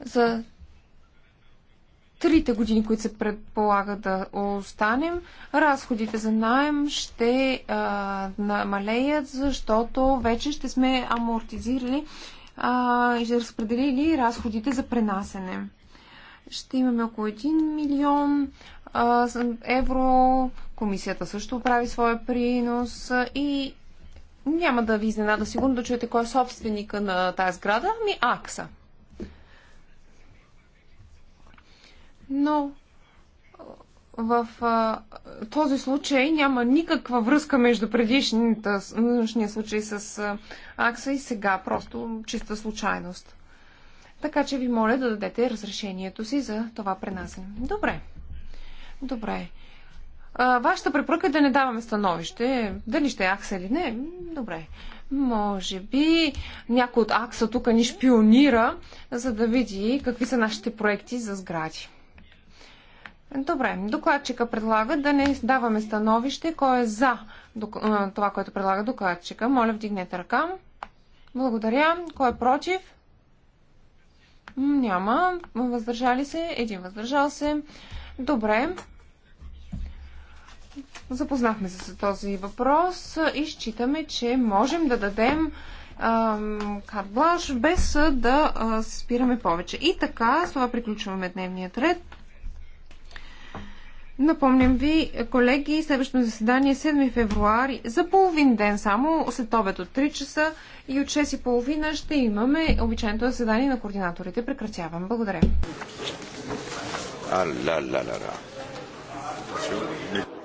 за трите години, които се предполага да останем, разходите за найем ще а, намалеят, защото вече ще сме амортизирали а, и ще разпределили разходите за пренасене. Ще имаме около 1 милион а, евро, Комисията също прави своя принос и няма да ви изненада сигурно да чуете кой е собственика на тази сграда, ами Акса. Но в а, този случай няма никаква връзка между предишния случай с а, Акса и сега. Просто чиста случайност. Така че ви моля да дадете разрешението си за това пренасене. Добре. Добре вашата препоръка е да не даваме становище. Дали ще е Акса или не, добре. Може би някой от Акса тук ни шпионира, за да види какви са нашите проекти за сгради. Добре, докладчика предлага да не даваме становище. Кой е за това, което предлага докладчика? Моля, вдигнете ръка. Благодаря. Кой е против? Няма. Въздържали се? Един въздържал се. Добре. Запознахме се с този въпрос и считаме, че можем да дадем карт-бланш, без да се спираме повече. И така, с това приключваме дневният ред. Напомням ви, колеги, следващото заседание 7 е февруари за половин ден само, след обед от 3 часа и от 6 и половина ще имаме обичайното заседание на координаторите. Прекратявам. Благодаря. А, ла, ла, ла, ла.